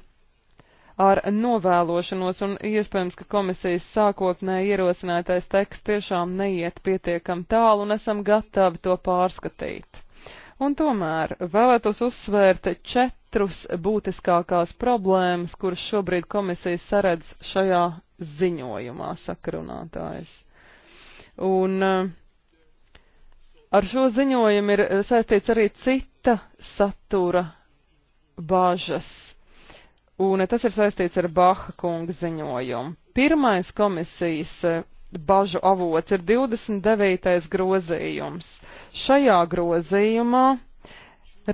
Speaker 2: ar novēlošanos, un iespējams, ka komisijas sākotnēji ierosinātais teksts tiešām neiet pietiekam tālu, un esam gatavi to pārskatīt. Un tomēr vēlētos uzsvērt četrus būtiskākās problēmas, kuras šobrīd komisija saredz šajā ziņojumā, sakrunātājs. Un eh, ar šo ziņojumu ir eh, saistīts arī cita satura bažas. Un eh, tas ir saistīts ar Baha kunga ziņojumu. Pirmais komisijas bažu avots ir 29. grozījums. Šajā grozījumā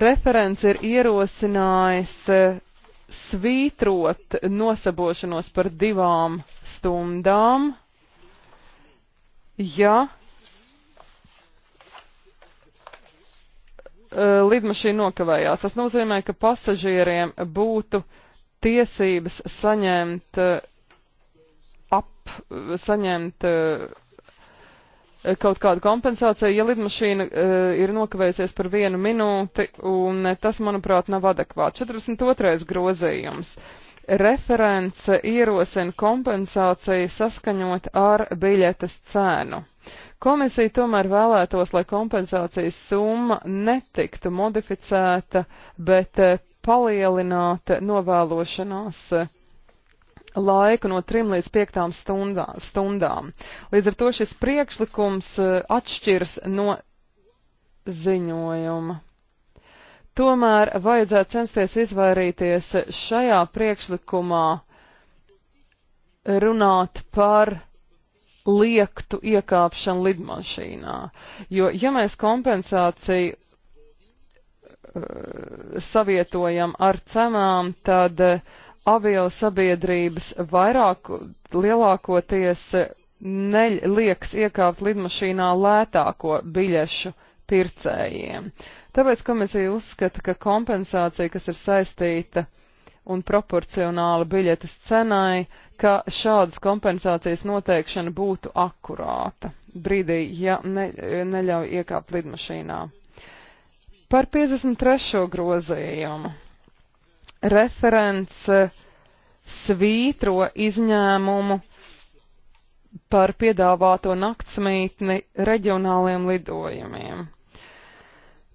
Speaker 2: referents ir ierosinājis e, svītrot nosabošanos par divām stundām, ja e, lidmašīna nokavējās. Tas nozīmē, ka pasažieriem būtu tiesības saņemt uh, saņemt eh, kaut kādu kompensāciju, ja lidmašīna eh, ir nokavējusies par vienu minūti, un eh, tas, manuprāt, nav adekvāti. 42. grozījums. Referents ierosina kompensāciju saskaņot ar biļetes cēnu. Komisija tomēr vēlētos, lai kompensācijas summa netiktu modificēta, bet palielināta novēlošanās laiku no 3 līdz 5 stundā, stundām. Līdz ar to šis priekšlikums e, atšķirs no ziņojuma. Tomēr vajadzētu censties izvairīties šajā priekšlikumā runāt par liektu iekāpšanu lidmašīnā, jo ja mēs kompensāciju e, savietojam ar cenām, tad uh, aviosabiedrības vairāk, lielākoties nelieks iekāpt lidmašīnā lētāko biļešu pircējiem. Tāpēc komisija uzskata, ka kompensācija, kas ir saistīta un proporcionāla biļetes cenai, ka šādas kompensācijas noteikšana būtu akurāta brīdī, ja ne, neļauj iekāpt lidmašīnā. Par 53. grozījumu referents eh, svītro izņēmumu par piedāvāto naktsmītni reģionāliem lidojumiem.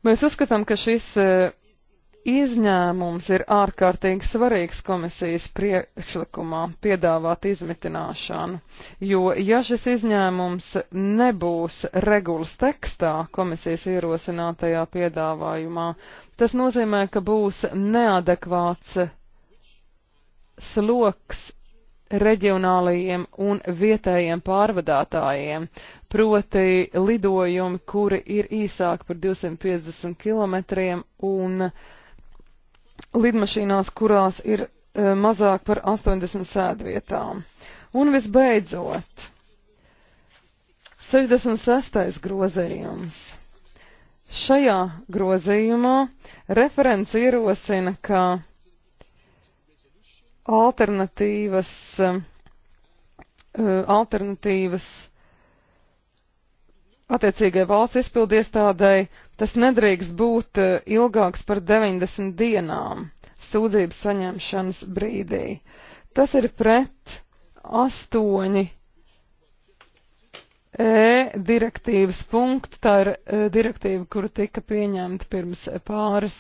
Speaker 2: Mēs uzskatām, ka šis eh, izņēmums ir ārkārtīgi svarīgs komisijas priekšlikumā piedāvāt izmitināšanu, jo ja šis izņēmums nebūs regulas tekstā komisijas ierosinātajā piedāvājumā, tas nozīmē, ka būs neadekvāts sloks reģionālajiem un vietējiem pārvadātājiem, proti lidojumi, kuri ir īsāki par 250 km un lidmašīnās, kurās ir e, mazāk par 80 sēdvietām. Un visbeidzot, 66. grozījums. Šajā grozījumā referents ierosina, ka alternatīvas, e, alternatīvas attiecīgai valsts izpildiestādai tas nedrīkst būt eh, ilgāks par 90 dienām sūdzības saņemšanas brīdī. Tas ir pret 8 E direktīvas punktu, tā ir e, direktīva, kura tika pieņemta pirms pāris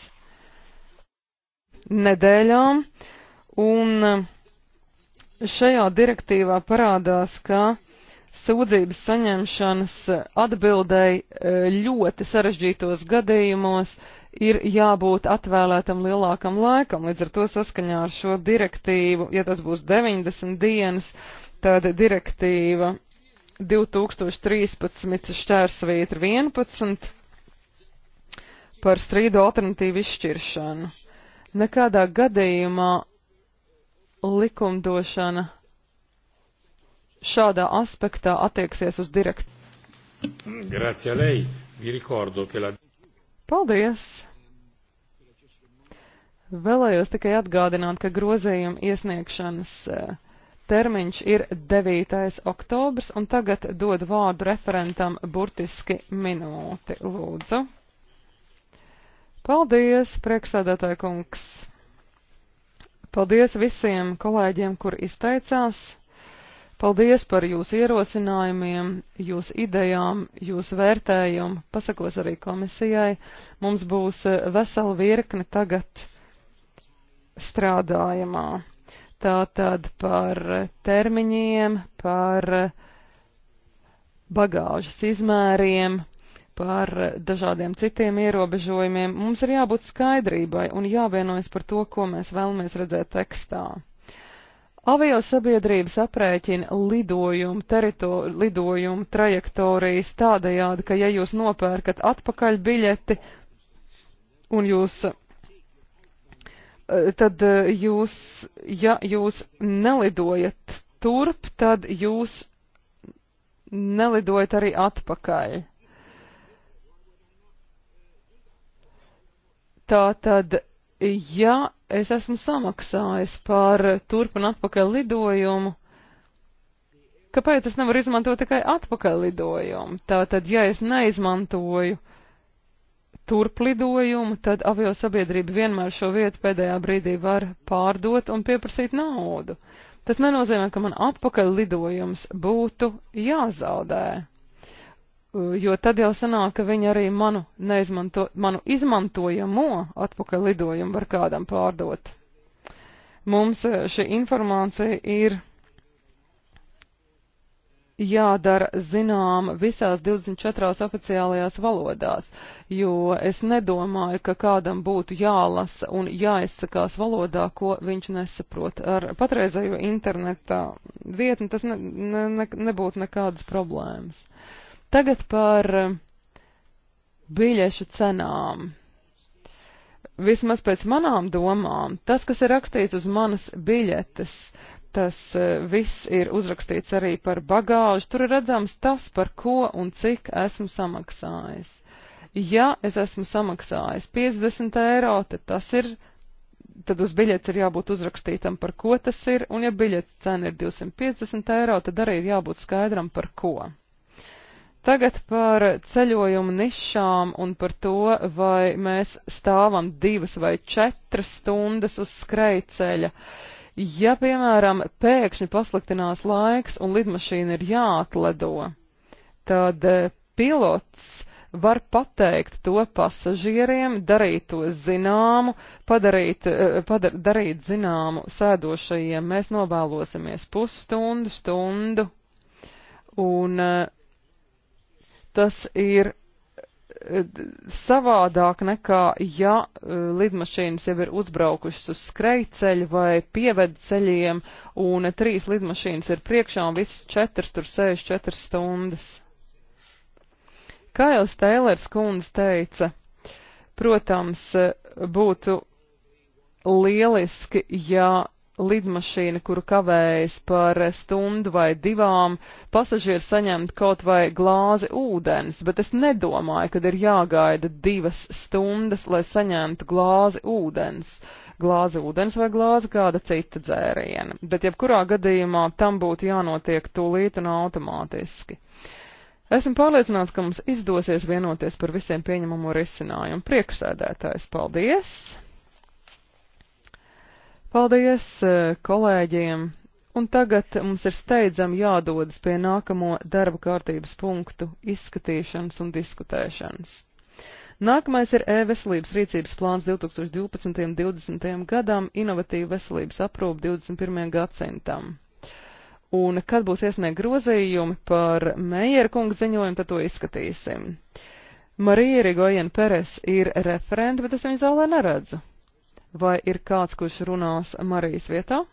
Speaker 2: nedēļām, un e, šajā direktīvā parādās, ka sūdzības saņemšanas atbildēji e, ļoti sarežģītos gadījumos ir jābūt atvēlētam lielākam laikam. Līdz ar to saskaņā ar šo direktīvu, ja tas būs 90 dienas, tad direktīva 2013 šķērsvītra 11 par strīdu alternatīvu izšķiršanu. Nekādā gadījumā likumdošana šādā aspektā attieksies uz direktīvu.
Speaker 1: La...
Speaker 2: Paldies! Vēlējos tikai atgādināt, ka grozījuma iesniegšanas e, termiņš ir 9. oktobrs, un tagad dod vārdu referentam burtiski minūti, lūdzu. Paldies, priekšsēdētāja kungs! Paldies visiem kolēģiem, kur izteicās! Paldies par jūsu ierosinājumiem, jūsu idejām, jūsu vērtējumu. Pasakos arī komisijai. Mums būs eh, vesela virkne tagad strādājamā. Tātad par termiņiem, par bagāžas izmēriem, par dažādiem citiem ierobežojumiem. Mums ir jābūt skaidrībai un jāvienojas par to, ko mēs vēlamies redzēt tekstā. Aviosabiedrības aprēķina lidojumu, terito, lidojumu trajektorijas tādajādi, ka ja jūs nopērkat atpakaļ biļeti un jūs, eh, tad eh, jūs, ja jūs nelidojat turp, tad jūs nelidojat arī atpakaļ. Tā tad ja es esmu samaksājis par turp un atpakaļ lidojumu, kāpēc es nevaru izmantot tikai atpakaļ lidojumu? Tātad, ja es neizmantoju turp lidojumu, tad avio sabiedrība vienmēr šo vietu pēdējā brīdī var pārdot un pieprasīt naudu. Tas nenozīmē, ka man atpakaļ lidojums būtu jāzaudē jo tad jau sanāk, ka viņi arī manu, neizmanto, manu izmantojamo atpakaļ lidojumu var kādam pārdot. Mums eh, šī informācija ir jādara zinām visās 24 oficiālajās valodās, jo es nedomāju, ka kādam būtu jālasa un jāizsakās valodā, ko viņš nesaprot. Ar patreizējo internetā vietni tas ne, ne, ne, nebūtu nekādas problēmas. Uh, Tagad par eh, biļešu cenām. Vismaz pēc manām domām, tas, kas ir rakstīts uz manas biļetes, tas eh, viss ir uzrakstīts arī par bagāžu. Tur ir redzams tas, par ko un cik esmu samaksājis. Ja es esmu samaksājis 50 eiro, tad tas ir, tad uz biļets ir jābūt uzrakstītam, par ko tas ir, un ja biļets cena ir 250 eiro, tad arī ir jābūt skaidram, par ko. Tagad par ceļojumu nišām un par to, vai mēs stāvam divas vai četras stundas uz skrejceļa. Ja, piemēram, pēkšņi pasliktinās laiks un lidmašīna ir jāatledo, tad eh, pilots var pateikt to pasažieriem, darīt to zināmu, padarīt, eh, padar, darīt zināmu sēdošajiem, mēs novēlosimies pusstundu, stundu, un eh, tas ir eh, savādāk nekā, ja eh, lidmašīnas jau ir uzbraukušas uz skrejceļu vai pievedu ceļiem, un trīs lidmašīnas ir priekšā, un visas četras tur sēž četras stundas. Kā jau Stēlers kundze teica, protams, eh, būtu lieliski, ja lidmašīna, kuru kavējas par stundu vai divām, pasažieri saņemt kaut vai glāzi ūdens, bet es nedomāju, kad ir jāgaida divas stundas, lai saņemtu glāzi ūdens. Glāzi ūdens vai glāzi kāda cita dzēriena. Bet jebkurā gadījumā tam būtu jānotiek tūlīt un automātiski. Esmu pārliecināts, ka mums izdosies vienoties par visiem pieņemamo risinājumu. Priekšsēdētājs, paldies! Paldies eh, kolēģiem! Un tagad mums ir steidzami jādodas pie nākamo darba kārtības punktu izskatīšanas un diskutēšanas. Nākamais ir e-veselības rīcības plāns 2012. un 2020. gadam, inovatīva veselības aprūpa 21. gadsimtam. Un kad būs iesniegt grozījumi par Meijera kunga ziņojumu, tad to izskatīsim. Marija Rigojena Peres ir referente, bet es viņu zālē neredzu. Vai ir kāds, kurš runās Marijas vietā?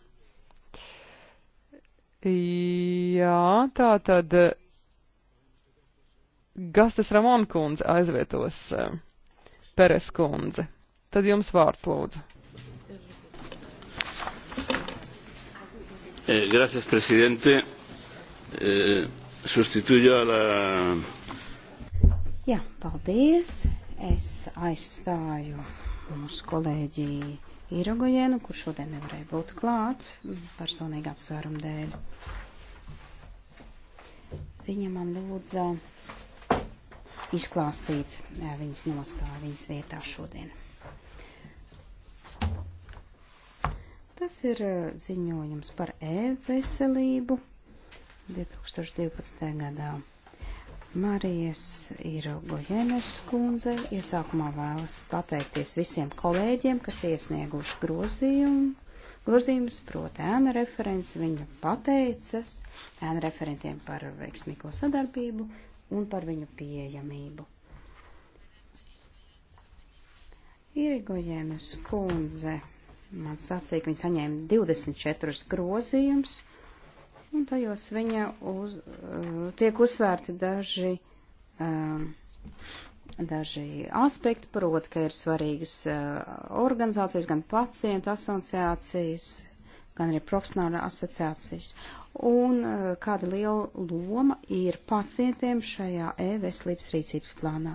Speaker 2: Jā, tā tad eh, Gastas Ramon kundze aizvietos eh, Peres kundze. Tad jums vārds lūdzu.
Speaker 1: Eh, gracias, presidente. Eh, sustituyo a la.
Speaker 4: Jā, paldies. Es aizstāju mūsu kolēģi Irogojēnu, kurš šodien nevarēja būt klāt personīgi apsvērumu dēļ. Viņa man lūdza izklāstīt jā, eh, viņas nostāju viņas vietā šodien. Tas ir eh, ziņojums par e-veselību 2012. gadā. Marijas Irogojenes kundze iesākumā vēlas pateikties visiem kolēģiem, kas iesnieguši grozījumu. Grozījums proti ēna referents, viņa pateicas ēna referentiem par veiksmīgo sadarbību un par viņu pieejamību. Irigojenes kundze man sacīja, ka viņa saņēma 24 grozījumus un tajos viņa uz, eh, tiek uzsvērti daži, eh, daži aspekti, proti, ka ir svarīgas eh, organizācijas, gan pacientu asociācijas, gan arī profesionāla asociācijas. Un kāda liela loma ir pacientiem šajā e-veselības rīcības plānā?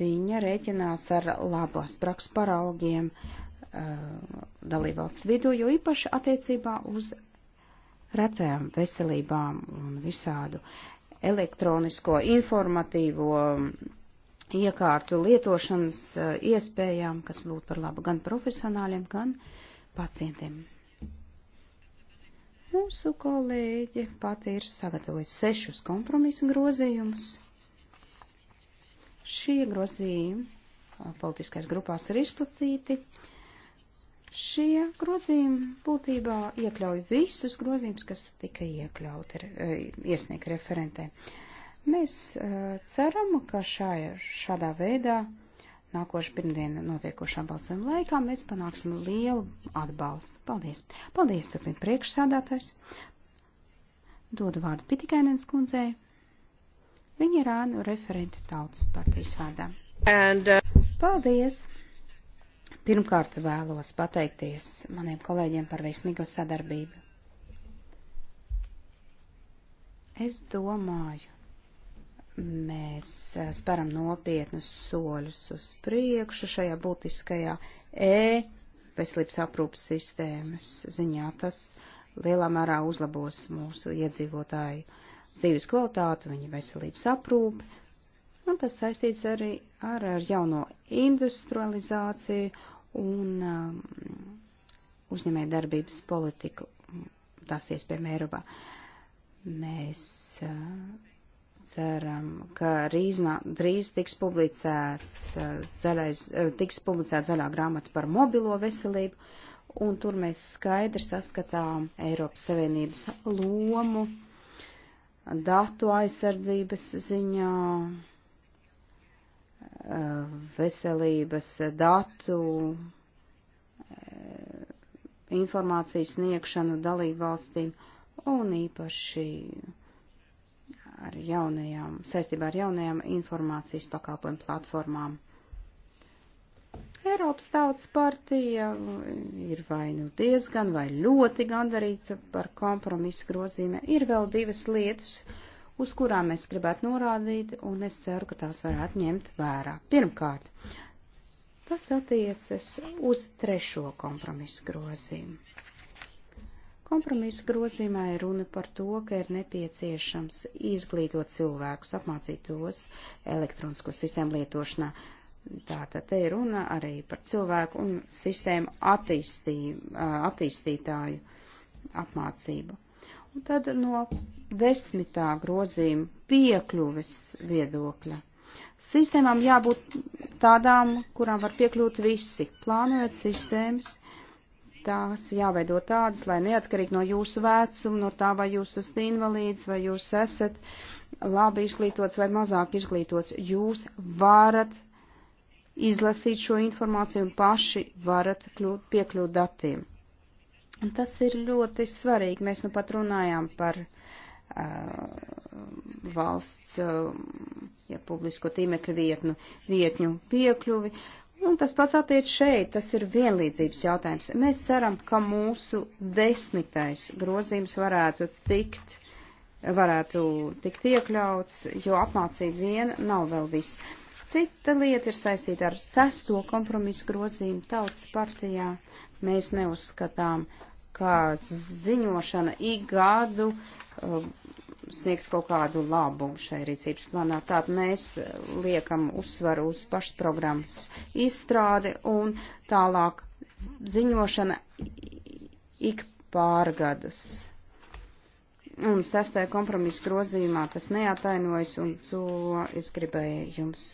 Speaker 4: Viņa rēķinās ar labās praks paraugiem, uh, Uh, dalībvalsts vidū, jo īpaši attiecībā uz retējām veselībām un visādu elektronisko informatīvo iekārtu lietošanas uh, iespējām, kas būtu par labu gan profesionāļiem, gan pacientiem. Mūsu kolēģi pati ir sagatavojusi sešus kompromisa grozījumus. Šie grozījumi uh, politiskajās grupās ir izplatīti. Uh, Šie grozījumi būtībā iekļauj visus grozījumus, kas tika iekļauti, e, iesniegt referentē. Mēs e, ceram, ka šā, šādā veidā nākošu pirmdienu notiekošā balsojuma laikā mēs panāksim lielu atbalstu. Paldies! Paldies, turpin priekšsādātājs! Dodu vārdu Pitikainens kundzei. Viņa ir ānu referenti tautas partijas vārdā. And, uh... Paldies! Pirmkārt vēlos pateikties maniem kolēģiem par veiksmīgo sadarbību. Es domāju, mēs eh, sparam nopietnus soļus uz priekšu šajā būtiskajā E veselības aprūpas sistēmas ziņā. Tas lielā mērā uzlabos mūsu iedzīvotāju dzīves kvalitāti, viņa veselības aprūpi, un tas saistīts arī ar, ar jauno industrializāciju un um, uzņēmē darbības politiku, tās iespējām Eiropā. Mēs uh, ceram, ka rīznā, drīz tiks publicēts, uh, zaļais, uh, tiks publicēta zaļā grāmata par mobilo veselību, un tur mēs skaidri saskatām Eiropas Savienības lomu datu aizsardzības ziņā veselības datu eh, informācijas sniegšanu dalību valstīm un īpaši ar jaunajām, saistībā ar jaunajām informācijas pakalpojumu platformām. Eiropas tautas partija ir vai nu diezgan vai ļoti gandarīta par kompromisu grozīme. Ir vēl divas lietas, uh, uz kurām es gribētu norādīt, un es ceru, ka tās varētu ņemt vērā. Pirmkārt, tas attiecas uz trešo kompromisu grozījumu. Kompromisa grozījumā ir runa par to, ka ir nepieciešams izglītot cilvēkus, apmācīt tos elektronisko sistēmu lietošanā. Tātad te ir runa arī par cilvēku un sistēmu attīstī, attīstītāju apmācību. Un tad no desmitā grozījuma piekļuves viedokļa. Sistēmām jābūt tādām, kurām var piekļūt visi. Plānojot sistēmas, tās jāveido tādas, lai neatkarīgi no jūsu vecuma, no tā, vai jūs esat invalīds, vai jūs esat labi izglītots vai mazāk izglītots, jūs varat izlasīt šo informāciju un paši varat kļūt, piekļūt datiem. Tas ir ļoti svarīgi. Mēs nu pat runājām par uh, valsts, uh, ja publisko tīmekļu vietnu, vietņu piekļuvi. Un tas pats attiec šeit, tas ir vienlīdzības jautājums. Mēs ceram, ka mūsu desmitais grozījums varētu tikt, varētu tikt iekļauts, jo apmācība viena nav vēl viss. Cita lieta ir saistīta ar sesto kompromisu grozījumu tautas partijā. Mēs neuzskatām, kā ziņošana ik gadu um, sniegt kaut kādu labumu šai rīcības plānā. Tātad mēs uh, liekam uzsvaru uz pašas programmas izstrādi un tālāk ziņošana ik pārgadus. Un sastajā kompromisa grozījumā tas neatainojas, un to es gribēju jums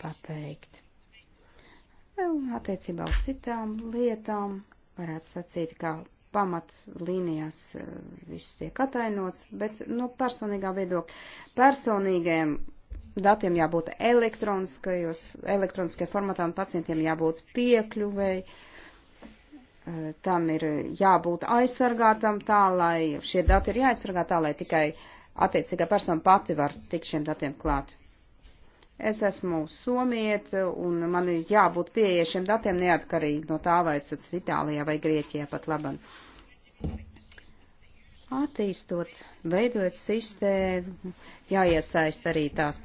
Speaker 4: pateikt. Vēl attiecībā uz citām lietām varētu sacīt, ka pamatlīnijās eh, viss tiek atainots, bet no nu, personīgā viedokļa personīgajiem datiem jābūt elektroniskajos, elektroniskajā formatā un pacientiem jābūt piekļuvēji. Eh, tam ir jābūt aizsargātam tā, lai šie dati ir jāaizsargā tā, lai tikai attiecīgā persona pati var tikt šiem datiem klāt. Es esmu somieta un man ir jābūt pieejašiem datiem neatkarīgi no tā, vai esat Itālijā vai Grieķijā pat laban. Attīstot, veidojot sistēmu, jāiesaist arī tās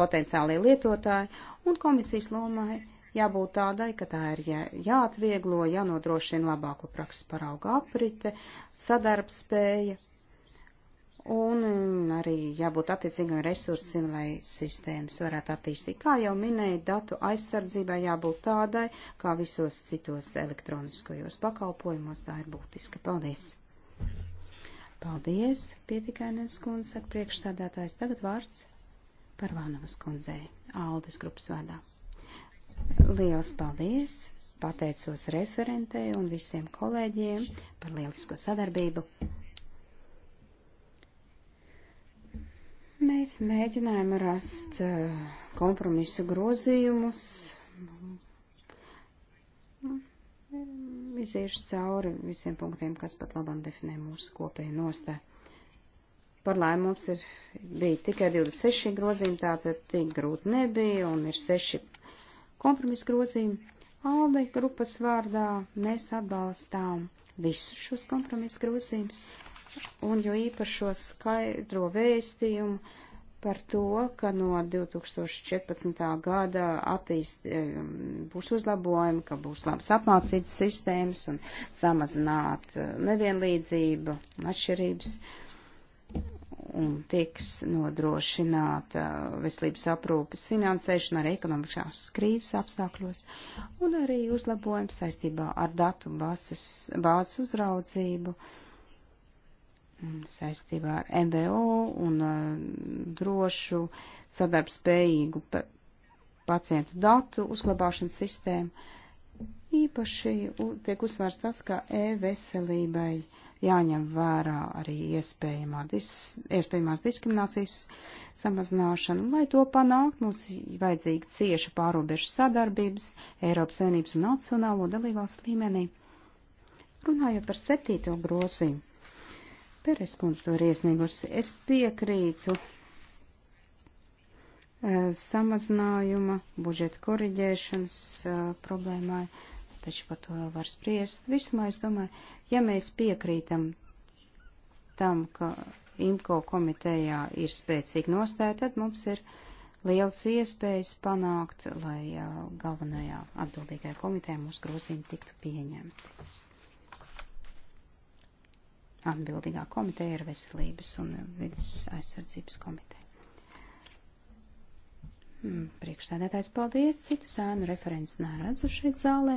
Speaker 4: potenciālie lietotāji, un komisijas lomai jābūt tādai, ka tā ir jā, jāatvieglo, jānodrošina labāku prakses parauga aprite, sadarbspēja un mm, arī jābūt attiecīgiem resursiem, lai sistēmas varētu attīstīt. Kā jau minēju, datu aizsardzībai jābūt tādai, kā visos citos elektroniskajos pakalpojumos, tā ir būtiska. Paldies! Paldies, pietikainens kundze, saka priekšstādātājs. Tagad vārds par Vānavas kundzei, Aldes grupas vārdā. Liels paldies! Pateicos referentei un visiem kolēģiem par lielisko sadarbību. Mēs mēģinājām rast eh, kompromisu grozījumus, nu, iziešu cauri visiem punktiem, kas pat labam definē mūsu kopēju nostāju. Par laimi mums ir, bija tikai 26 grozījumi, tātad tik grūti nebija, un ir 6 kompromisu grozījumi. Alde grupas vārdā mēs atbalstām visus šos kompromisu grozījumus, un jo īpašo skaidro vēstījumu par to, ka no 2014. gada attīst, būs uzlabojumi, ka būs labas apmācības sistēmas un samazināt eh, nevienlīdzību un atšķirības un tiks nodrošināta veselības aprūpes finansēšana arī ekonomiskās krīzes apstākļos un arī uzlabojums saistībā ar datu bāzes, bāzes uzraudzību. Uh, saistībā ar NVO un uh, drošu sadarbspējīgu pacientu datu uzglabāšanas sistēmu. Īpaši tiek uzsvērts tas, ka e-veselībai jāņem vērā arī iespējamā dis, iespējamās diskriminācijas samazināšana. Lai to panākt, mums vajadzīga cieša pārobežu sadarbības Eiropas Savienības un nacionālo dalībvalstu līmenī. Runājot par septīto grozījumu Peres kundze to ir iesniegusi. Es piekrītu eh, samazinājuma, budžeta koriģēšanas eh, problēmai, taču par to var spriest. Vismā es domāju, ja mēs piekrītam tam, ka IMCO komitejā ir spēcīga nostāja, tad mums ir liels iespējas panākt, lai eh, galvenajā atbildīgajā komitejā mūsu grozījumi tiktu pieņemti atbildīgā komiteja ir veselības un vidas aizsardzības komiteja. Hmm, priekšsēdētājs paldies, citu sēnu referents neredzu šeit zālē.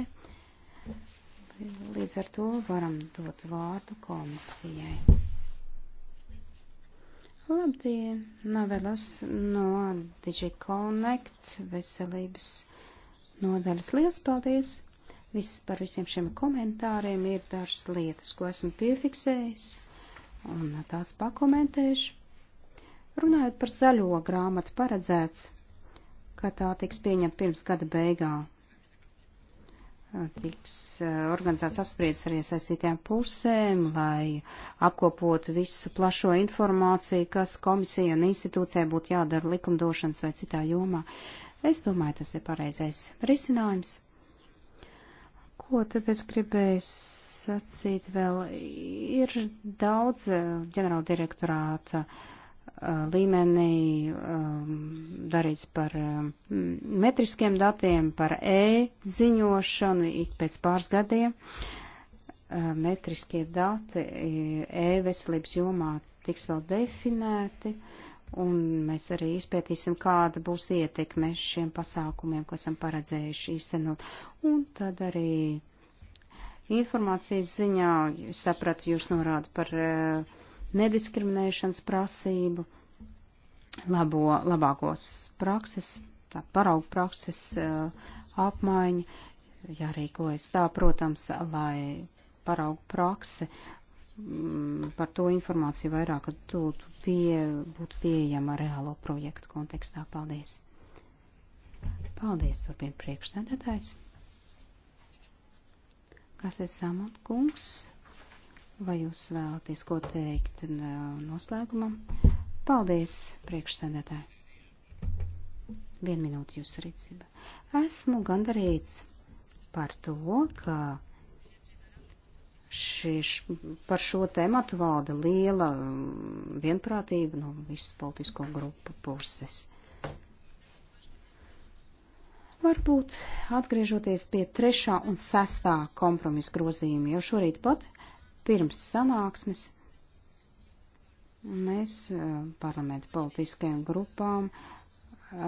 Speaker 4: Līdz ar to varam dot vārdu komisijai. Labdien, Navelas no DigiConnect veselības nodaļas. Liels paldies! Viss par visiem šiem komentāriem ir dažas lietas, ko esmu piefiksējis, un tās pakomentēšu. Runājot par zaļo grāmatu, paredzēts, ka tā tiks pieņemta pirms gada beigā. Tiks eh, organizēts apspriedis arī saistītajām pusēm, lai apkopotu visu plašo informāciju, kas komisija un institūcijai būtu jādara likumdošanas vai citā jomā. Es domāju, tas ir pareizais risinājums Ko tad es gribēju sacīt vēl? Ir daudz eh, ģenerāla direktorāta eh, līmenī um, darīts par um, metriskiem datiem, par e-ziņošanu ik pēc pāris gadiem. Uh, metriskie dati e-veselības jomā tiks vēl definēti. Uh, un mēs arī izpētīsim, kāda būs ietekme šiem pasākumiem, ko esam paredzējuši īstenot. Un tad arī informācijas ziņā, sapratu, jūs norāda par e, nediskriminēšanas prasību, labo, labākos prakses, tā paraugu prakses e, apmaiņa, jārīkojas tā, protams, lai paraugu prakse Mm, par to informāciju vairāk, kad būtu, pie, būtu pieejama reālo projektu kontekstā. Paldies! Paldies, turpina priekšsēdētājs. Kas ir Samon kungs? Vai jūs vēlaties ko teikt noslēgumam? Paldies, priekšsēdētāji! Vienu minūti jūs rīcība. Esmu gandarīts par to, ka Šis, par šo tematu valda liela mm, vienprātība no visas politisko grupu puses. Varbūt atgriežoties pie trešā un sestā kompromisa grozījuma, jo šorīt pat pirms sanāksmes mēs eh, parlamentu politiskajām grupām eh,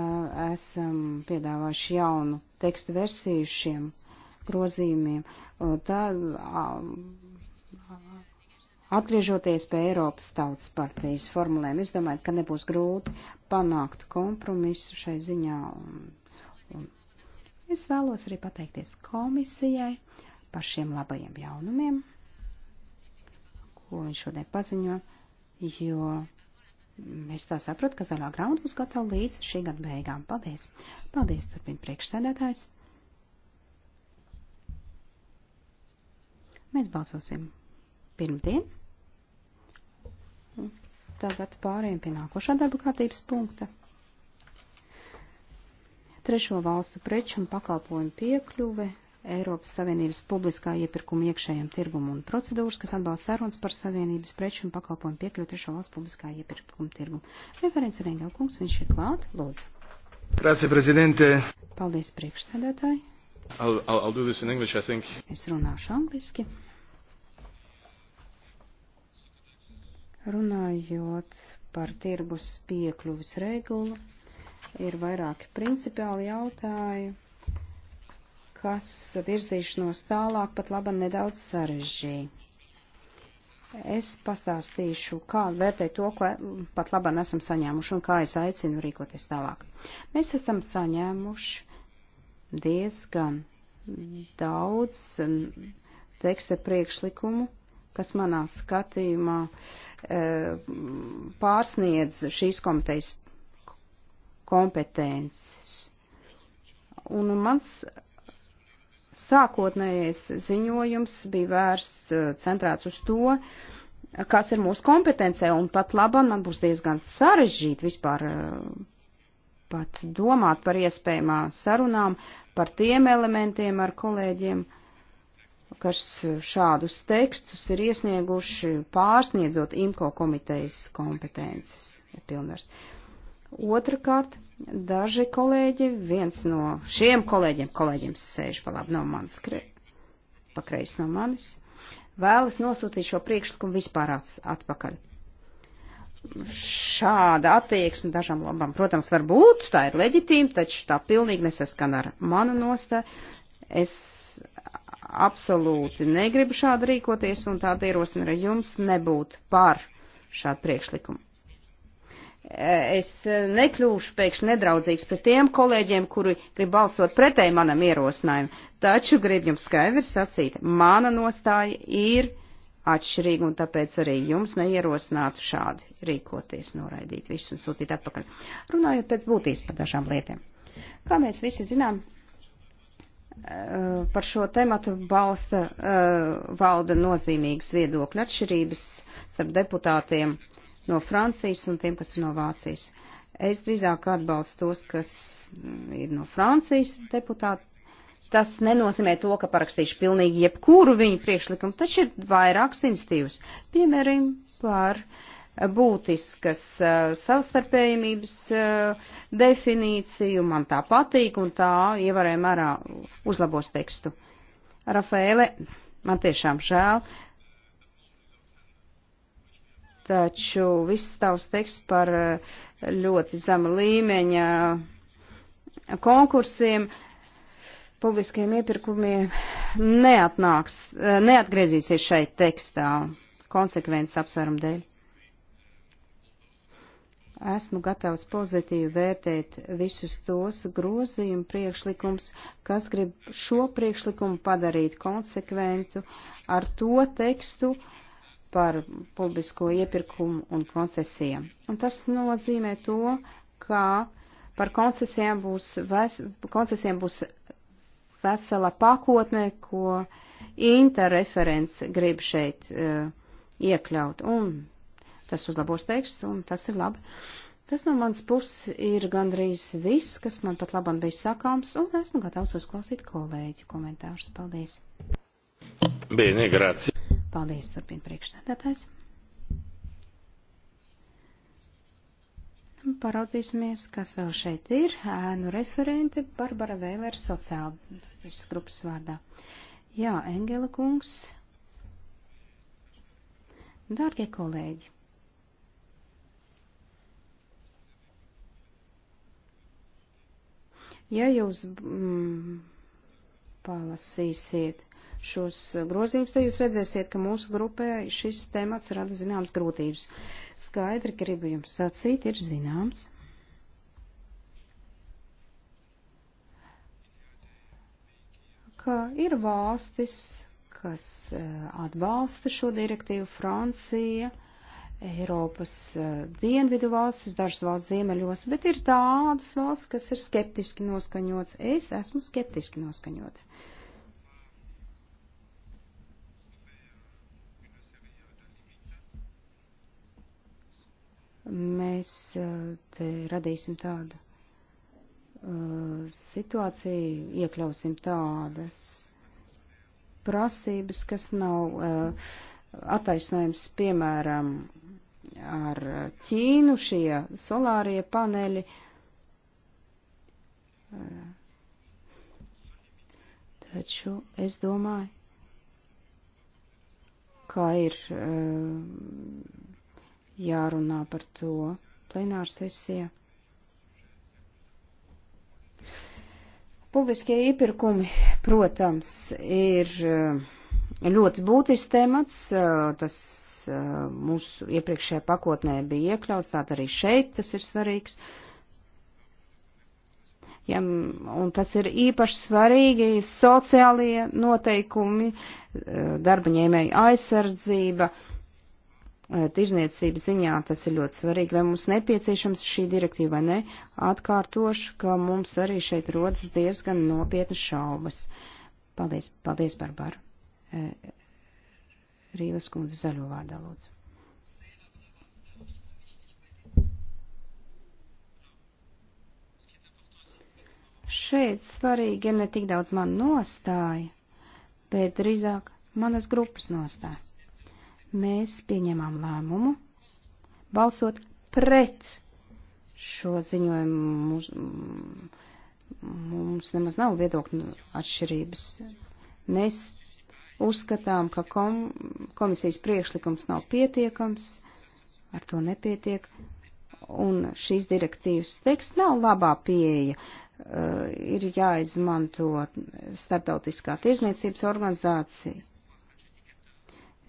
Speaker 4: esam piedāvājuši jaunu tekstu versiju šiem grozījumiem. Tā, atgriežoties pie Eiropas tautas partijas formulēm, es domāju, ka nebūs grūti panākt kompromisu šai ziņā. Un, un es vēlos arī pateikties komisijai par šiem labajiem jaunumiem, ko viņš šodien paziņo, jo Es tā saprotu, ka zaļā grāmata būs gatava līdz šī gada beigām. Paldies! Paldies, turpina priekšsēdētājs! Mēs balsosim pirmdien. Tagad pārējiem pie nākošā darba kārtības punkta. Trešo valstu preču un pakalpojumu piekļuve Eiropas Savienības publiskā iepirkuma iekšējiem tirgumu un procedūras, kas atbalsta sarunas par Savienības preču un pakalpojumu piekļuvi trešo valstu publiskā iepirkuma tirgumu. Referents Rengelkungs, viņš ir klāt, lūdzu.
Speaker 1: Grācija, prezidente.
Speaker 4: Paldies, priekšsēdētāji.
Speaker 1: I'll, I'll, I'll do this in English, I think. Es runāšu
Speaker 4: angliski. Runājot par tirgus piekļuvis regulu, ir vairāki principiāli jautājumi, kas virzīšanos tālāk pat laba nedaudz sarežģīja. Es pastāstīšu, kā vērtēt to, ko pat labāk esam saņēmuši un kā es aicinu rīkoties tālāk. Mēs esam saņēmuši diezgan daudz um, teksta priekšlikumu, kas manā skatījumā uh, pārsniedz šīs komitejas kompetences. Un mans sākotnējais ziņojums bija vērsts uh, centrēts uz to, kas ir mūsu kompetencē, un pat labam man būs diezgan sarežģīti vispār uh, pat domāt par iespējamām sarunām, par tiem elementiem ar kolēģiem, kas šādus tekstus ir iesnieguši pārsniedzot IMCO komitejas kompetences. Pilnvars. Otrakārt, daži kolēģi, viens no šiem kolēģiem, kolēģiem sēž pa labi no manas, pa kreisi no manis, vēlas nosūtīt šo priekšlikumu vispār atpakaļ šāda attieksme dažam labam, protams, var būt, tā ir leģitīma, taču tā pilnīgi nesaskan ar manu nostāju. Es absolūti negribu šādi rīkoties un tā ierosinu arī jums nebūt par šādu priekšlikumu. Es nekļūšu pēkšņi nedraudzīgs pret tiem kolēģiem, kuri grib balsot pretēji manam ierosinājumam, taču gribu jums skaidri sacīt, mana nostāja ir atšķirīgi, un tāpēc arī jums neierosinātu šādi rīkoties, noraidīt visu un sūtīt atpakaļ. Runājot pēc būtības par dažām lietām. Kā mēs visi zinām, eh, par šo tematu balsta eh, valda nozīmīgas viedokļa atšķirības starp deputātiem no Francijas un tiem, kas ir no Vācijas. Es drīzāk atbalstu tos, kas mm, ir no Francijas deputāti, Tas nenozīmē to, ka parakstīšu pilnīgi jebkuru viņu priekšlikumu, taču ir vairākas institīvas. Piemēram, par būtiskas eh, savstarpējumības eh, definīciju. Man tā patīk un tā ievarēja mērā uzlabos tekstu. Rafēle, man tiešām žēl, taču viss tavs teksts par eh, ļoti zema līmeņa konkursiem uh, publiskiem iepirkumiem neatnāks, eh, neatgriezīsies šeit tekstā konsekvences apsvērumu dēļ. Esmu gatavs pozitīvi vērtēt visus tos grozījumu priekšlikums, kas grib šo priekšlikumu padarīt konsekventu ar to tekstu par publisko iepirkumu un koncesijām. Un tas nozīmē to, ka par koncesijām būs, ves, koncesijām būs vesela pakotne, ko interreferents grib šeit uh, iekļaut. Un tas uzlabos teksts, un tas ir labi. Tas no manas puses ir gandrīz viss, kas man pat labam bija sakāms, un esmu gatavs uzklausīt kolēģu komentārus. Paldies!
Speaker 1: Bene, grazie!
Speaker 4: Paldies, turpina priekšsēdētājs! Paraudzīsimies, kas vēl šeit ir. Ēnu referente Barbara Vēlēra sociālas grupas vārdā. Jā, Engela kungs. Dārgie kolēģi. Ja jūs mm, palasīsiet šos grozījumus, tad jūs redzēsiet, ka mūsu grupē šis temats rada zināmas grūtības. Skaidri gribu jums sacīt, ir zināms. ka ir valstis, kas eh, atbalsta šo direktīvu Francija, Eiropas eh, dienvidu valstis, dažas valsts ziemeļos, bet ir tādas valsts, kas ir skeptiski noskaņots. Es esmu skeptiski noskaņota. mēs eh, te radīsim tādu uh, situāciju, iekļausim tādas prasības, kas nav uh, eh, attaisnojums, piemēram, ar Ķīnu šie solārie paneļi. Taču es domāju, kā ir uh, jārunā par to plenāra sesijā. Publiskie iepirkumi, protams, ir eh, ļoti būtisks temats. Eh, tas eh, mūsu iepriekšējā pakotnē bija iekļauts, tātad arī šeit tas ir svarīgs. Ja, un tas ir īpaši svarīgi sociālie noteikumi, darba ņēmēju aizsardzība, uh, tirzniecības ziņā tas ir ļoti svarīgi. Vai mums nepieciešams šī direktīva vai ne? Atkārtošu, ka mums arī šeit rodas diezgan nopietnas šaubas. Paldies, paldies Barbara. Rīles kundze zaļo vārdā lūdzu. Šeit svarīgi ir ne tik daudz man nostāja, bet drīzāk manas grupas nostāja mēs pieņemam lēmumu balsot pret šo ziņojumu. Mums, mums nemaz nav viedokļu atšķirības. Mēs uzskatām, ka kom, komisijas priekšlikums nav pietiekams, ar to nepietiek, un šīs direktīvas teksts nav labā pieeja. Uh, ir jāizmanto starptautiskā tirzniecības organizācija,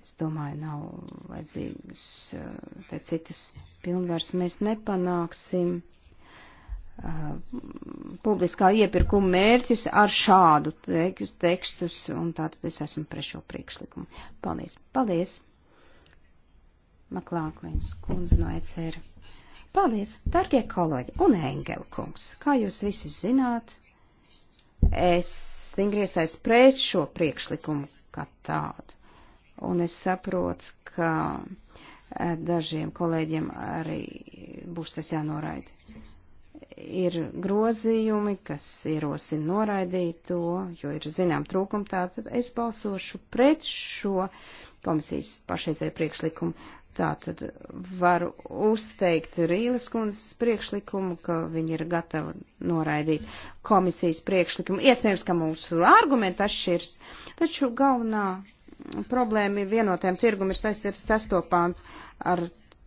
Speaker 4: es domāju, nav vajadzīgas eh, te citas pilnvars. Mēs nepanāksim eh, publiskā iepirkuma mērķus ar šādu tekstus, un tātad es esmu pret šo priekšlikumu. Paldies! Paldies! Maklāklīns kundze no ECR. Paldies, darbie kolēģi un Engelkungs! Kā jūs visi zināt, es stingri iestājos pret šo priekšlikumu kā tādu. Un es saprotu, ka eh, dažiem kolēģiem arī būs tas jānoraida. Ir grozījumi, kas ierosina noraidīt to, jo ir zinām trūkumi, tātad es balsošu pret šo komisijas pašreizēju priekšlikumu. Tātad varu uzteikt Rīles kundzes priekšlikumu, ka viņi ir gatavi noraidīt komisijas priekšlikumu. Iespējams, ka mūsu argumenti atšķirs, taču galvenā problēma vienotiem tirgum ir saistīta ar sastopāns ar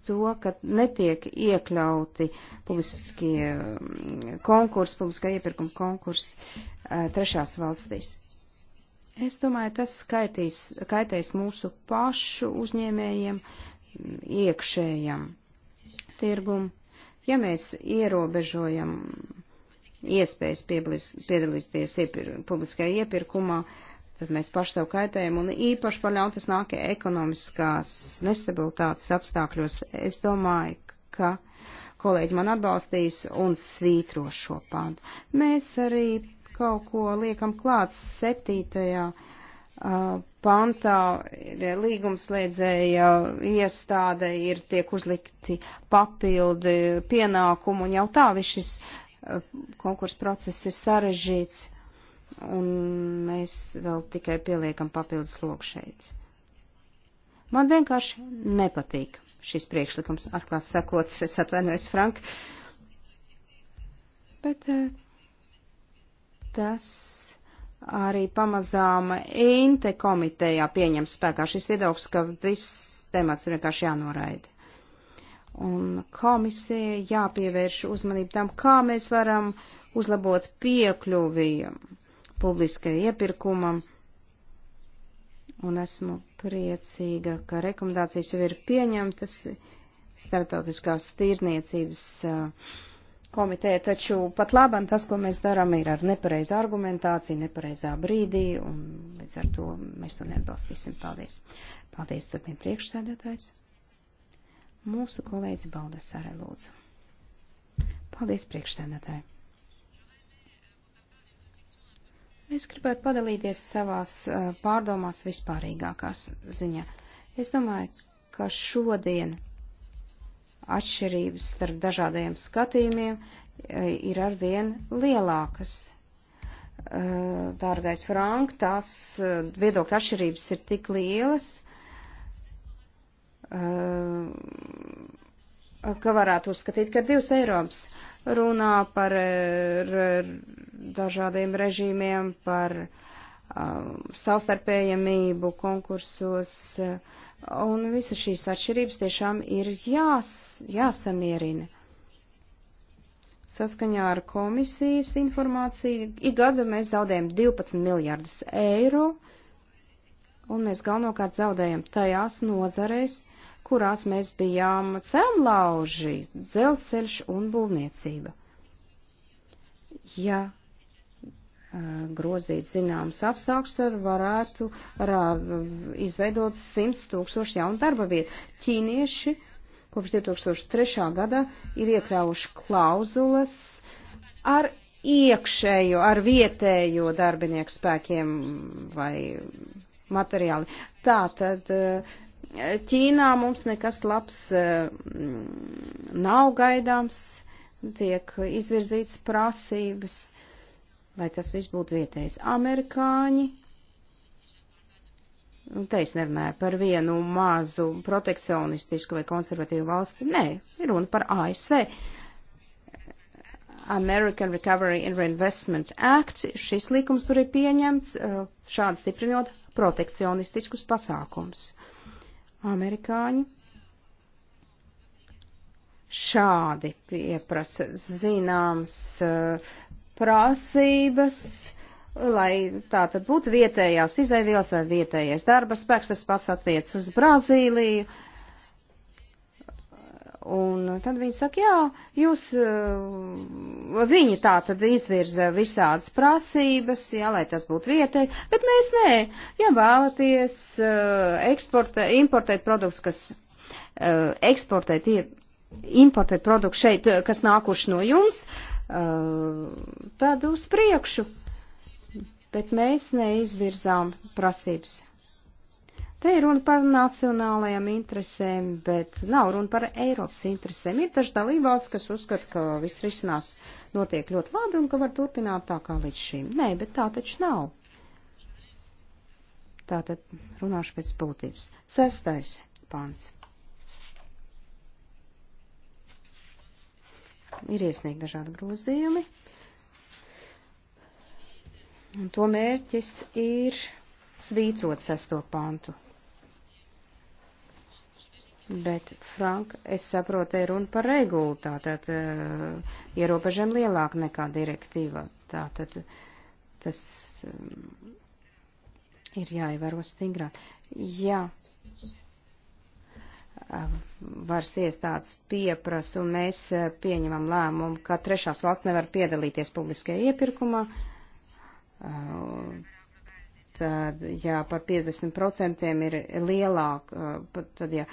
Speaker 4: to, ka netiek iekļauti publiskie mm, konkursi, publiskā iepirkuma konkursi eh, trešās valstīs. Es domāju, tas skaitīs, kaitēs mūsu pašu uzņēmējiem, iekšējam tirgum. Ja mēs ierobežojam iespējas piedalīties iepir, publiskajā iepirkumā, uh, tad mēs paši sev kaitējam, un īpaši par ļaunu tas nāk ekonomiskās nestabilitātes apstākļos. Es domāju, ka kolēģi man atbalstīs un svītro šo pāntu. Mēs arī kaut ko liekam klāt septītajā uh, pantā, līgumslēdzēja iestāde ir tiek uzlikti papildi pienākumu, un jau tā viss šis uh, konkursa process ir sarežģīts un mēs vēl tikai pieliekam papildus loku šeit. Man vienkārši nepatīk šis priekšlikums, atklāt sakot, es atvainojos, Frank, bet eh, tas arī pamazām Inte komitejā pieņem spēkā šis viedoklis, ka viss temats ir vienkārši jānoraida. Un komisija jāpievērš uzmanību tam, kā mēs varam uzlabot piekļuvījumu publiskajam iepirkumam. Un esmu priecīga, ka rekomendācijas jau ir pieņemtas starptautiskās tīrniecības komiteja, taču pat labam tas, ko mēs darām, ir ar nepareizu argumentāciju, nepareizā brīdī, un līdz ar to mēs to neatbalstīsim. Paldies. Paldies, turpin priekšsēdētājs. Mūsu kolēģis Baldas arī lūdzu. Paldies priekšsēdētāji. Es gribētu padalīties savās eh, pārdomās vispārīgākās ziņā. Es domāju, ka šodien atšķirības starp dažādajiem skatījumiem eh, ir arvien lielākas. Eh, dārgais Frank, tās viedokļa atšķirības ir tik lielas, ka varētu uzskatīt, ka divas Eiropas runā par eh, dažādiem režīmiem, par um, savstarpējamību konkursos, eh, un visas šīs atšķirības tiešām ir jās, jāsamierina. Saskaņā ar komisijas informāciju, ik gadu mēs zaudējam 12 miljardus eiro, un mēs galvenokārt zaudējam tajās nozarēs, kurās mēs bijām cenlauži, dzelzceļš un būvniecība. Ja grozīt zināmas apstākļus, varētu rā, izveidot 100 tūkstoši jaunu darba vietu. Ķīnieši kopš 2003. gada ir iekļaujuši klauzulas ar iekšējo, ar vietējo darbinieku spēkiem vai materiāli. Tātad uh, Ķīnā mums nekas labs e, nav gaidāms, tiek izvirzīts prasības, lai tas viss būtu vietējs. Amerikāņi Te es nerunāju par vienu mazu protekcionistisku vai konservatīvu valsti. Nē, ir runa par ASV. American Recovery and Reinvestment Act. Šis likums tur ir pieņemts e, šādi stiprinot protekcionistiskus pasākums. Uh, amerikāņi šādi pieprasa zināmas eh, prasības, lai tā tad būtu vietējās izaivielas vai vietējais darba spēks, tas pats attiec uz Brazīliju. Uh, Un tad viņi saka, jā, jūs, uh, viņi tā tad izvirza visādas prasības, jā, lai tas būtu vietēji, bet mēs nē, ja vēlaties uh, eksportē, importēt produktus, kas uh, eksportēt, importēt produktu šeit, kas nākuši no jums, tad uz priekšu. Bet mēs neizvirzām prasības. Te ir runa par nacionālajām interesēm, bet nav runa par Eiropas interesēm. Ir taču dalībvalsts, kas uzskata, ka viss risinās notiek ļoti labi un ka var turpināt tā kā līdz šim. Nē, bet tā taču nav. Tātad runāšu pēc būtības. Sestais pāns. Ir iesniegt dažādi grozījumi. Un to mērķis ir svītrot sesto pantu. Bet, Frank, es saprotu, te runa par regulu, tātad uh, eh, ierobežam lielāk nekā direktīva. Tātad tas um, ir jāievēro stingrāk. Jā, uh, varas iestādes pieprasa, un mēs uh, pieņemam lēmumu, ka trešās valsts nevar piedalīties publiskajā iepirkumā. Uh, tad, ja par 50% ir lielāk, tad, ja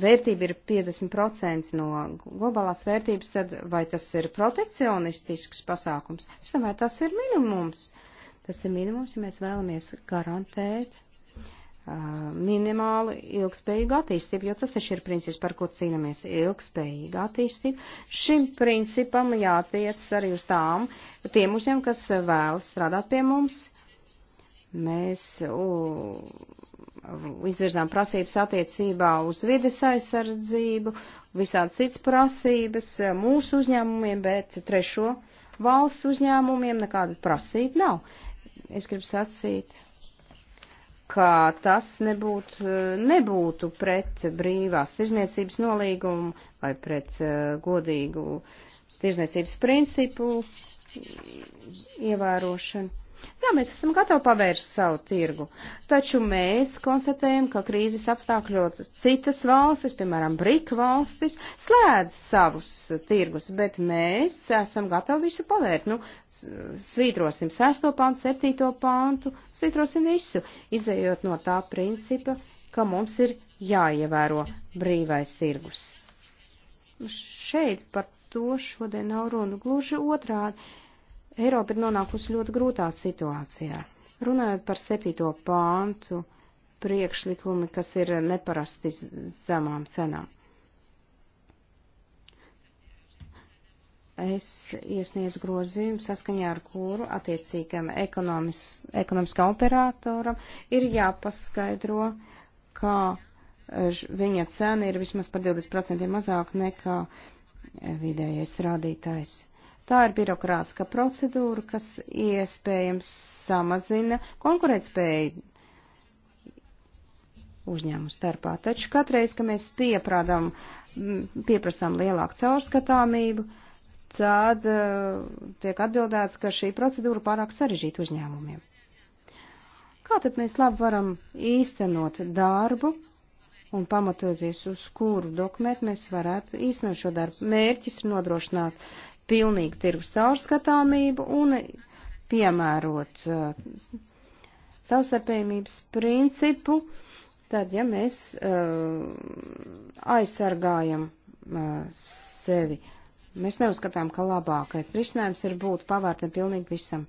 Speaker 4: vērtība ir 50% no globālās vērtības, tad vai tas ir protekcionistisks pasākums? Es domāju, tas ir minimums. Tas ir minimums, ja mēs vēlamies garantēt uh, minimālu ilgspējīgu attīstību, jo tas taču ir princips, par ko cīnāmies - ilgspējīga attīstība. Šim principam jātiec arī uz tām, tiem uzņēmumiem, kas vēlas strādāt pie mums. Mēs uh, izvirzām prasības attiecībā uz vides aizsardzību, visādi cits prasības eh, mūsu uzņēmumiem, bet trešo valsts uzņēmumiem nekāda prasība nav. Es gribu sacīt, ka tas nebūtu, nebūtu pret brīvās tirzniecības nolīgumu vai pret eh, godīgu tirzniecības principu ievērošanu. Jā, mēs esam gatavi pavērst savu tirgu, taču mēs konstatējam, ka krīzes apstākļos citas valstis, piemēram, Brika valstis, slēdz savus tirgus, bet mēs esam gatavi visu pavērt. Nu, svītrosim 6. pāntu, 7. pāntu, svītrosim visu, izējot no tā principa, ka mums ir jāievēro brīvais tirgus. Šeit par to šodien nav runa gluži otrādi Eiropa ir nonākusi ļoti grūtā situācijā. Runājot par septīto pāntu, priekšlikumi, kas ir neparasti zemām cenām. Es iesniedzu grozījumu saskaņā ar kuru attiecīgam ekonomis, ekonomiskā operatoram ir jāpaskaidro, ka eh, viņa cena ir vismaz par 20% mazāk nekā eh, vidējais rādītājs. Tā ir birokrātiska procedūra, kas iespējams samazina konkurētspēju uzņēmumu starpā. Taču katreiz, kad mēs pieprādām, pieprasām lielāku caurskatāmību, tad uh, tiek atbildēts, ka šī procedūra pārāk sarežģīta uzņēmumiem. Kā tad mēs labi varam īstenot darbu un pamatoties uz kuru dokumentu mēs varētu īstenot šo darbu? Mērķis ir nodrošināt pilnīgu tirgus caurskatāmību un piemērot uh, savstarpējumības principu, tad, ja mēs uh, aizsargājam uh, sevi, mēs neuzskatām, ka labākais risinājums ir būt pavārtam pilnīgi visam.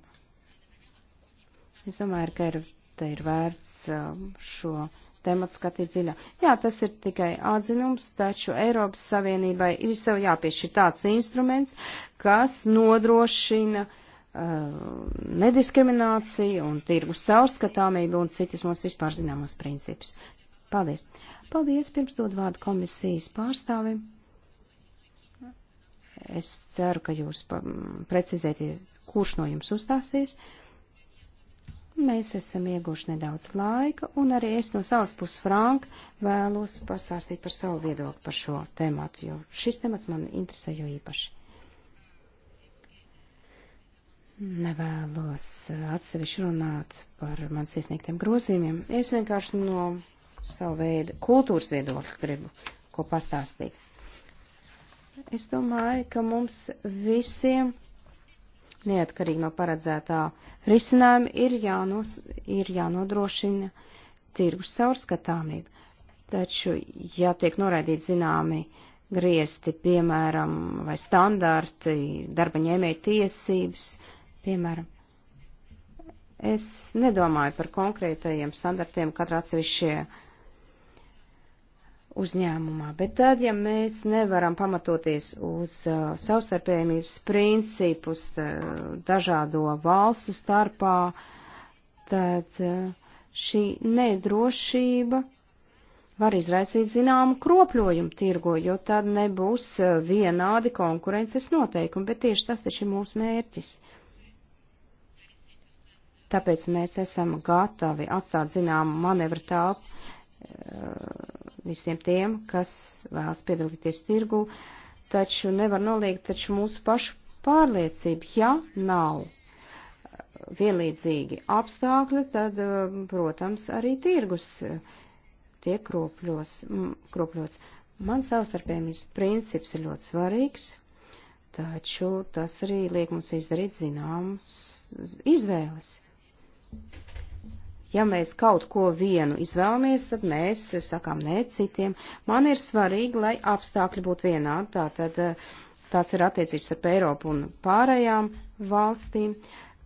Speaker 4: Es domāju, ka ir, te ir vērts uh, šo temats skatīt dziļāk. Jā, tas ir tikai atzinums, taču Eiropas Savienībai ir sev jāpiešķir tāds instruments, kas nodrošina uh, nediskrimināciju un tirgus caurskatāmību un citas mums vispār zināmos principus. Paldies. Paldies, pirms dod vārdu komisijas pārstāvim. Es ceru, ka jūs precizēties, kurš no jums uzstāsies. Uh, Mēs esam ieguši nedaudz laika, un arī es no savas puses, Frank, vēlos pastāstīt par savu viedokli par šo tēmatu, jo šis temats man interesē jo īpaši. Nevēlos atsevišķi runāt par manas iesniegtiem grozījumiem. Es vienkārši no savu veidu kultūras viedokļa gribu ko pastāstīt. Es domāju, ka mums visiem neatkarīgi no paredzētā risinājuma, ir, jānos, ir jānodrošina tirgus caurskatāmību. Taču, ja tiek noraidīti zināmi griezti, piemēram, vai standarti, darba ņēmēja tiesības, piemēram, es nedomāju par konkrētajiem standartiem katrā atsevišķie uzņēmumā. Bet tad, ja mēs nevaram pamatoties uz uh, savstarpējumības principus uh, dažādo valstu starpā, tad uh, šī nedrošība var izraisīt zināmu kropļojumu tirgo, jo tad nebūs uh, vienādi konkurences noteikumi, bet tieši tas taču ir mūsu mērķis. Tāpēc mēs esam gatavi atstāt zināmu manevru tālpu. Uh, visiem tiem, kas vēlas piedalīties tirgu, taču nevar noliegt taču mūsu pašu pārliecību, ja nav vienlīdzīgi apstākļi, tad, um, protams, arī tirgus uh, tiek kropļos, kropļots. Man savstarpējums princips ir ļoti svarīgs, taču tas arī liek mums izdarīt zināmas izvēles. Ja mēs kaut ko vienu izvēlamies, tad mēs sakām nē citiem. Man ir svarīgi, lai apstākļi būtu vienādi. Tātad eh, tās ir attiecības ar Eiropu un pārējām valstīm,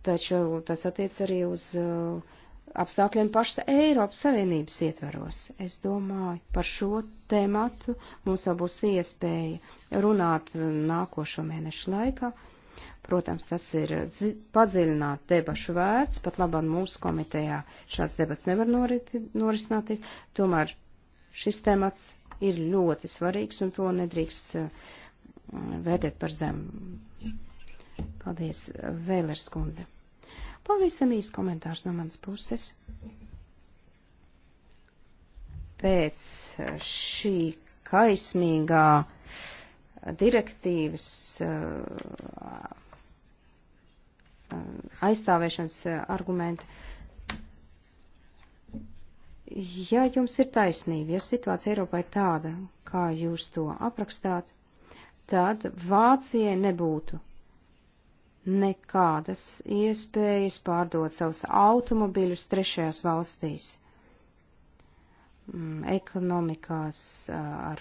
Speaker 4: taču tas attiec arī uz eh, apstākļiem pašas Eiropas Savienības ietveros. Es domāju, par šo tēmatu mums vēl būs iespēja runāt eh, nākošo mēnešu laikā. Protams, tas ir padziļināt debašu vērts, pat labam mūsu komitejā šāds debats nevar noriti, norisināties, tomēr šis temats ir ļoti svarīgs un to nedrīkst eh, vērtēt par zemu. Paldies, Vēlers kundze. Pavisam īsts komentārs no manas puses. Pēc eh, šī kaismīgā direktīvas uh, Eh, aizstāvēšanas eh, argumenti. Ja jums ir taisnība, ja situācija Eiropā ir tāda, kā jūs to aprakstāt, tad Vācijai nebūtu nekādas iespējas pārdot savus automobiļus trešajās valstīs. Mm, ekonomikās, ar,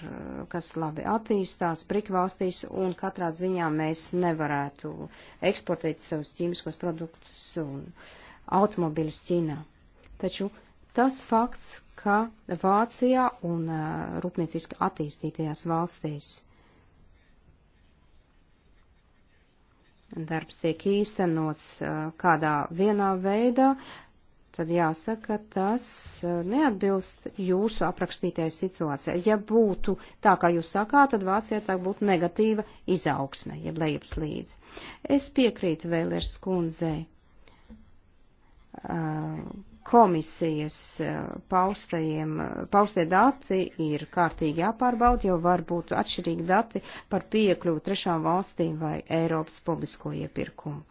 Speaker 4: kas labi attīstās, brikvalstīs, un katrā ziņā mēs nevarētu eksportēt savus ķīmiskos produktus un automobiļus Ķīnā. Taču tas fakts, ka Vācijā un rūpnieciski attīstītajās valstīs darbs tiek īstenots kādā vienā veidā, tad jāsaka, tas uh, neatbilst jūsu aprakstītajai situācijai. Ja būtu tā, kā jūs sakāt, tad Vācijā tā būtu negatīva izaugsme, jeb lejups līdzi. Es piekrītu Vēlers kundzei uh, komisijas uh, paustajiem, paustie dati ir kārtīgi jāpārbauda, jo var būt atšķirīgi dati par piekļuvu trešām valstīm vai Eiropas publisko iepirkumu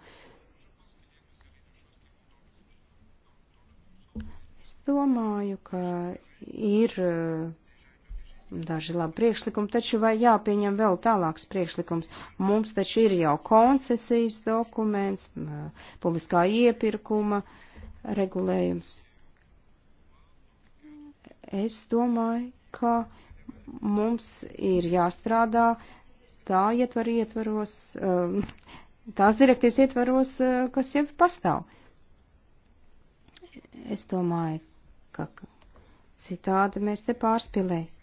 Speaker 4: domāju, ka ir eh, daži labi priekšlikumi, taču vai jāpieņem vēl tālāks priekšlikums? Mums taču ir jau koncesijas dokuments, eh, publiskā iepirkuma regulējums. Es domāju, ka mums ir jāstrādā tā ietvar ietvaros, eh, tās direktīvas ietvaros, kas jau pastāv. Es domāju, ka citādi mēs te pārspilējam.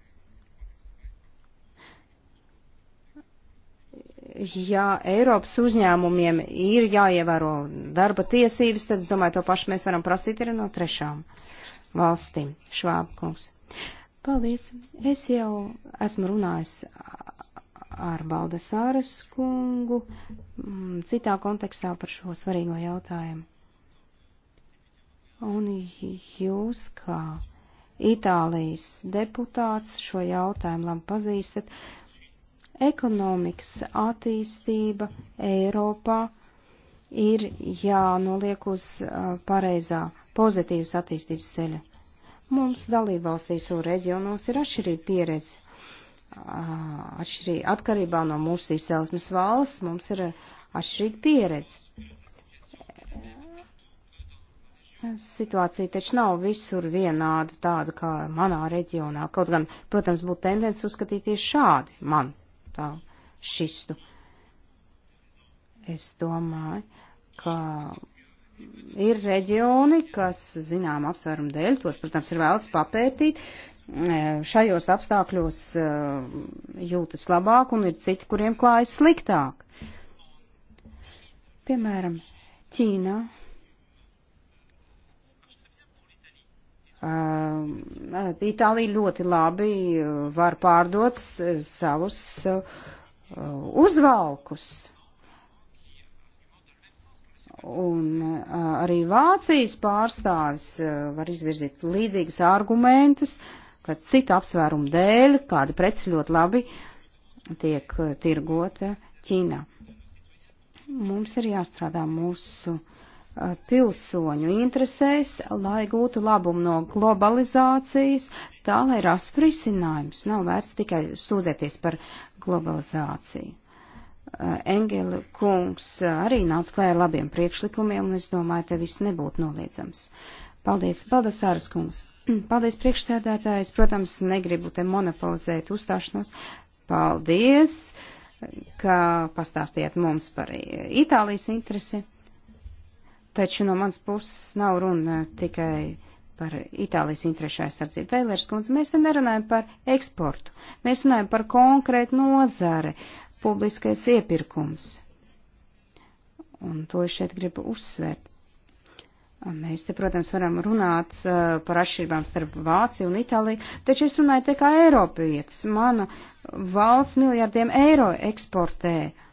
Speaker 4: ja Eiropas uzņēmumiem ir jāievēro darba tiesības, tad es domāju, to pašu mēs varam prasīt arī no trešām valstīm. Švābkungs. Paldies. Es jau esmu runājis ar Baldasāras kungu mm, citā kontekstā par šo svarīgo jautājumu. Un jūs kā Itālijas deputāts šo jautājumu labi pazīstat. Ekonomikas attīstība Eiropā ir jānoliek uz uh, pareizā pozitīvas attīstības ceļa. Mums dalībvalstīs un reģionos ir atšķirīga pieredze. Uh, atšķirīga atkarībā no mūsu izcelsmes valsts mums ir atšķirīga pieredze. Situācija taču nav visur vienāda tāda kā manā reģionā. Kaut gan, protams, būtu tendence uzskatīties šādi man tā šistu. Es domāju, ka ir reģioni, kas zinām apsvērumu dēļ, tos, protams, ir vēlas papētīt, e, šajos apstākļos e, jūtas labāk un ir citi, kuriem klājas sliktāk. Piemēram, Ķīnā Itālija ļoti labi var pārdot savus uzvalkus. Un arī Vācijas pārstāvis var izvirzīt līdzīgus argumentus, ka cita apsvērumu dēļ kāda preci ļoti labi tiek tirgota Ķīnā. Mums ir jāstrādā mūsu Uh, pilsoņu interesēs, lai gūtu labumu no globalizācijas, tā lai rastu risinājums. Nav vērts tikai sūdzēties par globalizāciju. Uh, Engela kungs uh, arī nāca klēra labiem priekšlikumiem, un es domāju, te viss nebūtu noliedzams. Paldies, paldies, Sāras kungs. (clears throat) Paldies, priekšsēdētājs. Protams, negribu te monopolizēt uzstāšanos. Paldies, ka pastāstījāt mums par Itālijas interesi taču no manas puses nav runa tikai par Itālijas interešu aizsardzību. Vēlērs kundze, mēs te nerunājam par eksportu, mēs runājam par konkrētu nozare, publiskais iepirkums. Un to es šeit gribu uzsvērt. Un mēs te, protams, varam runāt uh, par atšķirībām starp Vāciju un Itāliju, taču es runāju te kā Eiropietis. Mana valsts miljardiem eiro eksportē uh,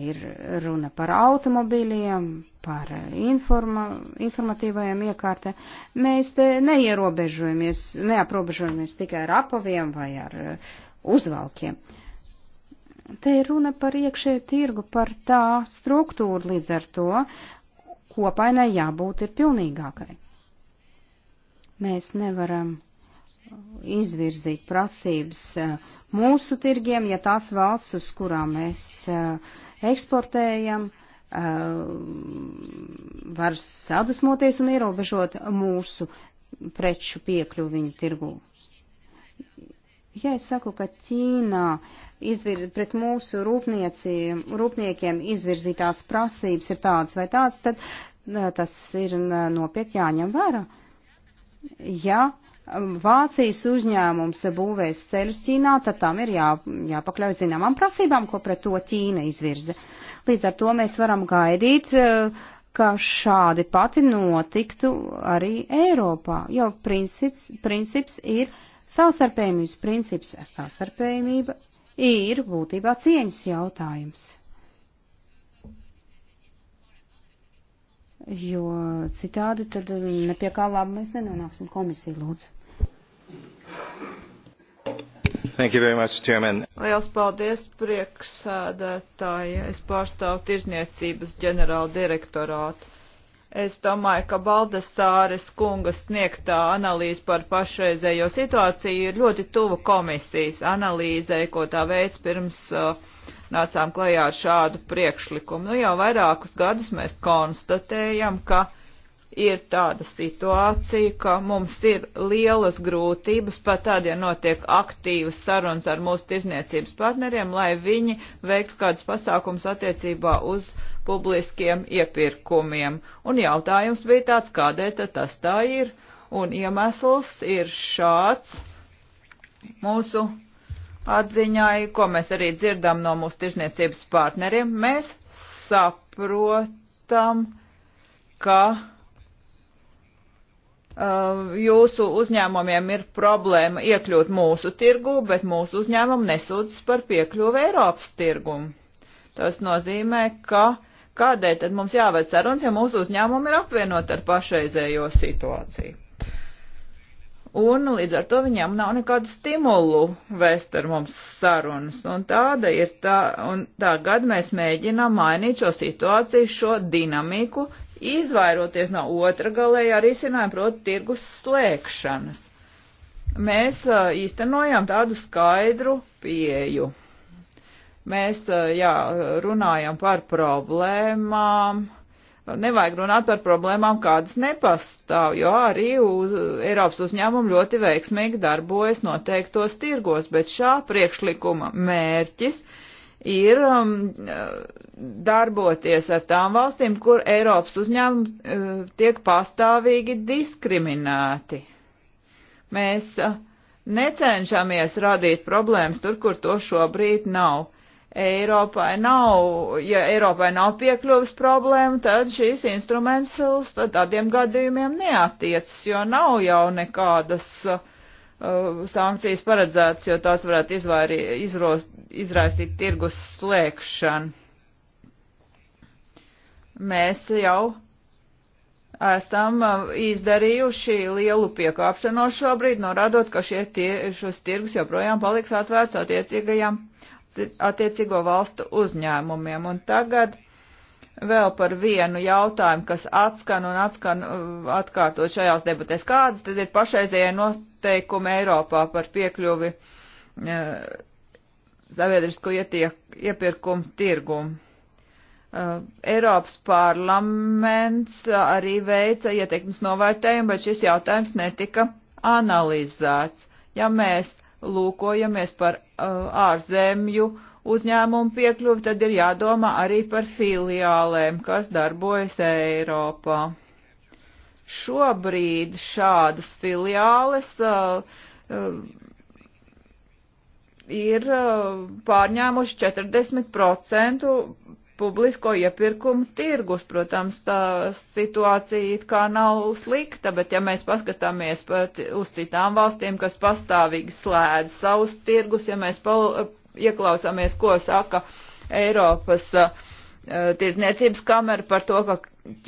Speaker 4: ir runa par automobīļiem, par informa, informatīvajiem iekārtēm. Mēs te neierobežojamies, neaprobežojamies tikai ar apaviem vai ar uh, uzvalkiem. Te ir runa par iekšēju tirgu, par tā struktūru līdz ar to kopainai jābūt ir pilnīgākai. Mēs nevaram izvirzīt prasības uh, mūsu tirgiem, ja tās valsts, uz kurām mēs uh, eksportējam, var sadusmoties un ierobežot mūsu preču piekļuvi viņu tirgū. Ja es saku, ka Ķīnā izvir, pret mūsu rūpniekiem izvirzītās prasības ir tādas vai tādas, tad tas ir nopietni jāņem vērā. Ja uh, Um, Vācijas uzņēmums būvēs ceļus Ķīnā, tad tam ir jā, jāpakļauj zināmām prasībām, ko pret to Ķīna izvirza. Līdz ar to mēs varam gaidīt, uh, ka šādi pati notiktu arī Eiropā, jo princips, princips ir savstarpējumības princips. Savstarpējumība ir būtībā cieņas jautājums. Jo citādi tad nepie kā labi mēs nenonāksim komisiju lūdzu. Much,
Speaker 3: Liels paldies priekšsēdētāji. Es pārstāvu tirzniecības ģenerāla direktorātu. Es domāju, ka Baldasāres kungas sniegtā analīze par pašreizējo situāciju ir ļoti tuva komisijas analīzē, ko tā veids pirms uh, nācām klajā ar šādu priekšlikumu. Nu jau vairākus gadus mēs konstatējam, ka ir tāda situācija, ka mums ir lielas grūtības, pat tad, ja notiek aktīvas sarunas ar mūsu tirzniecības partneriem, lai viņi veiktu kādus pasākums attiecībā uz publiskiem iepirkumiem. Un jautājums bija tāds, kādēļ tad tas tā ir? Un iemesls ir šāds mūsu atziņai, ko mēs arī dzirdam no mūsu tirzniecības partneriem. Mēs saprotam, ka Uh, jūsu uzņēmumiem ir problēma iekļūt mūsu tirgu, bet mūsu uzņēmumi nesūdzas par piekļuvu Eiropas tirgumu. Tas nozīmē, ka kādēļ tad mums jāved sarunas, ja mūsu uzņēmumi ir apvienot ar pašreizējo situāciju. Un līdz ar to viņam nav nekādu stimulu vēst ar mums sarunas. Un tāda ir tā, un tagad mēs mēģinām mainīt šo situāciju, šo dinamiku, izvairoties no otra galējā risinājuma, proti tirgus slēgšanas. Mēs īstenojam tādu skaidru pieju. Mēs, jā, runājam par problēmām, nevajag runāt par problēmām, kādas nepastāv, jo arī uz, Eiropas uzņēmumi ļoti veiksmīgi darbojas noteiktos tirgos, bet šā priekšlikuma mērķis ir um, darboties ar tām valstīm, kur Eiropas uzņēmumi uh, tiek pastāvīgi diskriminēti. Mēs uh, necenšamies radīt problēmas tur, kur to šobrīd nav. Eiropai nav, ja Eiropai nav piekļuvis problēma, tad šīs instruments uz tādiem gadījumiem neatiecas, jo nav jau nekādas uh, sankcijas paredzētas, jo tās varētu izvairī, izrost, izraisīt tirgus slēgšanu mēs jau esam uh, izdarījuši lielu piekāpšanos šobrīd, norādot, ka šie tie, šos tirgus joprojām paliks atvērts attiecīgajām, attiecīgo valstu uzņēmumiem. Un tagad vēl par vienu jautājumu, kas atskan un atskan uh, atkārtot šajās debatēs. Kādas tad ir pašreizējie noteikumi Eiropā par piekļuvi uh, sabiedrisko iepirkumu tirgumu? Uh, Eiropas parlaments eh, arī veica ietekmes novērtējumu, bet šis jautājums netika analizēts. Ja mēs lūkojamies par uh, ārzemju uzņēmumu piekļuvi, tad ir jādomā arī par filiālēm, kas darbojas Eiropā. Šobrīd šādas filiāles uh, ir pārņēmuši 40% publisko iepirkumu tirgus. Protams, tā situācija it kā nav slikta, bet ja mēs paskatāmies par, uz citām valstīm, kas pastāvīgi slēdz savus tirgus, ja mēs pal, ieklausāmies, ko saka Eiropas uh, tirzniecības kamera par to, ka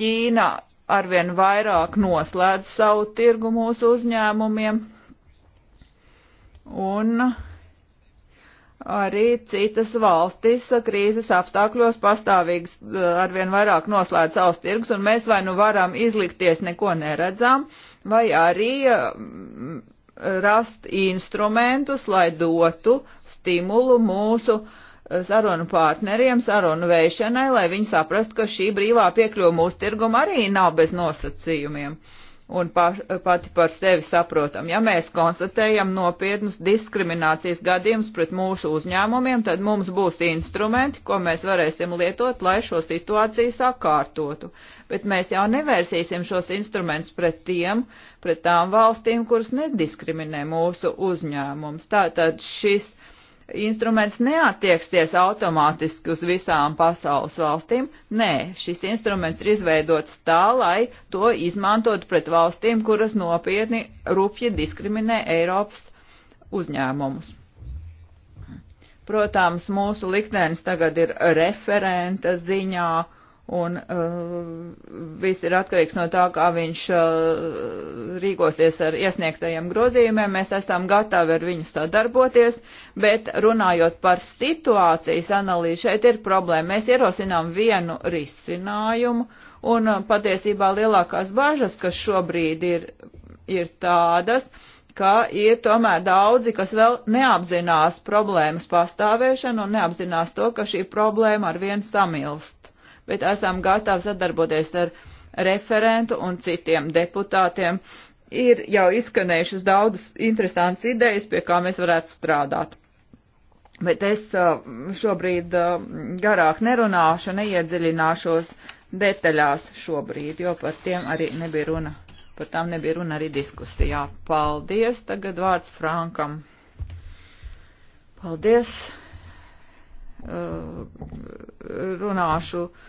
Speaker 3: Ķīna arvien vairāk noslēdz savu tirgu mūsu uzņēmumiem. Un uh, Arī citas valstis krīzes apstākļos pastāvīgs eh, arvien vairāk noslēdz savus tirgus, un mēs vai nu varam izlikties neko neredzām, vai arī mm, rast instrumentus, lai dotu stimulu mūsu eh, sarunu partneriem, sarunu veišanai, lai viņi saprastu, ka šī brīvā piekļuva mūsu tirguma arī nav bez nosacījumiem. Uh, un pa, pati par sevi saprotam. Ja mēs konstatējam nopietnus diskriminācijas gadījumus pret mūsu uzņēmumiem, tad mums būs instrumenti, ko mēs varēsim lietot, lai šo situāciju sakārtotu. Bet mēs jau nevērsīsim šos instrumentus pret tiem, pret tām valstīm, kuras nediskriminē mūsu uzņēmums. Tātad šis instruments neatieksies automātiski uz visām pasaules valstīm. Nē, šis instruments ir izveidots tā, lai to izmantot pret valstīm, kuras nopietni rupji diskriminē Eiropas uzņēmumus. Protams, mūsu liktenis tagad ir referenta ziņā un uh, viss ir atkarīgs no tā, kā viņš uh, rīkosies ar iesniegtajiem grozījumiem. Mēs esam gatavi ar viņu sadarboties, bet runājot par situācijas analīzi, šeit ir problēma. Mēs ierosinām vienu risinājumu, un uh, patiesībā lielākās bažas, kas šobrīd ir, ir tādas, ka ir tomēr daudzi, kas vēl neapzinās problēmas pastāvēšanu un neapzinās to, ka šī problēma ar vienu samilst bet esam gatavi sadarboties ar referentu un citiem deputātiem. Ir jau izskanējušas daudzas interesantas idejas, pie kā mēs varētu strādāt. Bet es uh, šobrīd uh, garāk nerunāšu, neiedziļināšos detaļās šobrīd, jo par tiem arī nebija runa. Par tām nebija runa arī diskusijā. Paldies. Tagad vārds Frankam. Paldies. Uh, runāšu uh,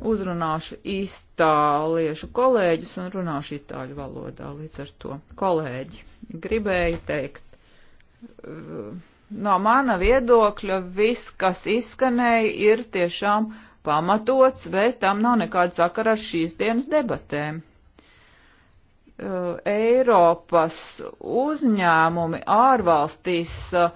Speaker 3: uzrunāšu itāliešu kolēģus un runāšu itāļu valodā līdz ar to. Kolēģi, gribēju teikt, no mana viedokļa viss, kas izskanēja, ir tiešām pamatots, bet tam nav nekāda sakara ar šīs dienas debatēm. Eiropas uzņēmumi ārvalstīs uh,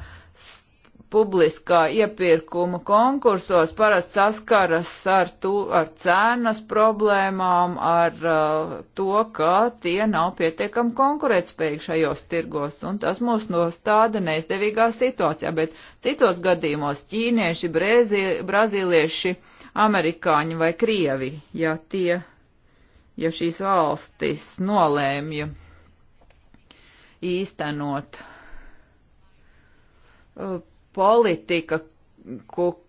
Speaker 3: publiskā iepirkuma konkursos parasti saskaras ar, tu, ar cēnas problēmām, ar uh, to, ka tie nav pietiekami konkurētspējīgi šajos tirgos, un tas mūs nostāda neizdevīgā situācijā, bet citos gadījumos ķīnieši, brēzi, brazīlieši, amerikāņi vai krievi, ja tie, ja šīs valstis nolēmja īstenot uh, politika,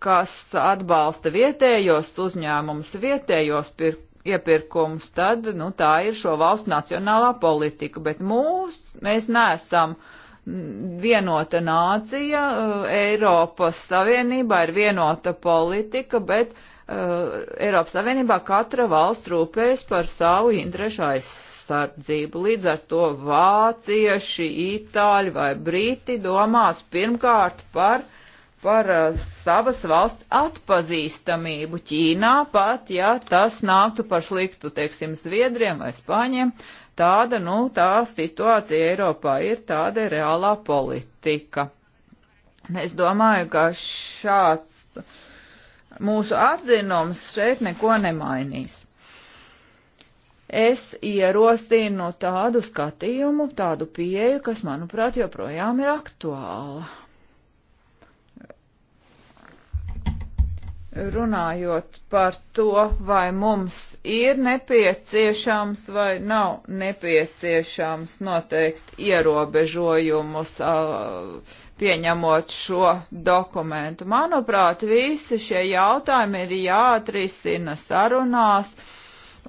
Speaker 3: kas atbalsta vietējos uzņēmumus, vietējos pirk, iepirkumus, tad nu, tā ir šo valstu nacionālā politika. Bet mūs, mēs neesam vienota nācija, eh, Eiropas Savienībā ir vienota politika, bet uh, Eiropas Savienībā katra valsts rūpējas par savu interešu aizsardzību aizsardzību. Līdz ar to vācieši, itāļi vai briti domās pirmkārt par, par uh, savas valsts atpazīstamību Ķīnā, pat ja tas nāktu par sliktu, teiksim, Zviedriem vai Spāņiem. Tāda, nu, tā situācija Eiropā ir, tāda ir reālā politika. Es domāju, ka šāds mūsu atzinums šeit neko nemainīs. Es ierosinu tādu skatījumu, tādu pieeju, kas, manuprāt, joprojām ir aktuāla. runājot par to, vai mums ir nepieciešams vai nav nepieciešams noteikt ierobežojumus, pieņemot šo dokumentu. Manuprāt, visi šie jautājumi ir jāatrisina sarunās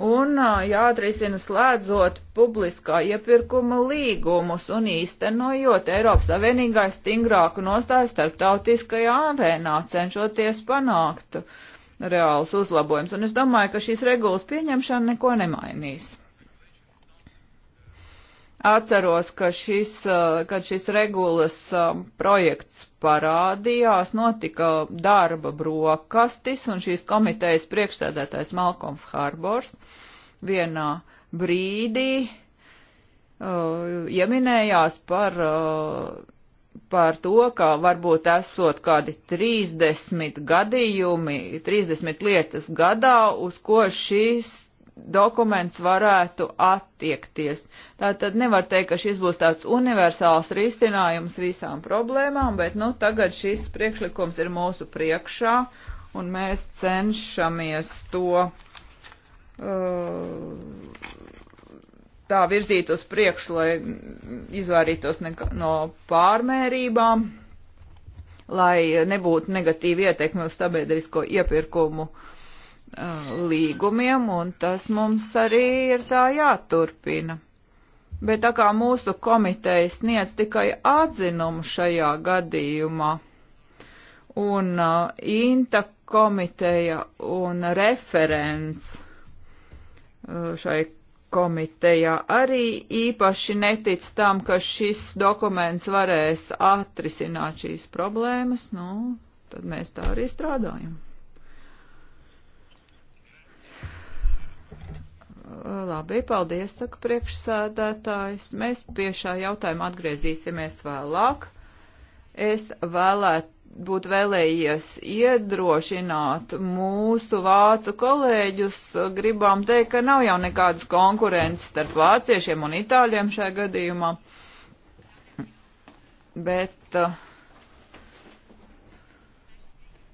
Speaker 3: un jāatrisina slēdzot publiskā iepirkuma līgumus un īstenojot Eiropas Savienīgai stingrāku nostāju starptautiskajā arēnā, cenšoties panākt reāls uzlabojums. Un es domāju, ka šīs regulas pieņemšana neko nemainīs. Atceros, ka šis, eh, kad šis regulas eh, projekts parādījās, notika darba brokastis, un šīs komitejas priekšsēdētājs Malkoms Harbors vienā brīdī uh, ieminējās par, uh, par to, ka varbūt esot kādi 30 gadījumi, 30 lietas gadā, uz ko šīs dokuments varētu attiekties. Tātad nevar teikt, ka šis būs tāds universāls risinājums visām problēmām, bet nu tagad šis priekšlikums ir mūsu priekšā un mēs cenšamies to uh, tā virzīt uz priekšu, lai izvairītos no pārmērībām, lai nebūtu negatīva ietekme uz sabiedrisko iepirkumu uh, Uh, līgumiem, un tas mums arī ir tā jāturpina. Bet tā kā mūsu komiteja sniedz tikai atzinumu šajā gadījumā, un uh, Inta komiteja un referents uh, šai komitejā arī īpaši netic tam, ka šis dokuments varēs atrisināt šīs problēmas, nu, tad mēs tā arī strādājam. Labi, paldies, saka priekšsēdētājs. Mēs pie šā jautājuma atgriezīsimies vēlāk. Es vēlētu būtu vēlējies iedrošināt mūsu vācu kolēģus, gribām teikt, ka nav jau nekādas konkurences starp vāciešiem un itāļiem šajā gadījumā. Bet uh,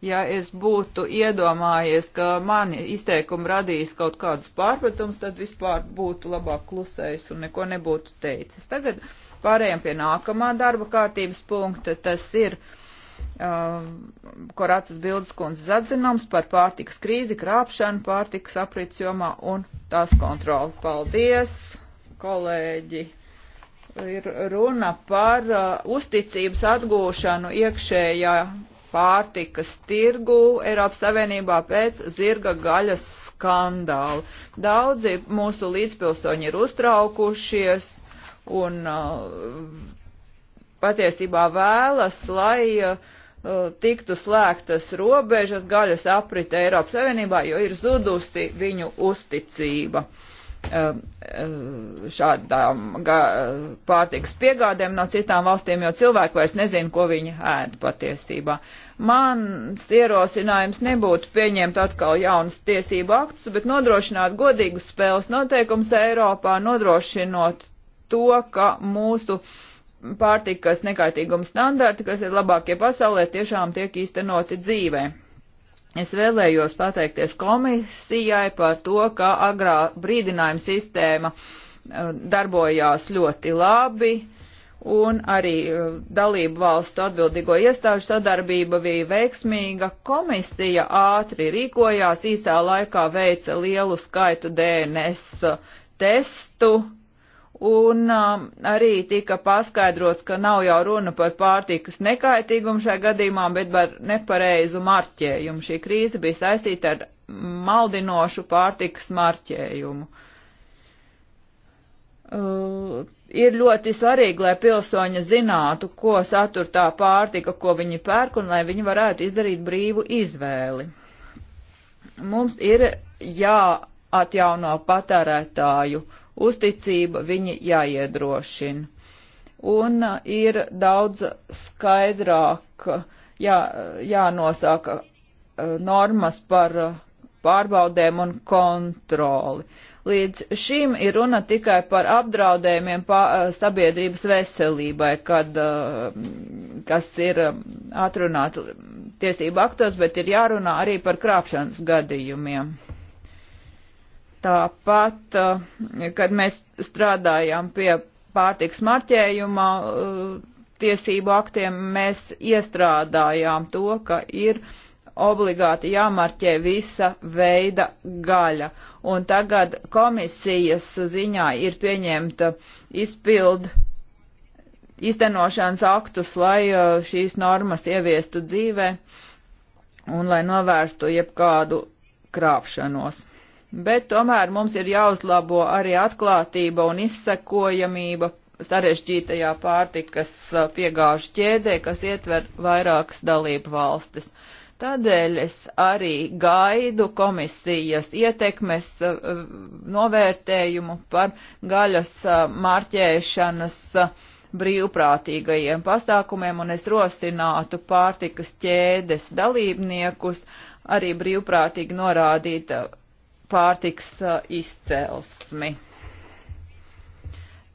Speaker 3: Ja es būtu iedomājies, ka mani izteikumi radīs kaut kādus pārpratums, tad vispār būtu labāk klusējis un neko nebūtu teicis. Tagad pārējām pie nākamā darba kārtības punkta. Tas ir uh, um, Korācas bildes kundzes atzinums par pārtikas krīzi, krāpšanu pārtikas aprits jomā un tās kontroli. Paldies, kolēģi! ir runa par uh, uzticības atgūšanu iekšējā pārtikas tirgu Eiropas Savienībā pēc zirga gaļas skandāla. Daudzi mūsu līdzpilsoņi ir uztraukušies un uh, patiesībā vēlas, lai uh, tiktu slēgtas robežas gaļas aprite Eiropas Savienībā, jo ir zudusi viņu uzticība um, uh, šādām pārtikas piegādēm no citām valstīm, jo cilvēki vairs nezina, ko viņi ēd patiesībā. Mans ierosinājums nebūtu pieņemt atkal jaunas tiesību aktus, bet nodrošināt godīgus spēles noteikumus Eiropā, nodrošinot to, ka mūsu pārtikas nekaitīguma standarti, kas ir labākie pasaulē, tiešām tiek īstenoti dzīvē. Es vēlējos pateikties komisijai par to, ka agrā brīdinājuma sistēma eh, darbojās ļoti labi, un arī e, dalību valstu atbildīgo iestāžu sadarbība bija veiksmīga. Komisija ātri rīkojās, īsā laikā veica lielu skaitu DNS testu. Un um, arī tika paskaidrots, ka nav jau runa par pārtikas nekaitīgumu šajā gadījumā, bet par nepareizu marķējumu. Šī krīze bija saistīta ar maldinošu pārtikas marķējumu. Uh, ir ļoti svarīgi, lai pilsoņi zinātu, ko satur tā pārtika, ko viņi pērk, un lai viņi varētu izdarīt brīvu izvēli. Mums ir jāatjauno patērētāju uzticība, viņi jāiedrošina. Un uh, ir daudz skaidrāk uh, jā, jānosaka uh, normas par pārbaudēm un kontroli Līdz šim ir runa tikai par apdraudējumiem eh, sabiedrības veselībai, kad, eh, kas ir eh, atrunāti tiesību aktos, bet ir jārunā arī par krāpšanas gadījumiem. Tāpat, kad mēs strādājām pie pārtiks marķējuma tiesību aktiem, mēs iestrādājām to, ka ir uh, obligāti jāmarķē visa veida gaļa. Un tagad komisijas ziņā ir pieņemta uh, izpildu iztenošanas aktus, lai uh, šīs normas ieviestu dzīvē un lai novērstu jebkādu krāpšanos. Bet tomēr mums ir jāuzlabo arī atklātība un izsekojamība sarežģītajā pārtikas uh, piegāžu ķēdē, kas ietver vairākas dalību valstis. Uh, Tādēļ es arī gaidu komisijas ietekmes eh, novērtējumu par gaļas eh, marķēšanas eh, brīvprātīgajiem pasākumiem, un es rosinātu pārtikas ķēdes dalībniekus arī brīvprātīgi norādīt pārtiks izcelsmi.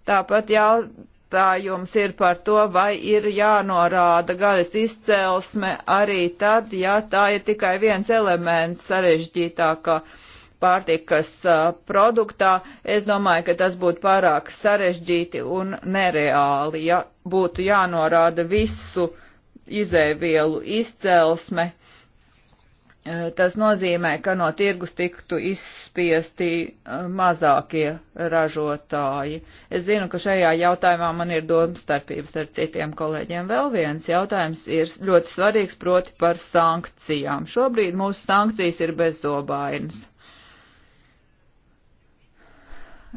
Speaker 3: Tāpat jau jautājums ir par to, vai ir jānorāda gaļas izcelsme arī tad, ja tā ir tikai viens elements sarežģītākā pārtikas produktā. Es domāju, ka tas būtu pārāk sarežģīti un nereāli, ja būtu jānorāda visu izēvielu izcelsme Tas nozīmē, ka no tirgus tiktu izspiesti uh, mazākie ražotāji. Es zinu, ka šajā jautājumā man ir domstarpības ar citiem kolēģiem. Vēl viens jautājums ir ļoti svarīgs, proti par sankcijām. Šobrīd mūsu sankcijas ir bezzobainas.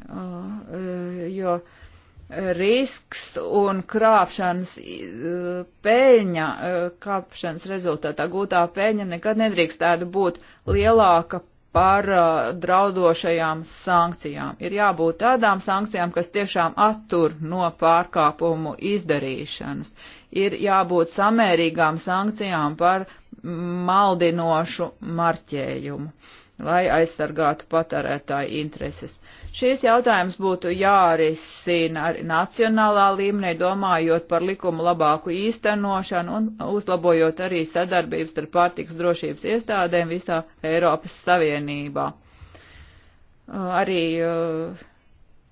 Speaker 3: Uh, jo. Uh, risks un krāpšanas peļņa, e, krāpšanas rezultātā gūtā peļņa nekad nedrīkstētu būt lielāka par e, draudošajām sankcijām. Ir jābūt tādām sankcijām, kas tiešām attur no pārkāpumu izdarīšanas. Ir jābūt samērīgām sankcijām par maldinošu marķējumu, lai aizsargātu patērētāju intereses. Uh, Šīs jautājums būtu jārisina arī nacionālā līmenī, domājot par likumu labāku īstenošanu un uzlabojot arī sadarbības starp pārtiks drošības iestādēm visā Eiropas Savienībā. Uh, arī uh,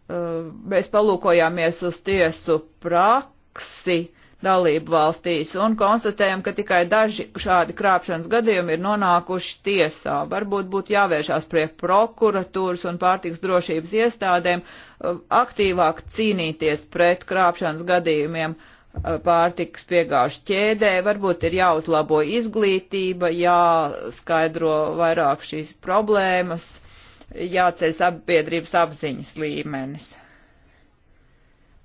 Speaker 3: uh, mēs palūkojāmies uz tiesu praksi dalību valstīs un konstatējam, ka tikai daži šādi krāpšanas gadījumi ir nonākuši tiesā. Varbūt būtu jāvēršās pie prokuratūras un pārtiks drošības iestādēm uh, aktīvāk cīnīties pret krāpšanas gadījumiem uh, pārtiks piegāžu ķēdē, varbūt ir jāuzlabo izglītība, jāskaidro vairāk šīs problēmas, jāceļ sabiedrības apziņas līmenis.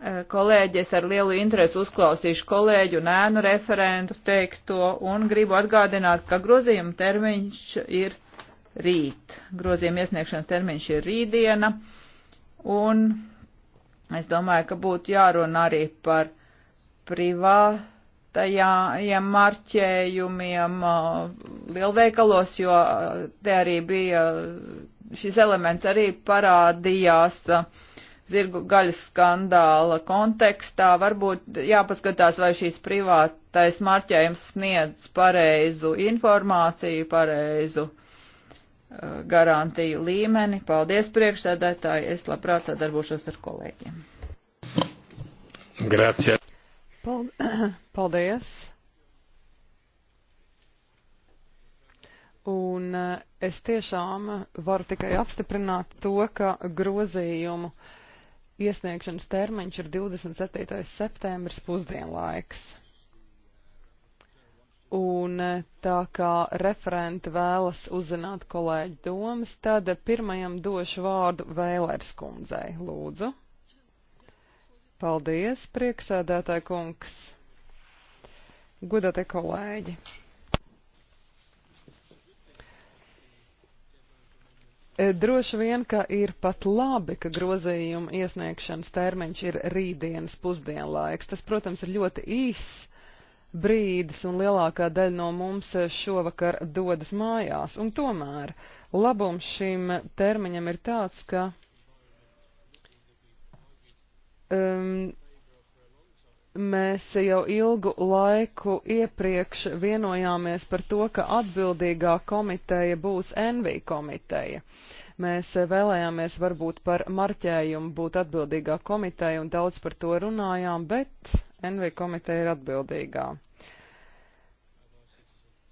Speaker 3: Eh, kolēģis ar lielu interesi uzklausīšu kolēģu un ēnu referentu teikto un gribu atgādināt, ka grozījuma termiņš ir rīt. Grozījuma iesniegšanas termiņš ir rītdiena un es domāju, ka būtu jārunā arī par privātajiem marķējumiem eh, lielveikalos, jo eh, te arī bija šis elements arī parādījās uh, zirgu gaļas skandāla kontekstā varbūt jāpaskatās, vai šīs privātais marķējums sniedz pareizu informāciju, pareizu uh, garantiju līmeni. Paldies priekšsēdētāji, es labprāt sadarbošos ar kolēģiem.
Speaker 1: Grazie.
Speaker 2: (clears throat) Paldies. Un uh, es tiešām varu tikai apstiprināt to, ka grozījumu uh, iesniegšanas termiņš ir 27. septembris pusdienlaiks. Un eh, tā kā referenti vēlas uzzināt kolēģi domas, tad pirmajam došu vārdu Vēlērs kundzei. Lūdzu. Paldies, prieksēdētāji kungs. Godātie kolēģi. E, droši vien, ka ir pat labi, ka grozījuma iesniegšanas termiņš ir rītdienas pusdienlaiks. Tas, protams, ir ļoti īss brīdis, un lielākā daļa no mums šovakar dodas mājās. Un tomēr labums šim termiņam ir tāds, ka um, Mēs jau ilgu laiku iepriekš vienojāmies par to, ka atbildīgā komiteja būs NV komiteja. Mēs vēlējāmies varbūt par marķējumu būt atbildīgā komiteja un daudz par to runājām, bet NV komiteja ir atbildīgā.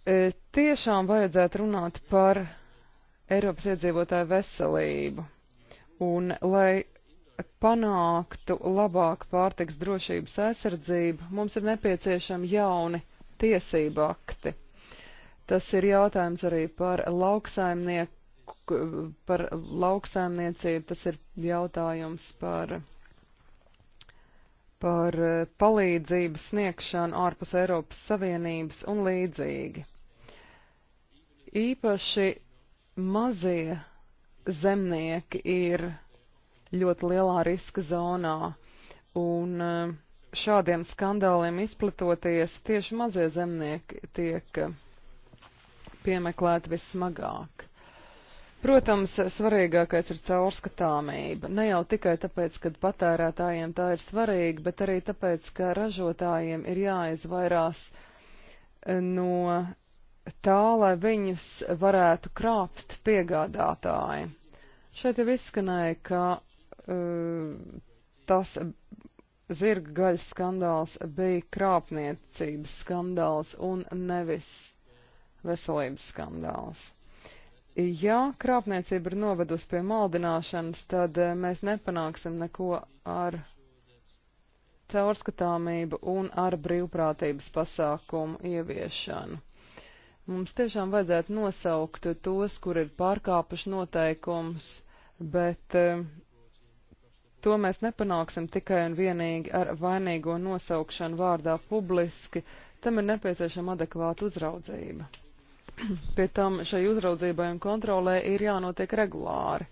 Speaker 2: E, tiešām vajadzētu runāt par Eiropas iedzīvotāju veselību. Un, lai panāktu labāku pārtiks drošības aizsardzību, mums ir nepieciešami jauni tiesību akti. Tas ir jautājums arī par lauksaimnieku, par lauksaimniecību, tas ir jautājums par, par palīdzības sniegšanu ārpus Eiropas Savienības un līdzīgi. Īpaši mazie zemnieki ir ļoti lielā riska zonā. Un eh, šādiem skandāliem izplatoties tieši mazie zemnieki tiek eh, piemeklēti vissmagāk. Protams, svarīgākais ir caurskatāmība. Ne jau tikai tāpēc, ka patērētājiem tā ir svarīga, bet arī tāpēc, ka ražotājiem ir jāizvairās eh, no tā, lai viņus varētu krāpt piegādātāji. Šeit jau izskanēja, ka Ehm, tas zirga gaļas skandāls bija krāpniecības skandāls un nevis veselības skandāls. Ja krāpniecība ir novedusi pie maldināšanas, tad eh, mēs nepanāksim neko ar caurskatāmību un ar brīvprātības pasākumu ieviešanu. Mums tiešām vajadzētu nosaukt tos, kur ir pārkāpuši noteikums, bet eh, To mēs nepanāksim tikai un vienīgi ar vainīgo nosaukšanu vārdā publiski, tam ir nepieciešama adekvāta uzraudzība. (clears throat) Pie tam šai uzraudzībai un kontrolē ir jānotiek regulāri.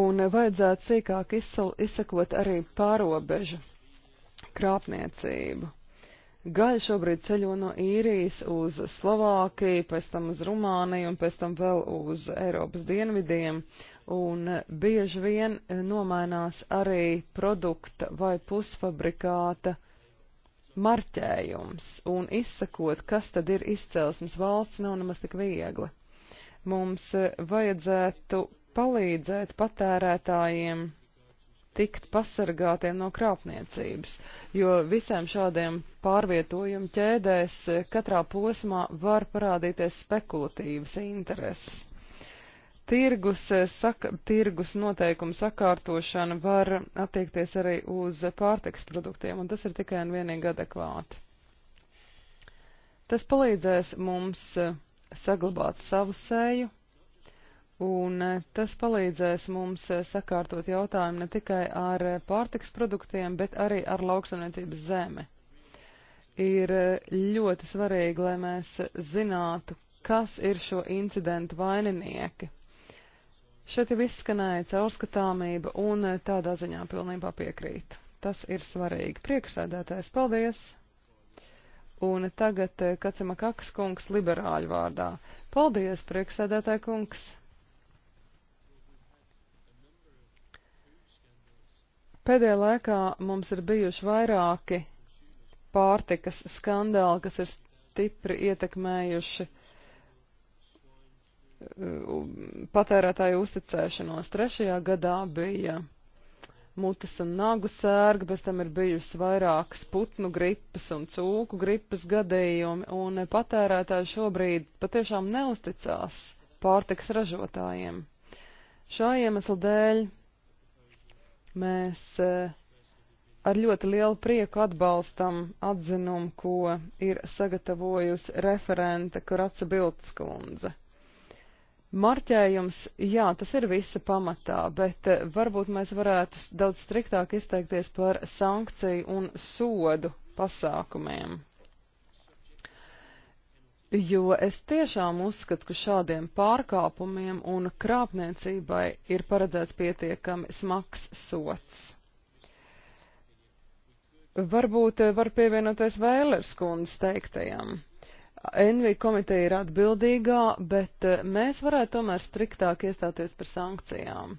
Speaker 2: Un vajadzētu sīkāk izsakot arī pārobežu krāpniecību. Gaļa šobrīd ceļo no īrijas uz Slovākiju, pēc tam uz Rumāniju un pēc tam vēl uz Eiropas dienvidiem un bieži vien eh, nomainās arī produkta vai pusfabrikāta marķējums, un izsakot, kas tad ir izcelsmes valsts, nav nemaz tik viegli. Mums eh, vajadzētu palīdzēt patērētājiem tikt pasargātiem no krāpniecības, jo visiem šādiem pārvietojumu ķēdēs eh, katrā posmā var parādīties spekulatīvas intereses. Tirgus, eh, saka, tirgus noteikumu sakārtošana var attiekties arī uz pārtiks produktiem, un tas ir tikai un vienīgi adekvāti. Tas palīdzēs mums eh, saglabāt savu seju, un eh, tas palīdzēs mums sakārtot jautājumu ne tikai ar pārtiks produktiem, bet arī ar lauksaimniecības zemi ir ļoti svarīgi, lai mēs zinātu, kas ir šo incidentu vaininieki. Šeit jau izskanēja caurskatāmība un eh, tādā ziņā pilnībā piekrīt. Tas ir svarīgi. Prieksēdētājs, paldies! Un tagad eh, Kacima Kakas kungs liberāļu vārdā. Paldies, prieksēdētāja kungs! Pēdējā laikā mums ir bijuši vairāki pārtikas skandāli, kas ir stipri ietekmējuši uh, patērētāju uzticēšanos. Trešajā gadā bija mutes un nagu sērga, bez tam ir bijusi vairākas putnu gripas un cūku gripas gadījumi, un patērētāji šobrīd patiešām neusticās pārtiks ražotājiem. Šā iemesla dēļ mēs eh, ar ļoti lielu prieku atbalstam atzinumu, ko ir sagatavojusi referente Kuratsa Biltskundze. Marķējums, jā, tas ir visa pamatā, bet eh, varbūt mēs varētu daudz striktāk izteikties par sankciju un sodu pasākumiem. Jo es tiešām uzskatu, ka šādiem pārkāpumiem un krāpniecībai ir paredzēts pietiekami smags sots. Varbūt eh, var pievienoties Vēlers kundzes teiktajam NV komiteja ir atbildīgā, bet eh, mēs varētu tomēr striktāk iestāties par sankcijām.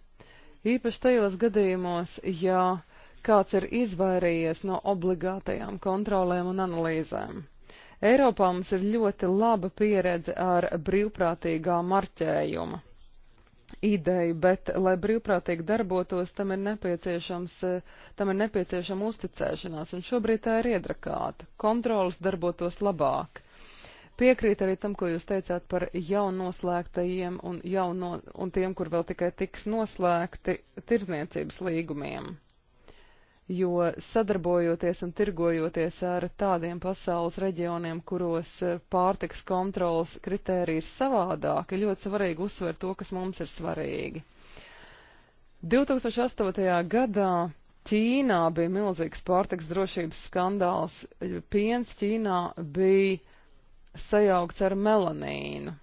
Speaker 2: Īpaši tajos gadījumos, ja kāds ir izvairījies no obligātajām kontrolēm un analīzēm. Eiropā mums ir ļoti laba pieredze ar brīvprātīgā marķējuma ideju, bet, lai brīvprātīgi darbotos, tam ir, nepieciešams, eh, tam ir nepieciešama uzticēšanās, un šobrīd tā ir iedrakāta. Kontrolas darbotos labāk. Piekrīt arī tam, ko jūs teicāt par jaunnoslēgtajiem un, jauno, un tiem, kur vēl tikai tiks noslēgti tirdzniecības līgumiem jo sadarbojoties un tirgojoties ar tādiem pasaules reģioniem, kuros e, pārtiks kontrols kritērija ir savādāka, ir ļoti svarīgi uzsvērt to, kas mums ir svarīgi. 2008. gadā Ķīnā bija milzīgs pārtiks drošības skandāls. Piens Ķīnā bija sajaukts ar melanīnu.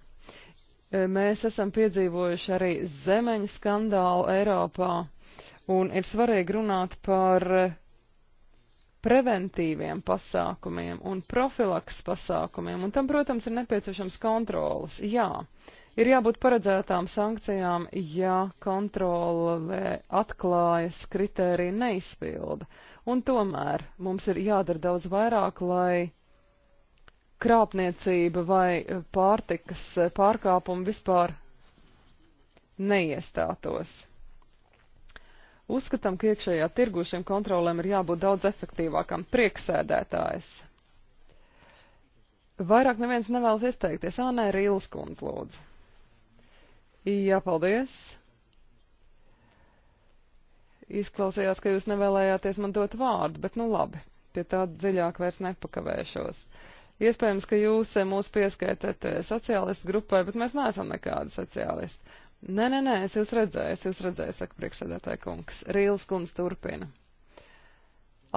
Speaker 2: E, mēs esam piedzīvojuši arī zemeņu skandālu Eiropā, un ir svarīgi runāt par preventīviem pasākumiem un profilaks pasākumiem, un tam, protams, ir nepieciešams kontrolas. Jā, ir jābūt paredzētām sankcijām, ja kontrole atklājas kritērija neizpilda. Un tomēr mums ir jādara daudz vairāk, lai krāpniecība vai eh, pārtikas eh, pārkāpumi vispār neiestātos. Uzskatām, ka iekšējā tirgu šiem kontrolēm ir jābūt daudz efektīvākam. Prieksēdētājs. Vairāk neviens nevēlas izteikties. Ā, nē, Rīls kundz lūdzu. Jā, paldies. Izklausījās, ka jūs nevēlējāties man dot vārdu, bet nu labi, pie tā dziļāk vairs nepakavēšos. Uh, Iespējams, ka jūs eh, mūs pieskaitat eh, sociālistu grupai, bet mēs neesam nekādi sociālisti. Nē, nē, nē, es jūs redzēju, es jūs redzēju, saka priekšsēdētāja kungs. Rīls kundz turpina.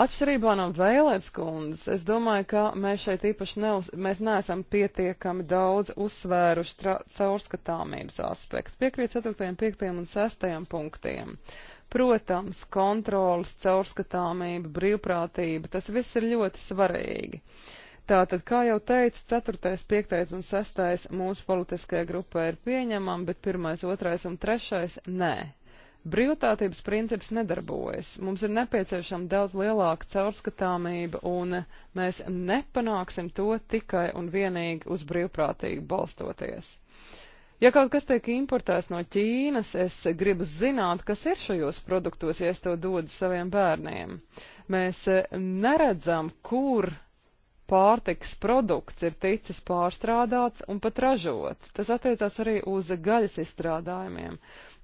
Speaker 2: Atšķirībā no Vēlērs kundzes, es domāju, ka mēs šeit īpaši neuz, mēs neesam pietiekami daudz uzsvēruši caurskatāmības aspektu. Piekrīt 4., 5. un 6. punktiem. Protams, kontrolas, caurskatāmība, brīvprātība, tas viss ir ļoti svarīgi. Uh, Tātad, kā jau teicu, 4., 5. un 6. mūsu politiskajā grupā ir pieņemami, bet 1., 2. un 3. nē. Brīvprātības princips nedarbojas. Mums ir nepieciešama daudz lielāka caurskatāmība, un mēs nepanāksim to tikai un vienīgi uz brīvprātību balstoties. Ja kaut kas tiek importēts no Ķīnas, es gribu zināt, kas ir šajos produktos, ja es to dodu saviem bērniem. Mēs neredzam, kur pārtiks produkts ir ticis pārstrādāts un pat ražots. Tas attiecās arī uz gaļas izstrādājumiem.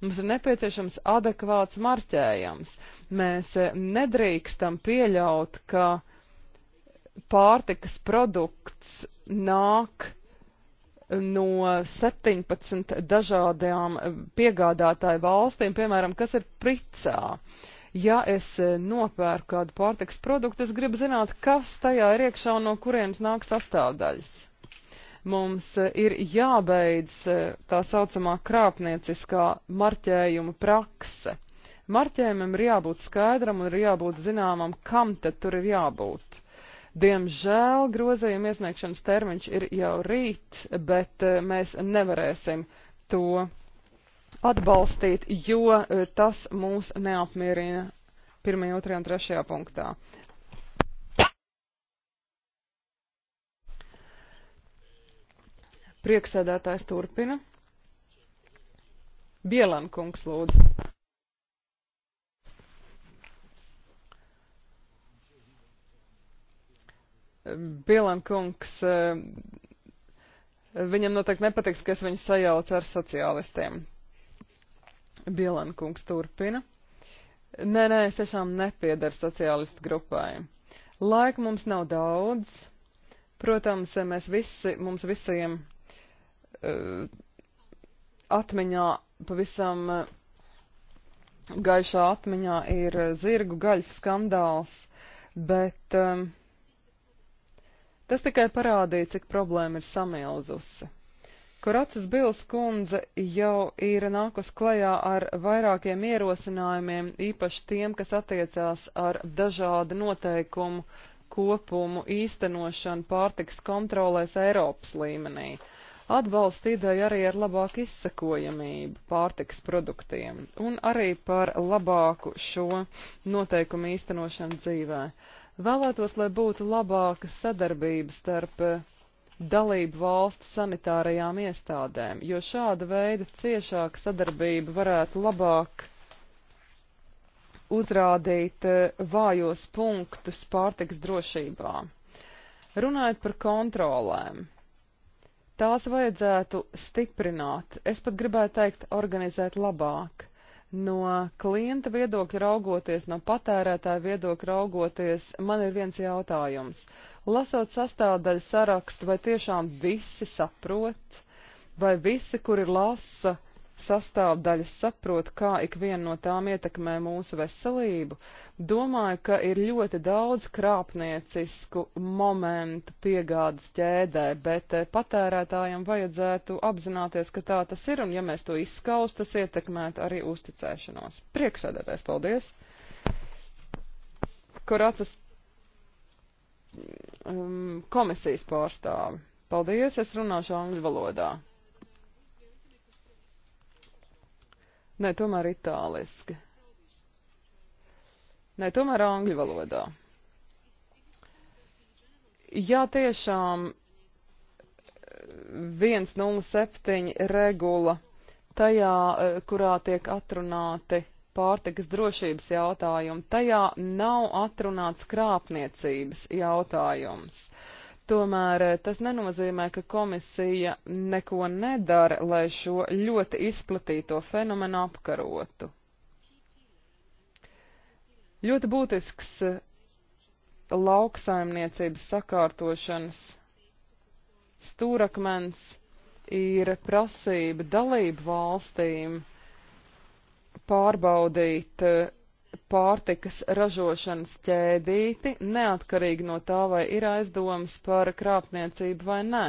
Speaker 2: Mums ir nepieciešams adekvāts marķējums. Mēs eh, nedrīkstam pieļaut, ka pārtikas produkts nāk no 17 dažādām eh, piegādātāju valstīm, piemēram, kas ir pricā. Uh, ja es e, nopērku kādu pārtiks produktu, es gribu zināt, kas tajā ir iekšā un no kurienes nāk sastāvdaļas. Mums e, ir jābeidz e, tā saucamā krāpnieciskā marķējuma prakse. Marķējumam ir jābūt skaidram un ir jābūt zināmam, kam tad tur ir jābūt. Diemžēl grozījuma iesniegšanas termiņš ir jau rīt, bet mēs nevarēsim to atbalstīt, jo e, tas mūs neapmierina 1, 2 un 3 punktā. Prieksēdētājs turpina. Bielankungs lūdzu. Bielankungs, e, viņam noteikti nepatiks, ka es viņu sajaucu ar sociālistiem. Bielankungs turpina. Nē, nē, es tiešām nepiedaru sociālistu grupai. Laika mums nav daudz. Protams, mēs visi, mums visiem uh, atmiņā pavisam uh, gaišā atmiņā ir zirgu gaļas skandāls, bet um, tas tikai parādīja, cik problēma ir samilzusi. Koracas Bils kundze jau ir nākus klajā ar vairākiem ierosinājumiem, īpaši tiem, kas attiecās ar dažādu noteikumu kopumu īstenošanu pārtiks kontrolēs Eiropas līmenī. Atbalsta ideja arī ar labāku izsekojamību pārtiks produktiem un arī par labāku šo noteikumu īstenošanu dzīvē. Vēlētos, lai būtu labāka sadarbība starp dalību valstu sanitārajām iestādēm, jo šāda veida ciešāka sadarbība varētu labāk uzrādīt eh, vājos punktus pārtiks drošībā. Runājot par kontrolēm, tās vajadzētu stiprināt, es pat gribētu teikt, organizēt labāk. No klienta viedokļa raugoties, no patērētāja viedokļa raugoties, man ir viens jautājums. Lasot sastāvdaļu sarakstu, vai tiešām visi saprot, vai visi, kuri lasa, uh, sastāvdaļas saprot, kā ik viena no tām ietekmē mūsu veselību, domāju, ka ir ļoti daudz krāpniecisku momentu piegādes ķēdē, bet eh, patērētājiem vajadzētu apzināties, ka tā tas ir, un ja mēs to izskaust, tas ietekmētu arī uzticēšanos. Priekšsēdētājs, paldies! Kurācas um, mm, mm, komisijas pārstāvi. Paldies, es runāšu angļu valodā. Nē, tomēr itāliski. Nē, tomēr angļu valodā. Jā, tiešām 107 regula tajā, eh, kurā tiek atrunāti pārtikas drošības jautājumi, tajā nav atrunāts krāpniecības jautājums. Uh, Tomēr eh, tas nenozīmē, ka komisija neko nedara, lai šo ļoti izplatīto fenomenu apkarotu. Ļoti būtisks eh, lauksaimniecības sakārtošanas stūrakmens ir prasība dalību valstīm pārbaudīt eh, pārtikas ražošanas ķēdīti, neatkarīgi no tā, vai ir aizdomas par krāpniecību vai nē.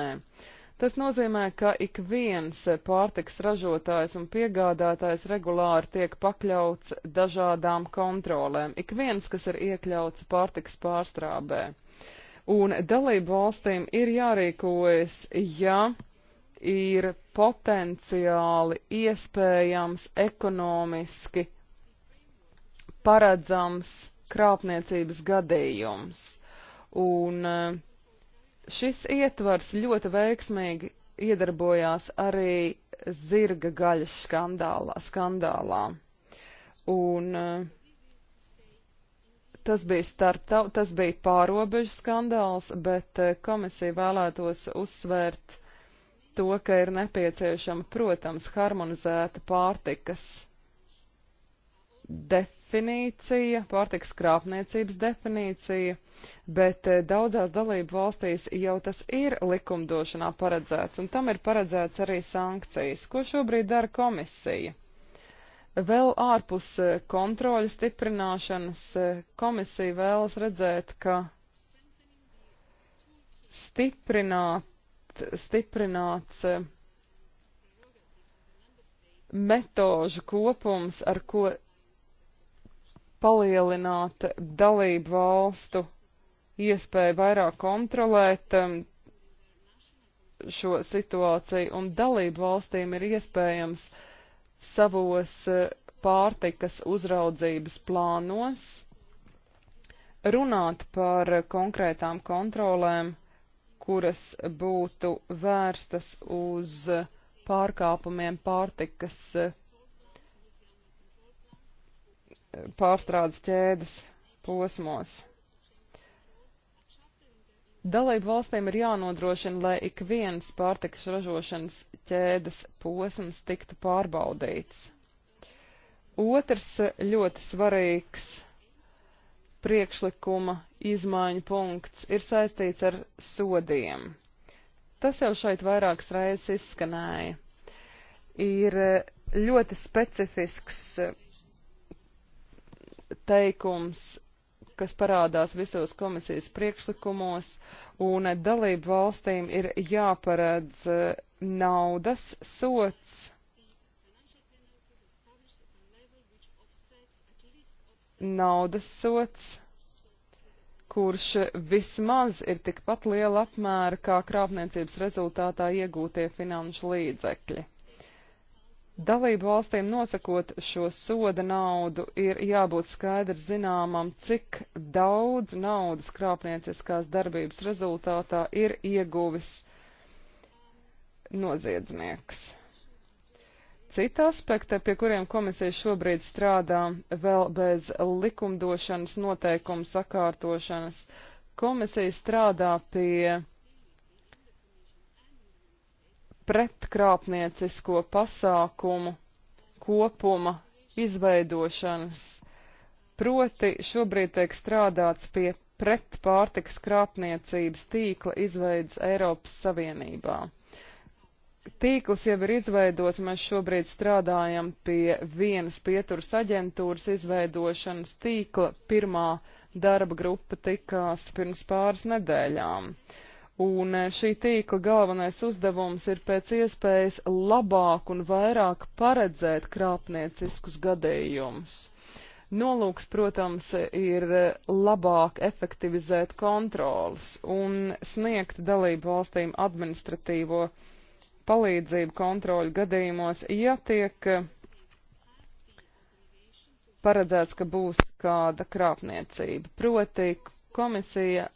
Speaker 2: Tas nozīmē, ka ik viens pārtiks ražotājs un piegādātājs regulāri tiek pakļauts dažādām kontrolēm, ik viens, kas ir iekļauts pārtiks pārstrābē. Un dalību valstīm ir jārīkojas, ja ir potenciāli iespējams ekonomiski paredzams krāpniecības gadījums. Un eh, šis ietvars ļoti veiksmīgi iedarbojās arī zirga gaļas skandālā. skandālā. Un eh, tas bija, starp, tas bija pārobežu skandāls, bet eh, komisija vēlētos uzsvērt to, ka ir nepieciešama, protams, harmonizēta pārtikas def definīcija, pārtiks krāpniecības definīcija, bet eh, daudzās dalību valstīs jau tas ir likumdošanā paredzēts, un tam ir paredzēts arī sankcijas. Ko šobrīd dara komisija? Vēl ārpus eh, kontroļa stiprināšanas eh, komisija vēlas redzēt, ka stiprināt, stiprināts metožu kopums, ar ko palielināt dalību valstu iespēju vairāk kontrolēt um, šo situāciju, un dalību valstīm ir iespējams savos uh, pārtikas uzraudzības plānos runāt par konkrētām kontrolēm, kuras būtu vērstas uz pārkāpumiem pārtikas uh, pārstrādes ķēdes posmos. Dalību valstīm ir jānodrošina, lai ik viens pārtikas ražošanas ķēdes posms tiktu pārbaudīts. Otrs ļoti svarīgs priekšlikuma izmaiņu punkts ir saistīts ar sodiem. Tas jau šeit vairākas reizes izskanēja. Ir ļoti specifisks teikums, kas parādās visos komisijas priekšlikumos, un dalību valstīm ir jāparedz e, naudas sots. Naudas sots, kurš vismaz ir tikpat liela apmēra kā krāpniecības rezultātā iegūtie finanšu līdzekļi. Dalību valstīm nosakot šo soda naudu ir jābūt skaidrs zināmam, cik daudz naudas krāpnieciskās darbības rezultātā ir ieguvis noziedznieks. Cita aspekta, pie kuriem komisija šobrīd strādā vēl bez likumdošanas noteikumu sakārtošanas, komisija strādā pie pretkrāpniecisko pasākumu kopuma izveidošanas. Proti šobrīd tiek strādāts pie pretpārtikas krāpniecības tīkla izveidas Eiropas Savienībā. Tīkls jau ir izveidots, mēs šobrīd strādājam pie vienas pieturas aģentūras izveidošanas tīkla. Pirmā darba grupa tikās pirms pāris nedēļām. Uh, Un e, šī tīkla galvenais uzdevums ir pēc iespējas labāk un vairāk paredzēt krāpnieciskus gadījumus. Nolūks, protams, ir e, labāk efektivizēt kontrolas un sniegt dalību valstīm administratīvo palīdzību kontroļu gadījumos, ja tiek e, paredzēts, ka būs kāda krāpniecība. Proti, komisija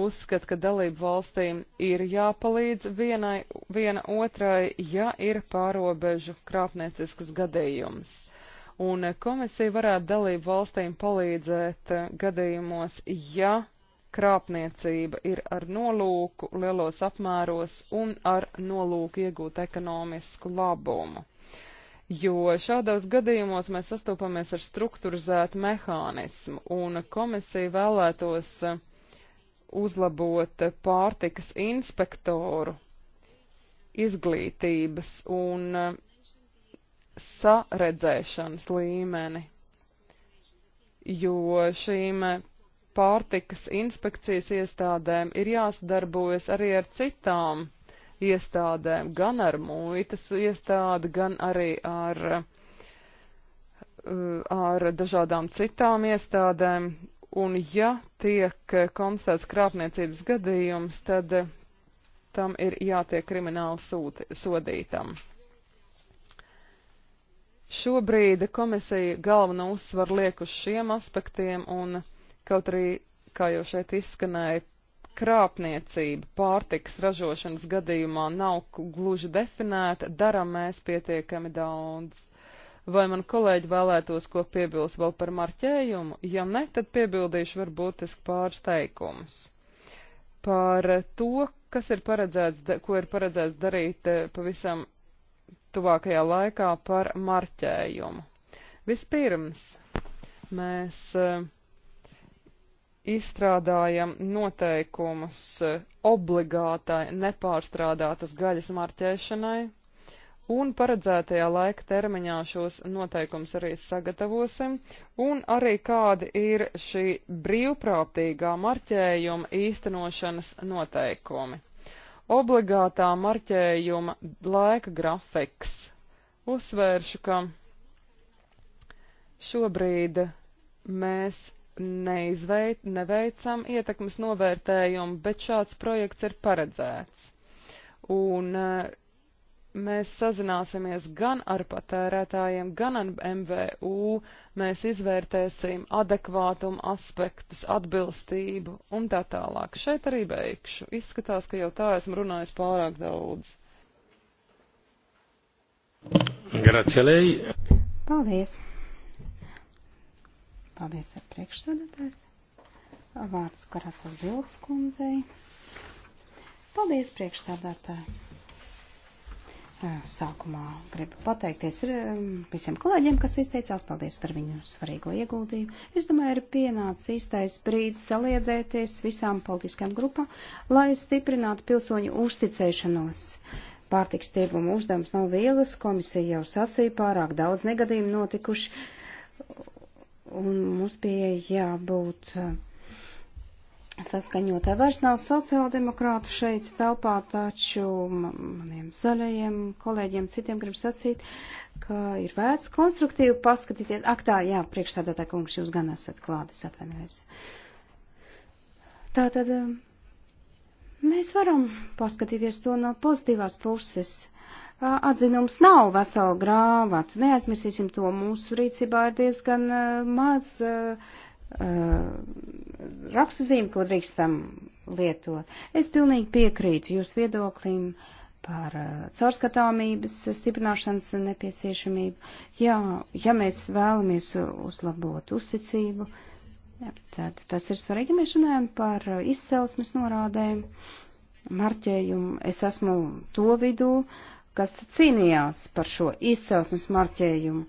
Speaker 2: uzskata, ka dalību valstīm ir jāpalīdz vienai, viena otrai, ja ir pārobežu krāpniecisks gadījums. Un komisija varētu dalību valstīm palīdzēt eh, gadījumos, ja krāpniecība ir ar nolūku lielos apmēros un ar nolūku iegūt ekonomisku labumu. Jo šādos gadījumos mēs sastopamies ar struktūrizētu mehānismu, un komisija vēlētos uh, uzlabot pārtikas inspektoru izglītības un uh, saredzēšanas līmeni, jo šīm uh, pārtikas inspekcijas iestādēm ir jāsadarbojas arī ar citām iestādēm, gan ar muitas iestādi, gan arī ar, uh, ar dažādām citām iestādēm, un ja tiek eh, konstatēts krāpniecības gadījums, tad eh, tam ir jātiek krimināli sūti, sodītam. Šobrīd komisija galveno uzsvaru liek uz šiem aspektiem, un kaut arī, kā jau šeit izskanēja, krāpniecība pārtiks ražošanas gadījumā nav gluži definēta, daram mēs pietiekami daudz. Vai man kolēģi vēlētos ko piebilst vēl par marķējumu? Ja ne, tad piebildīšu varbūt es pāris teikumus. Par to, kas ir paredzēts, ko ir paredzēts darīt eh, pavisam tuvākajā laikā par marķējumu. Vispirms mēs eh, izstrādājam noteikumus eh, obligātai nepārstrādātas gaļas marķēšanai, un paredzētajā laika termiņā šos noteikums arī sagatavosim, un arī kādi ir šī brīvprātīgā marķējuma īstenošanas noteikumi. Obligātā marķējuma laika grafiks. Uzsvēršu, ka šobrīd mēs neizveid, neveicam ietekmes novērtējumu, bet šāds projekts ir paredzēts. Un eh, mēs sazināsimies gan ar patērētājiem, gan ar MVU, mēs izvērtēsim adekvātumu aspektus, atbilstību un tā tālāk. Šeit arī beigšu. Izskatās, ka jau tā esmu runājis pārāk daudz.
Speaker 1: Gracielei.
Speaker 4: Paldies. Paldies ar priekšsēdētājs. Vārds Karacas Bildes kundzei. Paldies priekšsēdētāji. Eh, sākumā gribu pateikties eh, visiem kolēģiem, kas izteicās, paldies par viņu svarīgo ieguldījumu. Es domāju, ir pienācis īstais brīdis saliedēties visām politiskām grupām, lai stiprinātu pilsoņu uzticēšanos. Pārtiks tirguma uzdevums nav vielas, komisija jau sasīja pārāk daudz negadījumu notikuši, un mums pieeja jābūt saskaņotāji vairs nav sociāldemokrātu šeit telpā, taču maniem zaļajiem kolēģiem citiem grib sacīt, ka ir vērts konstruktīvi paskatīties. Ak tā, jā, priekšstādātā kungs, jūs gan esat klātis, atvainojos. Tātad eh, mēs varam paskatīties to no pozitīvās puses. Atzinums nav vesela grāmata, neaizmirsīsim to, mūsu rīcībā ir diezgan eh, maz. Uh, Uh, rakstazīmi, ko drīkstam lietot. Es pilnīgi piekrītu jūs viedoklim par uh, caurskatāmības stiprināšanas nepieciešamību. Jā, ja mēs vēlamies uzlabot uzticību, tad tas ir svarīgi, ja mēs runājam par uh, izcelsmes norādēm, marķējumu. Es esmu to vidū, kas cīnījās par šo izcelsmes marķējumu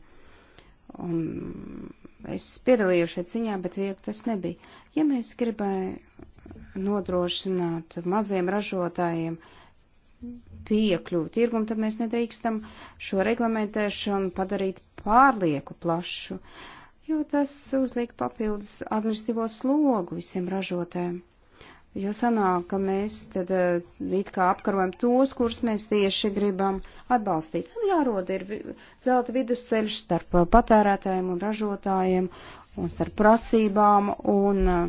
Speaker 4: Un es piedalījos šeit ziņā, bet viegli tas nebija. Ja mēs gribēju nodrošināt maziem ražotājiem piekļuvu tirgumu, tad mēs nedrīkstam šo reglamentēšanu padarīt pārlieku plašu, jo tas uzliek papildus administratīvo slogu visiem ražotājiem. Jo sanāk, ka mēs tad eh, it kā apkarojam tos, kurus mēs tieši gribam atbalstīt. Un jāroda ir zelta vidusceļš starp patērētājiem un ražotājiem un starp prasībām un eh,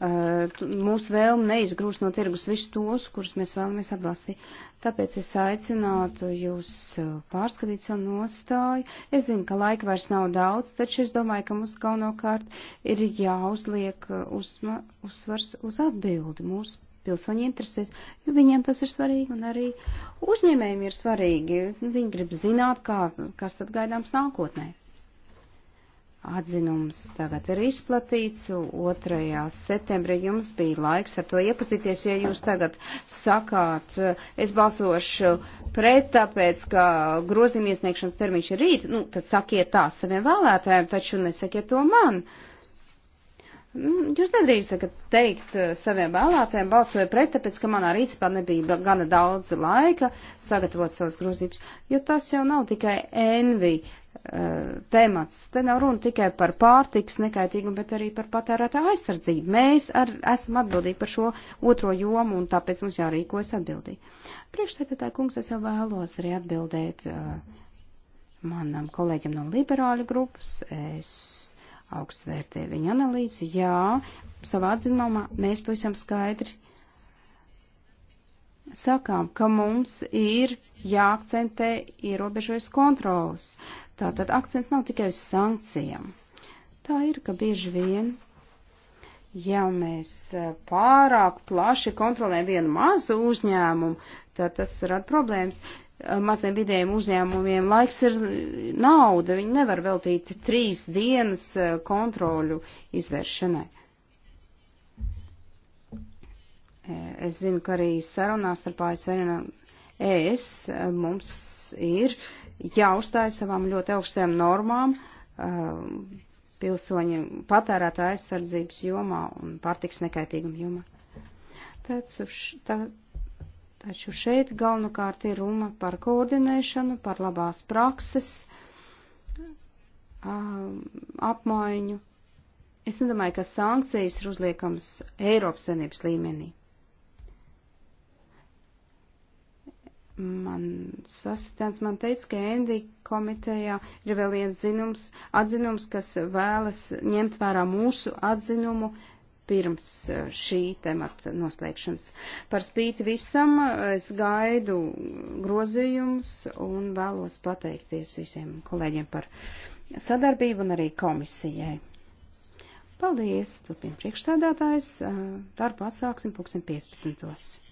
Speaker 4: Eh, mūsu vēlme neizgrūst no tirgus visus tos, kurus mēs vēlamies atbalstīt. Tāpēc es aicinātu jūs eh, pārskatīt savu nostāju. Es zinu, ka laika vairs nav daudz, taču es domāju, ka mums galvenokārt ir jāuzliek eh, uzma, uzsvars uz atbildi mūsu pilsoņu interesēs, jo viņiem tas ir svarīgi un arī uzņēmējiem ir svarīgi. Viņi grib zināt, kā, kas tad gaidāms nākotnē. Atzinums tagad ir izplatīts, 2. septembrī jums bija laiks ar to iepazīties, ja jūs tagad sakāt, es balsošu pret, tāpēc, ka grozījuma iesniegšanas termiņš ir rīt, nu, tad sakiet tā saviem vēlētājiem, taču nesakiet to man. Nu, jūs nedrīkstat teikt saviem vēlētājiem, balsoju pret, tāpēc, ka manā rīcībā nebija gana daudz laika sagatavot savas grozības, jo tas jau nav tikai envi temats. Te nav runa tikai par pārtiks nekaitīgumu, bet arī par patērētā aizsardzību. Mēs ar, esam atbildīgi par šo otro jomu un tāpēc mums jārīkojas atbildīgi. Priekšsēdētāji kungs, es jau vēlos arī atbildēt uh, manam kolēģim no liberāļu grupas. Es augstu vērtēju viņa analīzi. Jā, savā atzinumā mēs pavisam skaidri sakām, ka mums ir jāakcentē ierobežojas kontrolas. Uh, Tātad akcents nav tikai uz sankcijām. Tā ir, ka bieži vien, ja mēs eh, pārāk plaši kontrolējam vienu mazu uzņēmumu, tad tas rada problēmas. Eh, maziem vidējiem uzņēmumiem laiks ir eh, nauda, viņi nevar veltīt trīs dienas kontroļu izvēršanai. Es zinu, ka arī sarunās starp ASV un ES mums ir uh, jāuzstāj savām ļoti augstām normām uh, pilsoņu patērētā aizsardzības jomā un pārtiks nekaitīguma jomā. Taču, tā, taču šeit galvenokārt ir runa par koordinēšanu, par labās prakses um, apmaiņu. Es nedomāju, ka sankcijas ir uzliekamas Eiropas Savienības līmenī. man sasitens man teica, ka Endi komitejā ir vēl viens zinums, atzinums, kas vēlas ņemt vērā mūsu atzinumu pirms eh, šī temata noslēgšanas. Par spīti visam eh, es gaidu grozījumus un vēlos pateikties visiem kolēģiem par sadarbību un arī komisijai. Paldies, turpina priekšstādātājs, eh, darbu atsāksim 2015.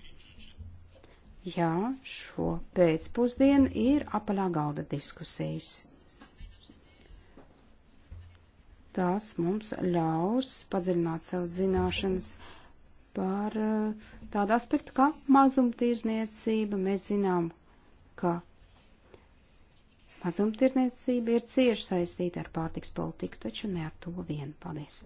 Speaker 4: Jā, šo pēcpusdienu ir apaļā galda diskusijas. Tās mums ļaus padziļināt savas zināšanas par eh, tādu aspektu kā mazumtirdzniecība. Mēs zinām, ka mazumtirdzniecība ir cieši saistīta ar pārtiks politiku, taču ne ar to vien. Paldies!